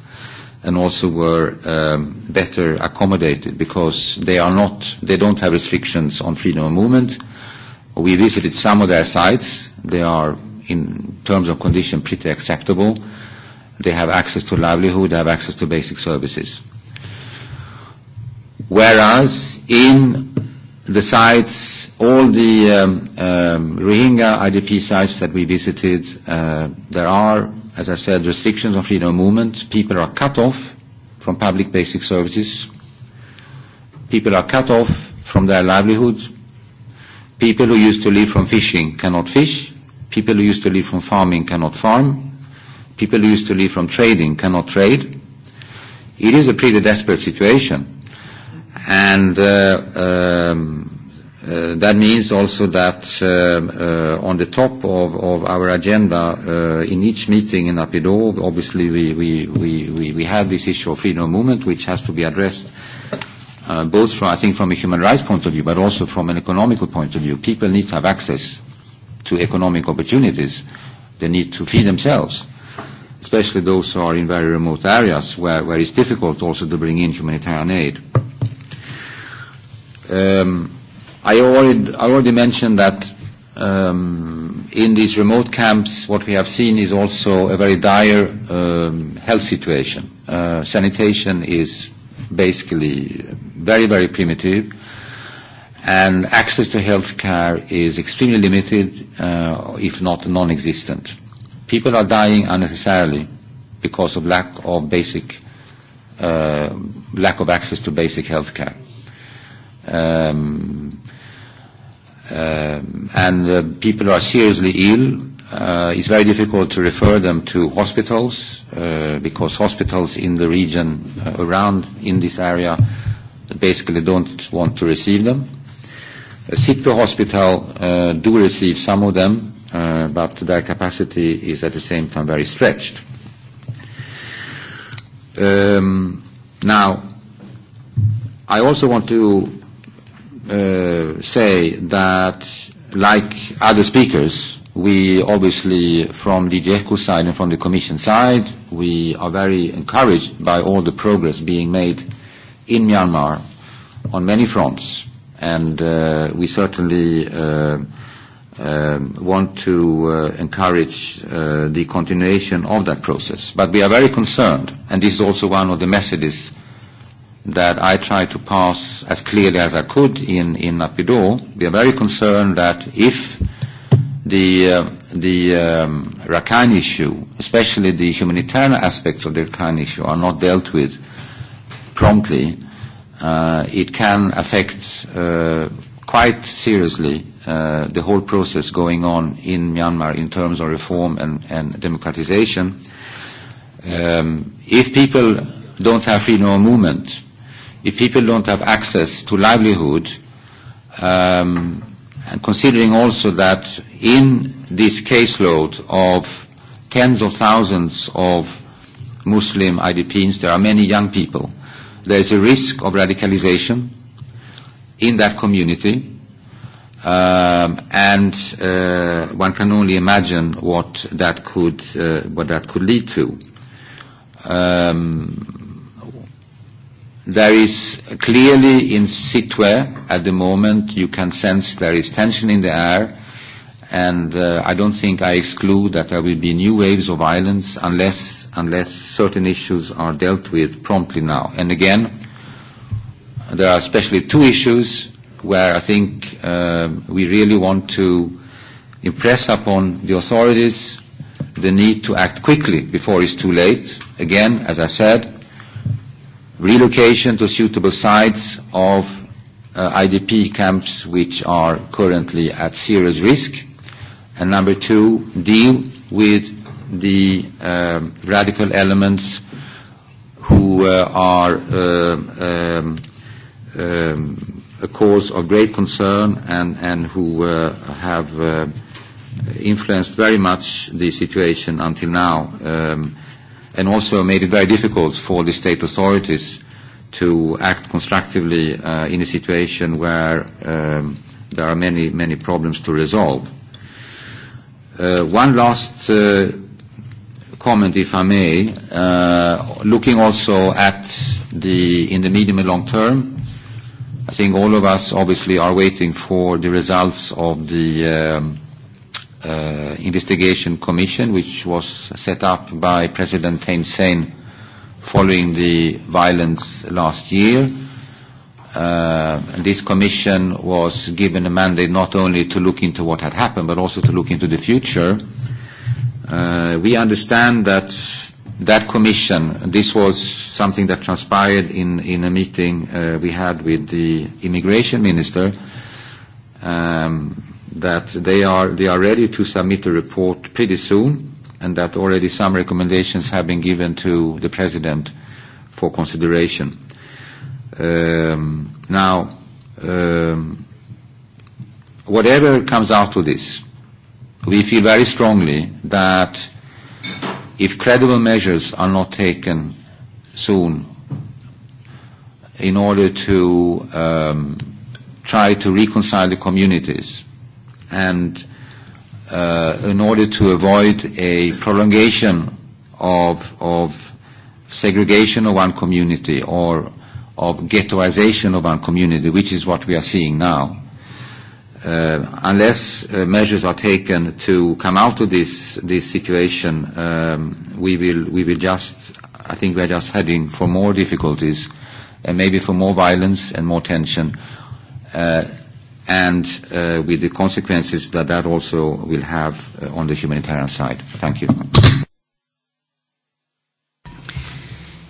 and also were um, better accommodated because they are not, they don't have restrictions on freedom of movement. We visited some of their sites. They are, in terms of condition, pretty acceptable. They have access to livelihood, they have access to basic services. Whereas in the sites, all the um, um, Rohingya IDP sites that we visited, uh, there are, as I said, restrictions on freedom of movement. People are cut off from public basic services. People are cut off from their livelihood. People who used to live from fishing cannot fish. People who used to live from farming cannot farm. People who used to live from trading cannot trade. It is a pretty desperate situation And uh, um, uh, that means also that uh, uh, on the top of, of our agenda uh, in each meeting in Apidog, obviously we, we, we, we, we have this issue of freedom of movement which has to be addressed uh, both from, I think from a human rights point of view but also from an economical point of view. People need to have access to economic opportunities. They need to feed themselves especially those who are in very remote areas where, where it's difficult also to bring in humanitarian aid. Uh, Um, I, already, I already mentioned that um, in these remote camps what we have seen is also a very dire um, health situation. Uh, sanitation is basically very, very primitive and access to health care is extremely limited, uh, if not non-existent. People are dying unnecessarily because of lack of basic, uh, lack of access to basic health care. Um, uh, and uh, people are seriously ill. Uh, it's very difficult to refer them to hospitals uh, because hospitals in the region uh, around in this area basically don't want to receive them. Uh, Sitpo Hospital uh, do receive some of them, uh, but their capacity is at the same time very stretched. Um, now, I also want to uh, say that, like other speakers, we obviously, from the DGECO side and from the Commission side, we are very encouraged by all the progress being made in Myanmar on many fronts. And uh, we certainly uh, um, want to uh, encourage uh, the continuation of that process. But we are very concerned, and this is also one of the messages that I tried to pass as clearly as I could in, in Napido. We are very concerned that if the, uh, the um, Rakhine issue, especially the humanitarian aspects of the Rakhine issue, are not dealt with promptly, uh, it can affect uh, quite seriously uh, the whole process going on in Myanmar in terms of reform and, and democratization. Um, if people don't have freedom of movement, if people don't have access to livelihood, um, and considering also that in this caseload of tens of thousands of Muslim IDPs, there are many young people, there is a risk of radicalization in that community, um, and uh, one can only imagine what that could, uh, what that could lead to. Um, There is clearly in Sitwe at the moment, you can sense there is tension in the air, and uh, I don't think I exclude that there will be new waves of violence unless, unless certain issues are dealt with promptly now. And again, there are especially two issues where I think uh, we really want to impress upon the authorities the need to act quickly before it's too late. Again, as I said, relocation to suitable sites of uh, IDP camps which are currently at serious risk. And number two, deal with the um, radical elements who uh, are uh, um, um, a cause of great concern and, and who uh, have uh, influenced very much the situation until now. Um, and also made it very difficult for the state authorities to act constructively uh, in a situation where um, there are many, many problems to resolve. Uh, one last uh, comment, if I may, uh, looking also at the, in the medium and long term, I think all of us obviously are waiting for the results of the um, uh, Investigation Commission, which was set up by President Thein Sein following the violence last year. Uh, and this commission was given a mandate not only to look into what had happened, but also to look into the future. Uh, we understand that that commission, this was something that transpired in, in a meeting uh, we had with the immigration minister, um, that they are, they are ready to submit a report pretty soon and that already some recommendations have been given to the President for consideration. Um, now, um, whatever comes out of this, we feel very strongly that if credible measures are not taken soon in order to um, try to reconcile the communities and uh, in order to avoid a prolongation of, of segregation of one community or of ghettoization of one community, which is what we are seeing now. Uh, unless uh, measures are taken to come out of this, this situation, um, we, will, we will just, I think we are just heading for more difficulties and maybe for more violence and more tension. Uh, and uh, with the consequences that that also will have uh, on the humanitarian side. Thank you.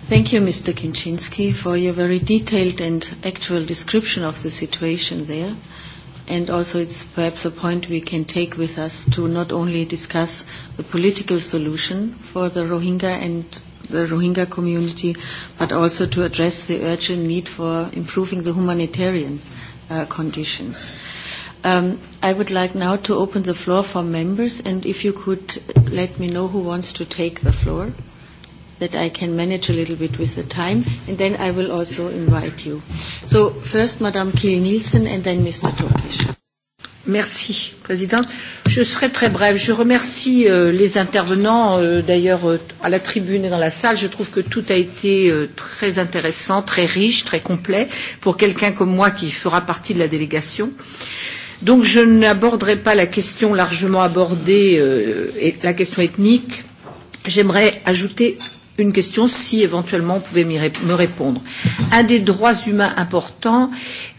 Thank you, Mr. Kinczynski, for your very detailed and actual description of the situation there. And also it's perhaps a point we can take with us to not only discuss the political solution for the Rohingya and the Rohingya community, but also to address the urgent need for improving the humanitarian uh, uh, conditions. Um, I would like now to open the floor for members, and if you could let me know who wants to take the floor, that I can manage a little bit with the time, and then I will also invite you. So first, Madame Kiel-Nielsen, and then Mr. Turkish. Merci, President. Je serai très brève. Je remercie euh, les intervenants, euh, d'ailleurs euh, à la tribune et dans la salle. Je trouve que tout a été euh, très intéressant, très riche, très complet pour quelqu'un comme moi qui fera partie de la délégation. Donc je n'aborderai pas la question largement abordée, euh, et la question ethnique. J'aimerais ajouter une question si éventuellement vous pouvez me répondre. Un des droits humains importants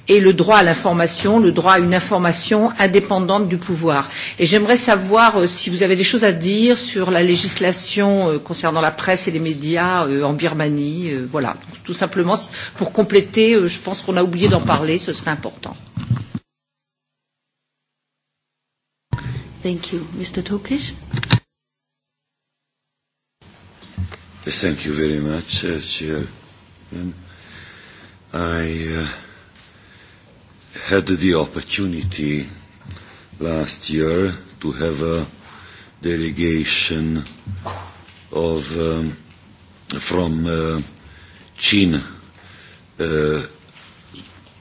est le droit à l'information, le droit à une information indépendante du pouvoir. Et j'aimerais savoir euh, si vous avez des choses à dire sur la législation euh, concernant la presse et les médias euh, en Birmanie. Euh, voilà, Donc, tout simplement pour compléter, euh, je pense qu'on a oublié d'en parler, ce serait important. Thank you. Mr. Tokish? Thank you very much, uh, Chair. And I uh, had the opportunity last year to have a delegation of um, from uh, Chin uh,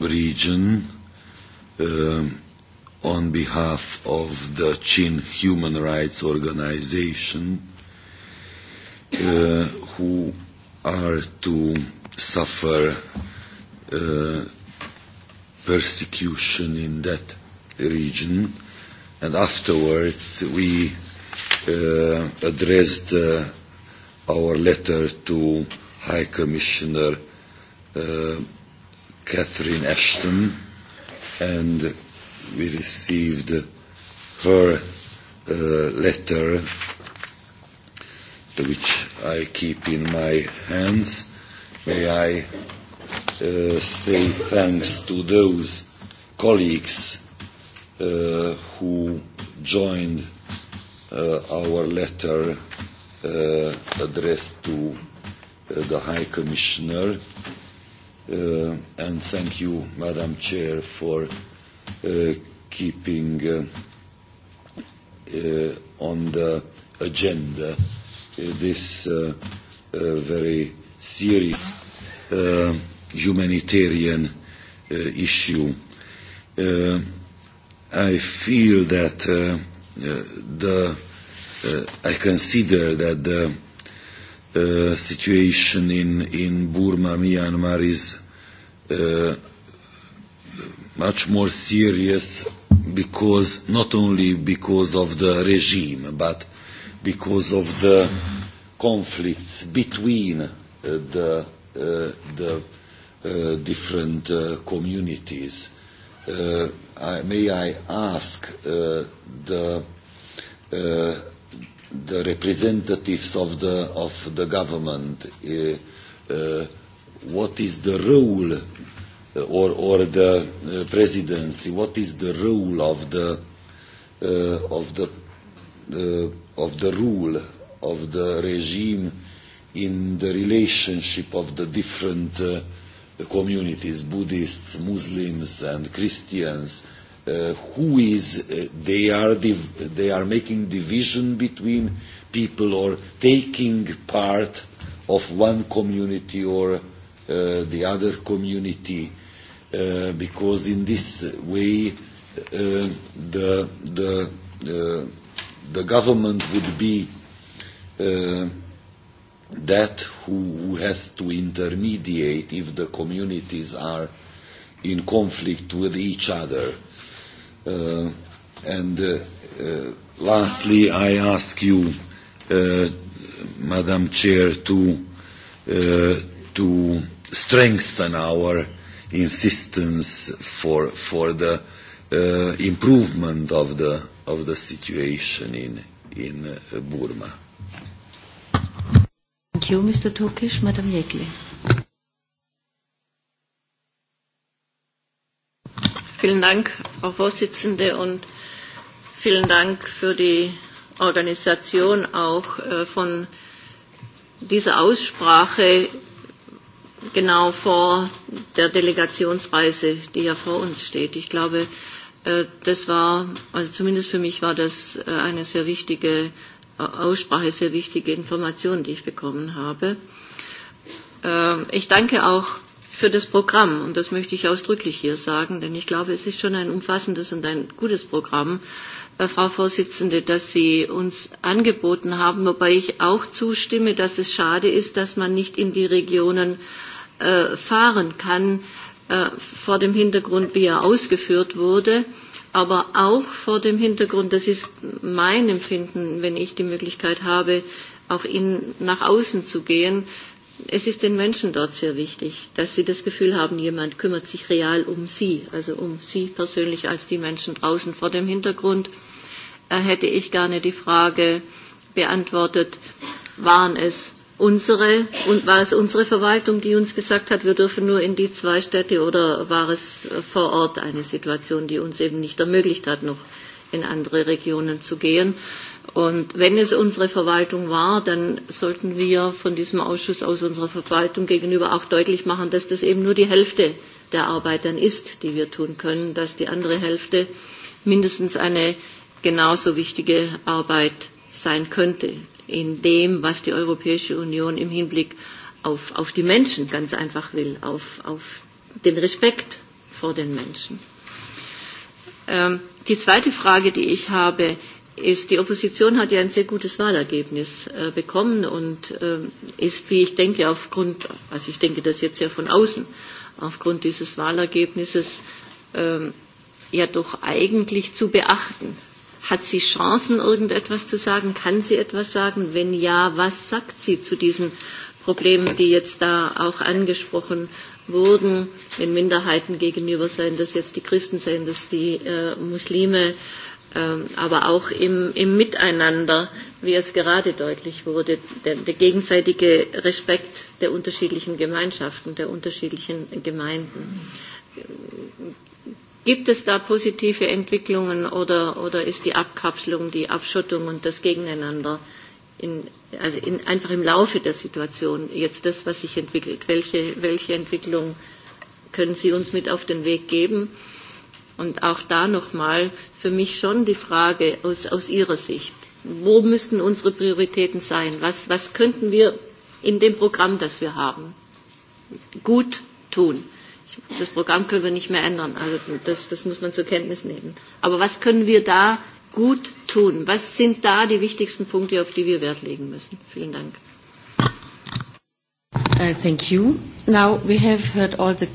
region uh, on behalf of the Chin Human Rights Organization uh, who are to suffer uh, persecution in that region. And afterwards, we uh, addressed uh, our letter to High Commissioner uh, Catherine Ashton, and we received her uh, letter which I keep in my hands. May I uh, say thanks to those colleagues uh, who joined uh, our letter uh, addressed to uh, the High Commissioner. Uh, and thank you, Madam Chair, for uh, keeping uh, uh, on the agenda Eh, this uh, uh, very serious uh, humanitarian uh, issue. Uh, I feel that uh, uh, the, uh, I consider that the uh, situation in, in Burma, Myanmar is uh, much more serious because not only because of the regime but because of the conflicts between uh, the, uh, the uh, different uh, communities. Uh, I, may I ask uh, the, uh, the representatives of the, of the government uh, uh, what is the role uh, or, or the uh, presidency, what is the role of the, uh, of the the, uh, of the rule of the regime in the relationship of the different uh, communities, Buddhists, Muslims and Christians, uh, who is, uh, they, are div they are making division between people or taking part of one community or uh, the other community uh, because in this way uh, the, the uh, the government would be uh, that who has to intermediate if the communities are in conflict with each other. Uh, and uh, uh, lastly, I ask you, uh, Madam Chair, to, uh, to strengthen our insistence for, for the uh, improvement of the of the situation in, in uh, Burma. Thank you, Mr. Turkish. Madam Yekli. Vielen Dank, Frau Vorsitzende, und vielen Dank für die Organisation auch äh, von dieser Aussprache genau vor der Delegationsreise, die ja vor uns steht. Ich glaube, Äh, das war, also zumindest für mich war das äh, eine sehr wichtige äh, Aussprache, sehr wichtige Information, die ich bekommen habe. Ähm, ich danke auch für das Programm und das möchte ich ausdrücklich hier sagen, denn ich glaube, es ist schon ein umfassendes und ein gutes Programm, Frau Vorsitzende, dass Sie uns angeboten haben, wobei ich auch zustimme, dass es schade ist, dass man nicht in die Regionen fahren kann, Äh, vor dem Hintergrund, wie er ausgeführt wurde, aber auch vor dem Hintergrund, das ist mein Empfinden, wenn ich die Möglichkeit habe, auch in, nach außen zu gehen. Es ist den Menschen dort sehr wichtig, dass sie das Gefühl haben, jemand kümmert sich real um sie, also um sie persönlich als die Menschen draußen. Vor dem Hintergrund äh, hätte ich gerne die Frage beantwortet, waren es unsere und war es unsere Verwaltung, die uns gesagt hat, wir dürfen nur in die zwei Städte oder war es äh, vor Ort eine Situation, die uns eben nicht ermöglicht hat, noch in andere Regionen zu gehen. Und wenn es unsere Verwaltung war, dann sollten wir von diesem Ausschuss aus unserer Verwaltung gegenüber auch deutlich machen, dass das eben nur die Hälfte der Arbeit dann ist, die wir tun können, dass die andere Hälfte mindestens eine genauso wichtige Arbeit sein könnte in dem, was die Europäische Union im Hinblick auf, auf die Menschen ganz einfach will, auf, auf den Respekt vor den Menschen. Ähm, die zweite Frage, die ich habe, ist, die Opposition hat ja ein sehr gutes Wahlergebnis äh, bekommen und äh, ist, wie ich denke, aufgrund, also ich denke das jetzt ja von außen, aufgrund dieses Wahlergebnisses äh, ja doch eigentlich zu beachten. Hat sie Chancen, irgendetwas zu sagen? Kann sie etwas sagen? Wenn ja, was sagt sie zu diesen Problemen, die jetzt da auch angesprochen wurden, den Minderheiten gegenüber, seien das jetzt die Christen, seien das die äh, Muslime, äh, aber auch im, im Miteinander, wie es gerade deutlich wurde, der, der gegenseitige Respekt der unterschiedlichen Gemeinschaften, der unterschiedlichen Gemeinden. Gibt es da positive Entwicklungen oder, oder ist die Abkapselung, die Abschottung und das Gegeneinander in, also in, einfach im Laufe der Situation jetzt das, was sich entwickelt? Welche, welche Entwicklung können Sie uns mit auf den Weg geben? Und auch da nochmal für mich schon die Frage aus, aus Ihrer Sicht. Wo müssten unsere Prioritäten sein? Was, was könnten wir in dem Programm, das wir haben, gut tun? das Programm können wir nicht mehr ändern. Also das, das muss man zur Kenntnis nehmen. Aber was können wir da gut tun? Was sind da die wichtigsten Punkte, auf die wir Wert legen müssen? Vielen Dank. Uh, thank you. Now we have heard all the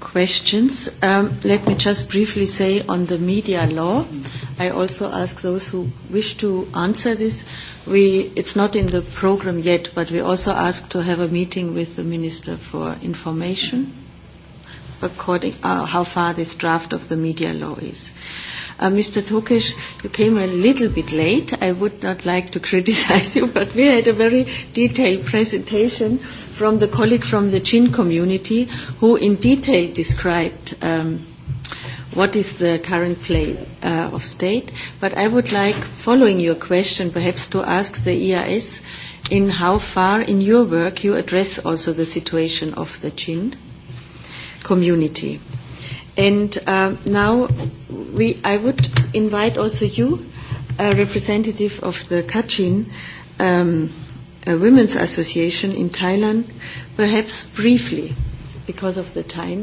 questions. Um, let me just briefly say on the media law. I also ask those who wish to answer this. We, it's not in the program yet, but we also ask to have a meeting with the Minister for Information. Mm -hmm according uh, how far this draft of the media law is. Uh, Mr. Tokish, you came a little bit late. I would not like to <laughs> criticize you, but we had a very detailed presentation from the colleague from the Chin community who in detail described um, what is the current play uh, of state. But I would like, following your question, perhaps to ask the EIS in how far in your work you address also the situation of the Chin community. And uh, now we, I would invite also you, a representative of the Kachin um, a Women's Association in Thailand, perhaps briefly, because of the time,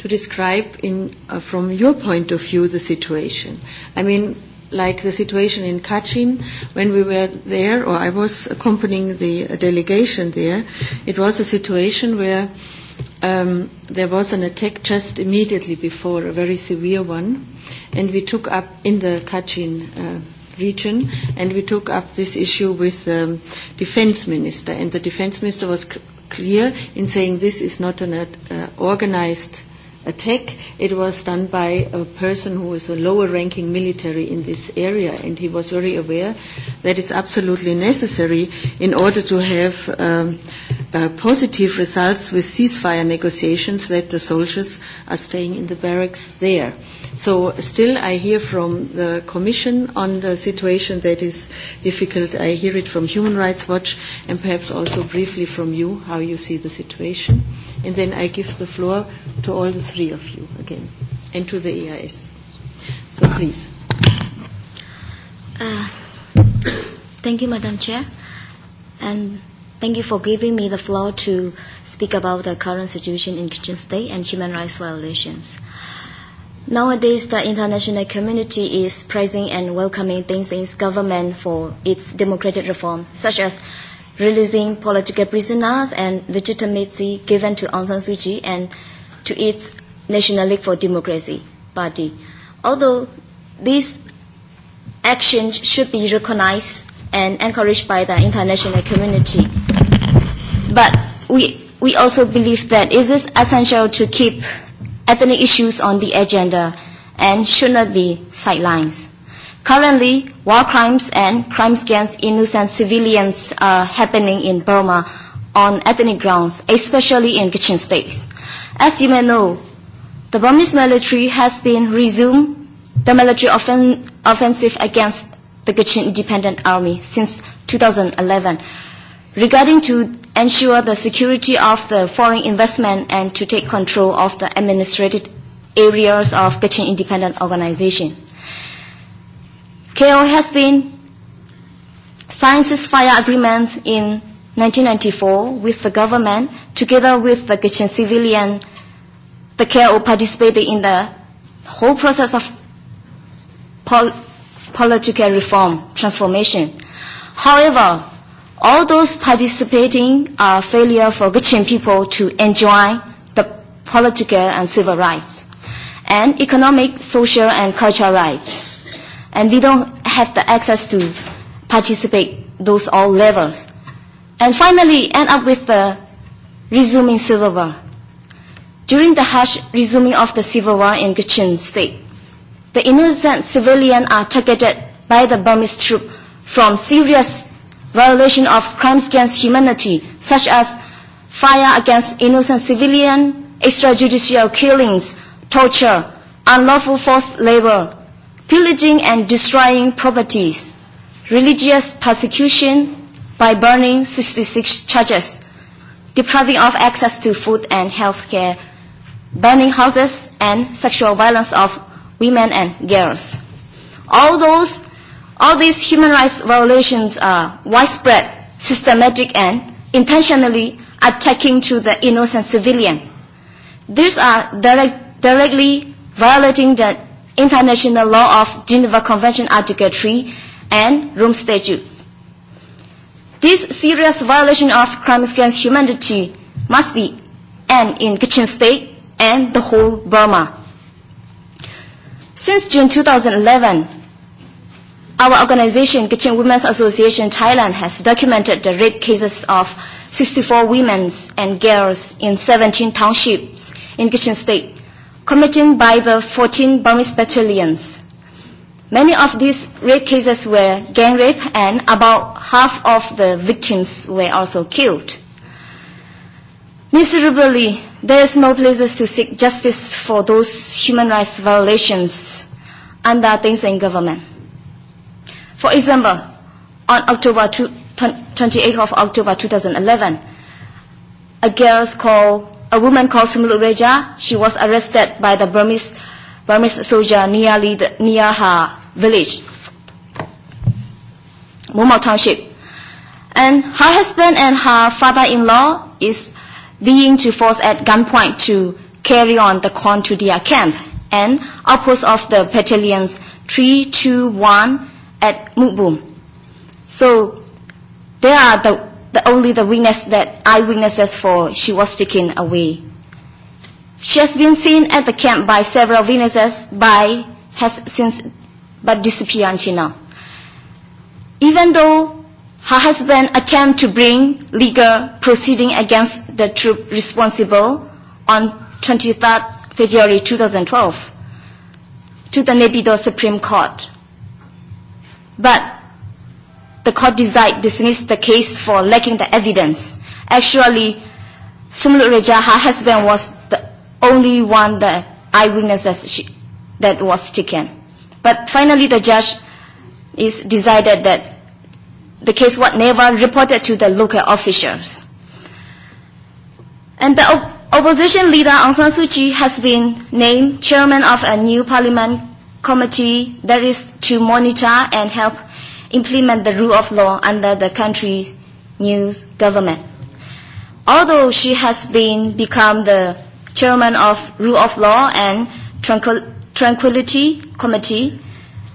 to describe in, uh, from your point of view the situation. I mean, like the situation in Kachin, when we were there, or I was accompanying the uh, delegation there, it was a situation where um, there was an attack just immediately before, a very severe one, and we took up in the Kachin uh, region, and we took up this issue with the um, defense minister, and the defense minister was c clear in saying this is not an uh, organized attack. It was done by a person who is a lower ranking military in this area, and he was very aware that it's absolutely necessary in order to have um, uh, positive results with ceasefire negotiations that the soldiers are staying in the barracks there. So still I hear from the Commission on the situation that is difficult. I hear it from Human Rights Watch and perhaps also briefly from you, how you see the situation. And then I give the floor to all the three of you again and to the EIS. So please. Uh, <coughs> thank you, Madam Chair. And Thank you for giving me the floor to speak about the current situation in Kitchen State and human rights violations. Nowadays, the international community is praising and welcoming things in its government for its democratic reform, such as releasing political prisoners and legitimacy given to Aung San Suu Kyi and to its National League for Democracy party. Although these actions should be recognized and encouraged by the international community. But we, we also believe that it is essential to keep ethnic issues on the agenda and should not be sidelined. Currently, war crimes and crimes against innocent civilians are happening in Burma on ethnic grounds, especially in Kitchen States. As you may know, the Burmese military has been resumed the military offen offensive against the Gachin Independent Army since 2011 regarding to ensure the security of the foreign investment and to take control of the administrative areas of Gachin Independent Organization. KO has been signed ceasefire agreement in 1994 with the government together with the Gachin civilian. The KO participated in the whole process of pol political reform, transformation. However, all those participating are failure for Gichin people to enjoy the political and civil rights and economic, social and cultural rights. And we don't have the access to participate those all levels. And finally, end up with the resuming civil war. During the harsh resuming of the civil war in Gachin state, The innocent civilians are targeted by the Burmese troops from serious violation of crimes against humanity, such as fire against innocent civilians, extrajudicial killings, torture, unlawful forced labor, pillaging and destroying properties, religious persecution by burning 66 churches, depriving of access to food and health care, burning houses and sexual violence of women and girls. All those, all these human rights violations are widespread, systematic and intentionally attacking to the innocent civilian. These are direct, directly violating the international law of Geneva Convention Article 3 and Rome Statutes. This serious violation of crimes against humanity must be end in Kitchen State and the whole Burma. Since June 2011, our organization, Kitchen Women's Association Thailand, has documented the rape cases of 64 women and girls in 17 townships in Kitchen State, committed by the 14 Burmese battalions. Many of these rape cases were gang rape and about half of the victims were also killed. Miserably, There is no places to seek justice for those human rights violations under Tenzin government. For example, on October 28th of October 2011, a girl called, a woman called Sumulu Reja, she was arrested by the Burmese, Burmese soldier near, the, near her village, Mumau Township. And her husband and her father-in-law is being to force at gunpoint to carry on the con to their camp. And outpost of the battalions 321 at Mukbum. So they are the, the only the witness that eyewitnesses for she was taken away. She has been seen at the camp by several witnesses by has since but disappeared until now. Even though Her husband attempted to bring legal proceeding against the troop responsible on 23rd February 2012 to the Nebido Supreme Court. But the court decided dismiss the case for lacking the evidence. Actually, Sumlu Reja, her husband, was the only one the that, she, that was taken. But finally the judge is decided that the case was never reported to the local officials. And the op opposition leader Aung San Suu Kyi has been named chairman of a new parliament committee that is to monitor and help implement the rule of law under the country's new government. Although she has been become the chairman of rule of law and tranquil tranquility committee,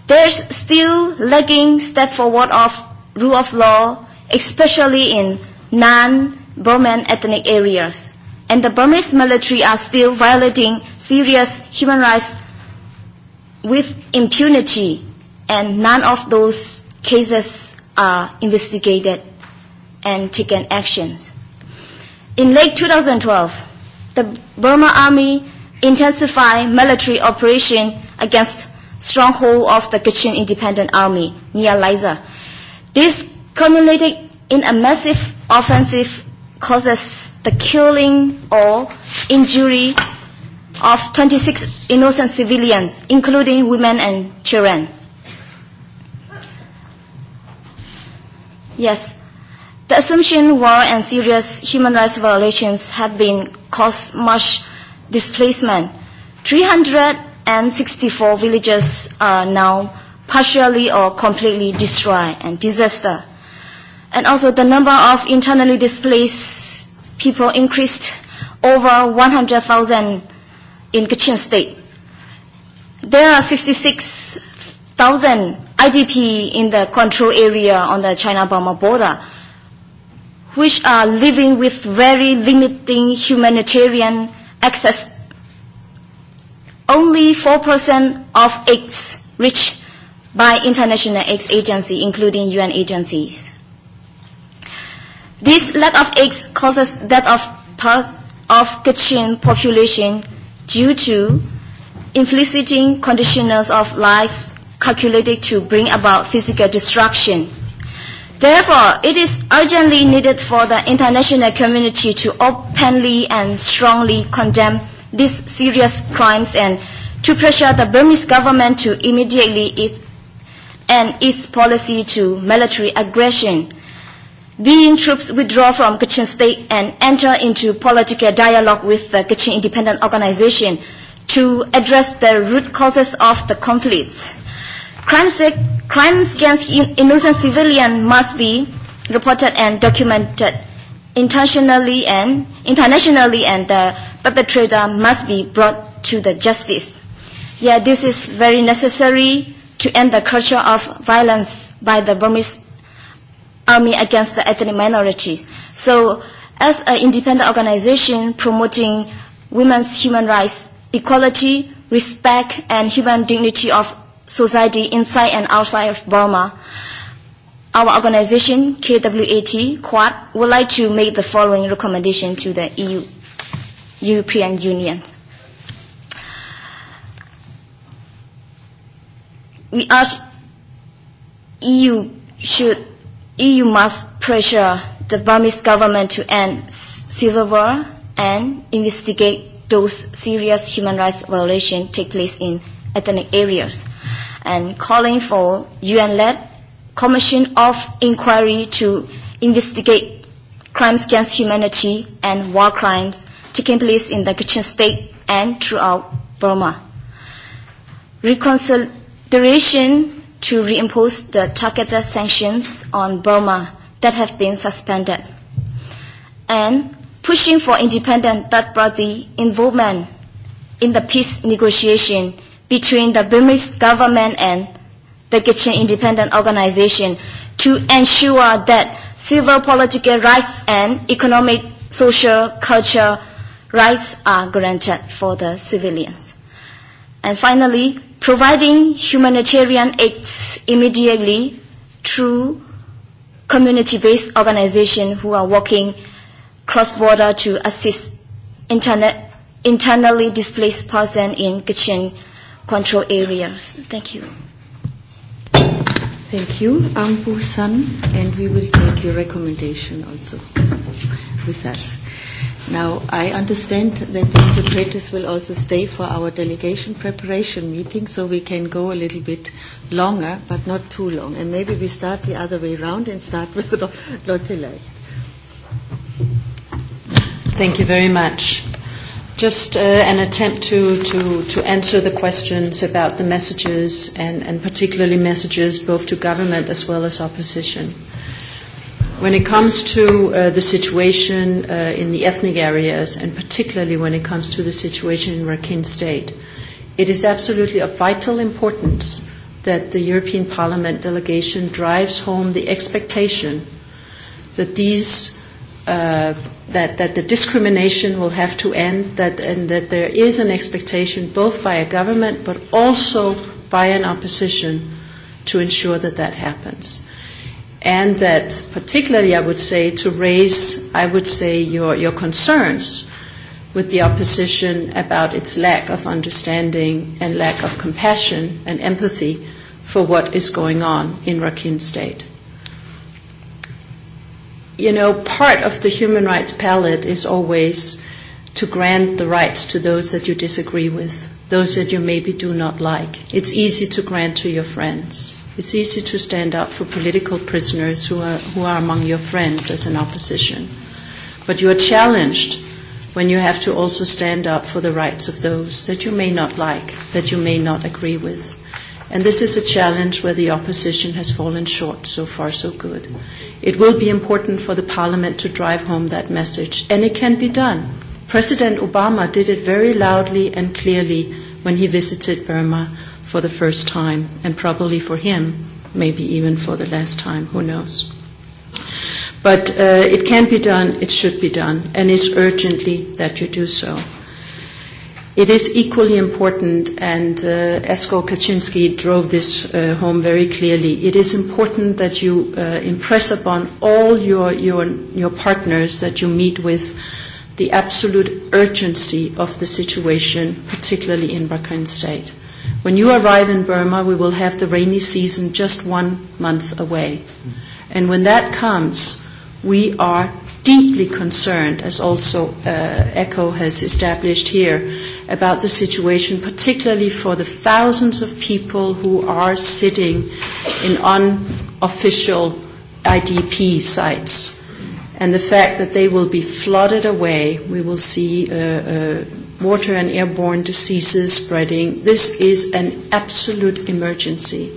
there's still lagging step forward of rule of law, especially in non-Burman ethnic areas. And the Burmese military are still violating serious human rights with impunity, and none of those cases are investigated and taken actions. In late 2012, the Burma Army intensified military operation against stronghold of the Kachin Independent Army near Liza This culminated in a massive offensive causes the killing or injury of 26 innocent civilians, including women and children. Yes, the assumption war and serious human rights violations have been caused much displacement. 364 villages are now partially or completely destroyed and disaster. And also the number of internally displaced people increased over 100,000 in Kachin state. There are 66,000 IDP in the control area on the China-Burma border, which are living with very limiting humanitarian access. Only 4% of aids reach by international AIDS agencies, including UN agencies. This lack of eggs causes death of part of kitchen population due to inflicting conditions of life calculated to bring about physical destruction. Therefore, it is urgently needed for the international community to openly and strongly condemn these serious crimes and to pressure the Burmese government to immediately and its policy to military aggression. Being troops withdraw from Kachin state and enter into political dialogue with the Kachin independent organization to address the root causes of the conflicts. Crimes, crimes against innocent civilians must be reported and documented intentionally and internationally and the perpetrator must be brought to the justice. Yeah, this is very necessary to end the culture of violence by the Burmese army against the ethnic minorities. So as an independent organization promoting women's human rights, equality, respect and human dignity of society inside and outside of Burma, our organization, KWAT, Quad, would like to make the following recommendation to the EU, European Union. we ask EU should EU must pressure the Burmese government to end civil war and investigate those serious human rights violations take place in ethnic areas and calling for UN-led commission of inquiry to investigate crimes against humanity and war crimes taking place in the Kachin state and throughout Burma. Reconcil duration to reimpose the targeted sanctions on Burma that have been suspended, and pushing for independent third party involvement in the peace negotiation between the Burmese government and the Kitchen Independent Organization to ensure that civil political rights and economic, social, cultural rights are granted for the civilians. And finally, providing humanitarian aids immediately through community-based organizations who are working cross-border to assist interne internally displaced persons in kitchen control areas. Thank you. Thank you, Ampu San, and we will take your recommendation also with us. Now, I understand that the interpreters will also stay for our delegation preparation meeting, so we can go a little bit longer, but not too long. And maybe we start the other way around and start <laughs> with Lotte Leicht. Thank you very much. Just uh, an attempt to, to, to answer the questions about the messages, and, and particularly messages both to government as well as opposition. When it comes to uh, the situation uh, in the ethnic areas, and particularly when it comes to the situation in Rakhine State, it is absolutely of vital importance that the European Parliament delegation drives home the expectation that these uh, that, that the discrimination will have to end, that, and that there is an expectation both by a government but also by an opposition to ensure that that happens and that particularly I would say to raise, I would say, your, your concerns with the opposition about its lack of understanding and lack of compassion and empathy for what is going on in Rakhine State. You know, part of the human rights palette is always to grant the rights to those that you disagree with, those that you maybe do not like. It's easy to grant to your friends. It's easy to stand up for political prisoners who are, who are among your friends as an opposition. But you are challenged when you have to also stand up for the rights of those that you may not like, that you may not agree with. And this is a challenge where the opposition has fallen short. So far, so good. It will be important for the parliament to drive home that message, and it can be done. President Obama did it very loudly and clearly when he visited Burma for the first time, and probably for him, maybe even for the last time, who knows. But uh, it can be done, it should be done, and it's urgently that you do so. It is equally important, and uh, Esko Kaczynski drove this uh, home very clearly. It is important that you uh, impress upon all your, your, your partners that you meet with the absolute urgency of the situation, particularly in Rakhine State. When you arrive in Burma, we will have the rainy season just one month away. And when that comes, we are deeply concerned, as also uh, ECHO has established here, about the situation, particularly for the thousands of people who are sitting in unofficial IDP sites. And the fact that they will be flooded away, we will see uh, uh, water and airborne diseases spreading. This is an absolute emergency.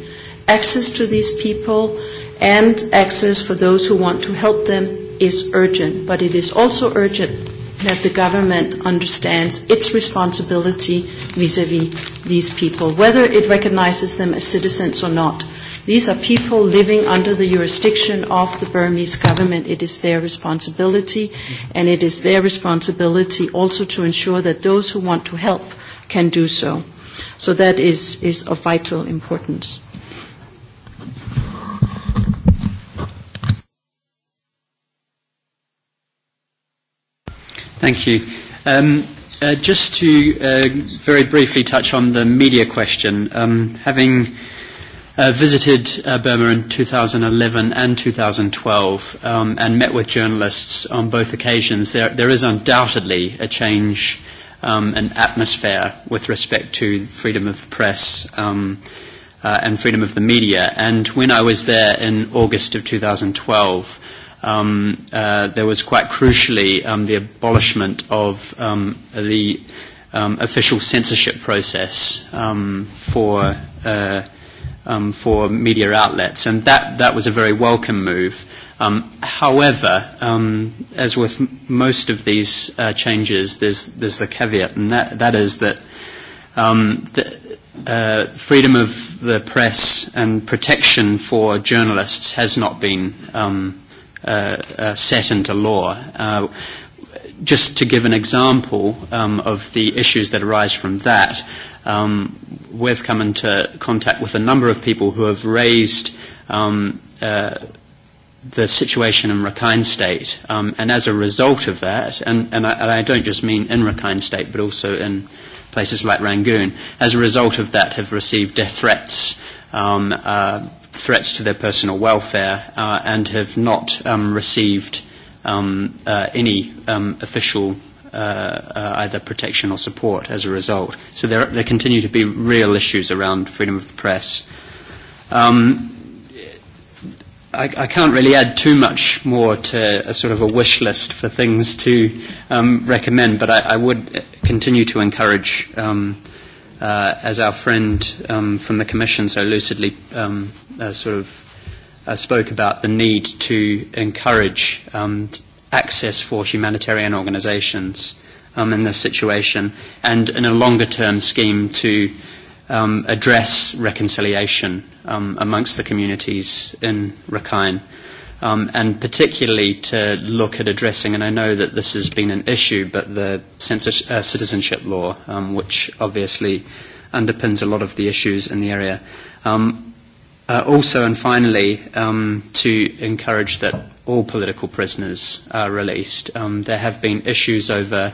Access to these people and access for those who want to help them is urgent, but it is also urgent that the government understands its responsibility vis-à-vis -vis these people, whether it recognizes them as citizens or not. These are people living under the jurisdiction of the Burmese government. It is their responsibility, and it is their responsibility also to ensure that those who want to help can do so. So that is, is of vital importance. Thank you. Um, uh, just to uh, very briefly touch on the media question, um, having uh, visited uh, Burma in 2011 and 2012 um, and met with journalists on both occasions. There, there is undoubtedly a change um, in atmosphere with respect to freedom of the press um, uh, and freedom of the media. And when I was there in August of 2012, um, uh, there was quite crucially um, the abolishment of um, the um, official censorship process um, for uh, um, for media outlets, and that, that was a very welcome move. Um, however, um, as with most of these uh, changes, there's, there's the caveat, and that, that is that um, the, uh, freedom of the press and protection for journalists has not been um, uh, uh, set into law. Uh, just to give an example um, of the issues that arise from that, um, we've come into contact with a number of people who have raised um, uh, the situation in Rakhine State. Um, and as a result of that, and, and, I, and I don't just mean in Rakhine State, but also in places like Rangoon, as a result of that have received death threats, um, uh, threats to their personal welfare, uh, and have not um, received um, uh, any um, official uh, uh, either protection or support as a result. So there, there continue to be real issues around freedom of the press. Um, I, I can't really add too much more to a sort of a wish list for things to um, recommend, but I, I would continue to encourage, um, uh, as our friend um, from the Commission so lucidly um, uh, sort of uh, spoke about, the need to encourage um, access for humanitarian organizations um, in this situation and in a longer term scheme to um, address reconciliation um, amongst the communities in Rakhine um, and particularly to look at addressing, and I know that this has been an issue, but the census, uh, citizenship law, um, which obviously underpins a lot of the issues in the area. Um, uh, also and finally, um, to encourage that all political prisoners are released. Um, there have been issues over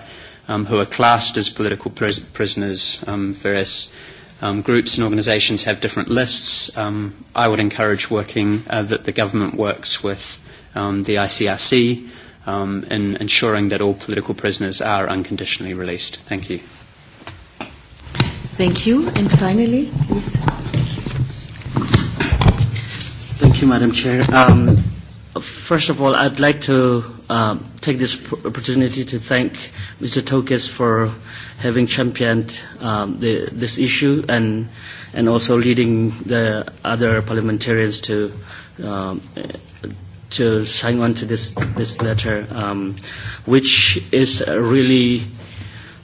um, who are classed as political pris prisoners. Um, various um, groups and organisations have different lists. Um, I would encourage working uh, that the government works with um, the ICRC um, in ensuring that all political prisoners are unconditionally released. Thank you. Thank you. And finally, please. Thank you, Madam Chair. Um, First of all, I'd like to uh, take this opportunity to thank Mr. Tokes for having championed um, the, this issue and, and also leading the other parliamentarians to, um, to sign on to this, this letter, um, which is a really,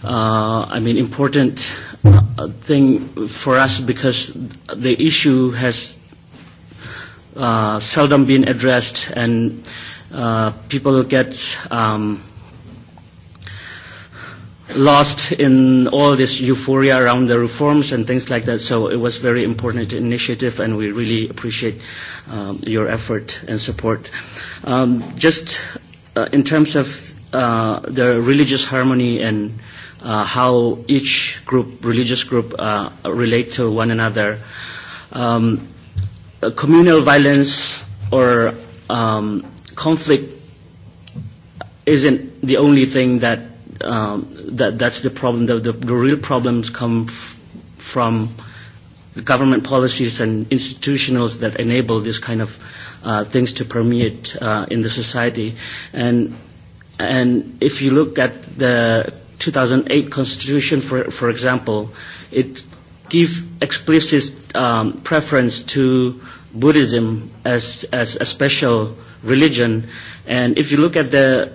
uh, I mean, important uh, thing for us because the issue has uh, seldom been addressed and uh, people get um, lost in all this euphoria around the reforms and things like that. So it was very important initiative, and we really appreciate um, your effort and support. Um, just uh, in terms of uh, the religious harmony and uh, how each group, religious group, uh, relate to one another. Um, Uh, communal violence or um, conflict isn't the only thing that um, that that's the problem. The, the, the real problems come f from the government policies and institutionals that enable this kind of uh, things to permeate uh, in the society. And and if you look at the 2008 constitution, for for example, it give explicit um, preference to Buddhism as, as a special religion And if you look at the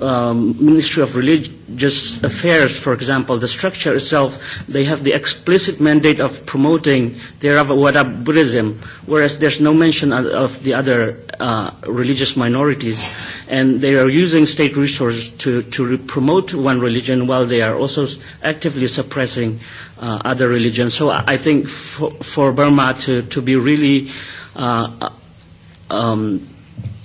um, Ministry of Religious Affairs, for example, the structure itself, they have the explicit mandate of promoting Theravada Buddhism, whereas there's no mention of the other uh, religious minorities. And they are using state resources to, to promote one religion while they are also actively suppressing uh, other religions. So I think for, for Burma to, to be really uh, uh um,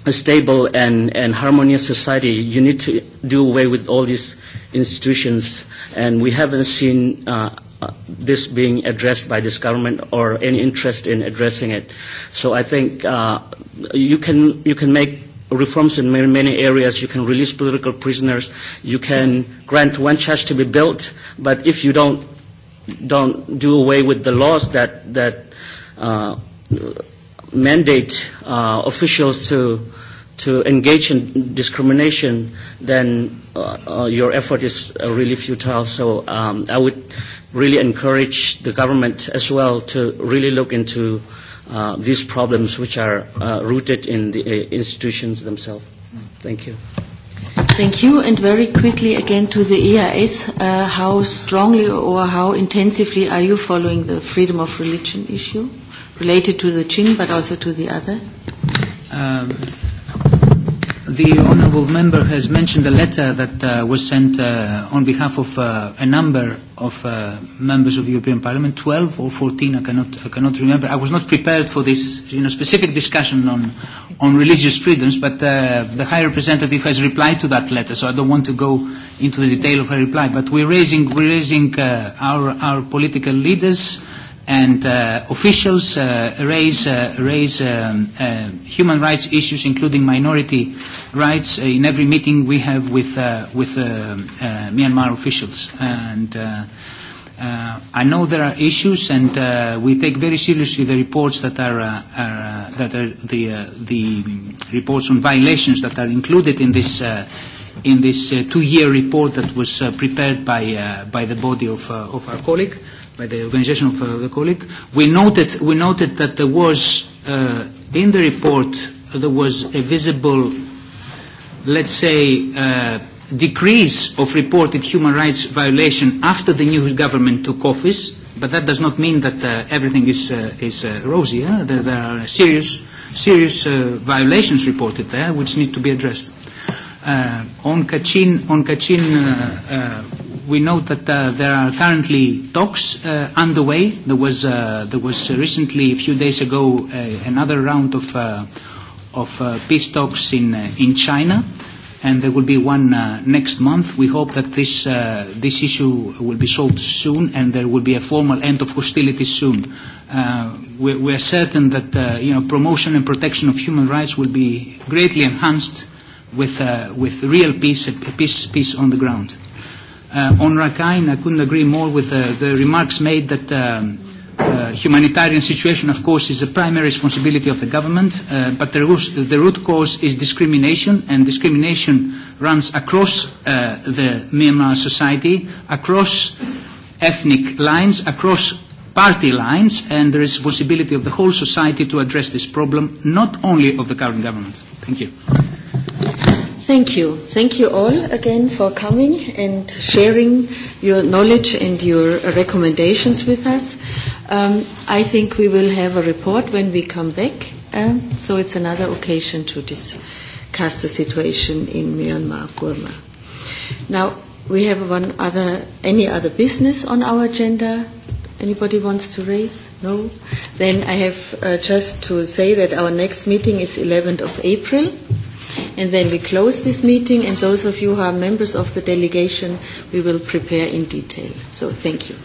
a stable and, and harmonious society, you need to do away with all these institutions. And we haven't seen uh, uh, this being addressed by this government or any interest in addressing it. So I think uh, you, can, you can make reforms in many, many areas. You can release political prisoners. You can grant one church to be built. But if you don't, don't do away with the laws that, that uh, mandate uh, officials to to engage in discrimination, then uh, uh, your effort is uh, really futile. So um, I would really encourage the government as well to really look into uh, these problems which are uh, rooted in the uh, institutions themselves. Thank you. Thank you, and very quickly again to the EIS, uh, how strongly or how intensively are you following the freedom of religion issue related to the Qing but also to the other? Um, the Honourable Member has mentioned a letter that uh, was sent uh, on behalf of uh, a number of uh, members of the European Parliament, 12 or 14, I cannot, I cannot remember. I was not prepared for this you know, specific discussion on, on religious freedoms, but uh, the High Representative has replied to that letter, so I don't want to go into the detail of her reply. But we're raising, we're raising uh, our, our political leaders and uh, officials uh, raise, uh, raise um, uh, human rights issues, including minority rights, uh, in every meeting we have with, uh, with uh, uh, Myanmar officials. And uh, uh, I know there are issues, and uh, we take very seriously the reports that are, uh, are, uh, that are the, uh, the reports on violations that are included in this. Uh, in this uh, two-year report that was uh, prepared by, uh, by the body of, uh, of our colleague by the organization of uh, the colleague, we noted, we noted that there was, uh, in the report, uh, there was a visible, let's say, uh, decrease of reported human rights violation after the new government took office, but that does not mean that uh, everything is, uh, is uh, rosy. Eh? There, there are serious, serious uh, violations reported there, which need to be addressed. Uh, on Kachin, on Kachin uh, uh, we know that uh, there are currently talks uh, underway. There was, uh, there was recently, a few days ago, uh, another round of, uh, of uh, peace talks in, uh, in China, and there will be one uh, next month. We hope that this, uh, this issue will be solved soon and there will be a formal end of hostilities soon. Uh, we, we are certain that uh, you know, promotion and protection of human rights will be greatly enhanced with, uh, with real peace, peace, peace on the ground. Uh, on Rakhine, I couldn't agree more with uh, the remarks made that um, uh, humanitarian situation, of course, is a primary responsibility of the government, uh, but the, root, the root cause is discrimination, and discrimination runs across uh, the Myanmar society, across ethnic lines, across party lines, and the responsibility of the whole society to address this problem, not only of the current government. Thank you. Thank you. Thank you all again for coming and sharing your knowledge and your recommendations with us. Um, I think we will have a report when we come back, um, so it's another occasion to discuss the situation in Myanmar, Burma. Now, we have one other, any other business on our agenda? Anybody wants to raise? No? Then I have uh, just to say that our next meeting is 11th of April And then we close this meeting, and those of you who are members of the delegation, we will prepare in detail. So thank you.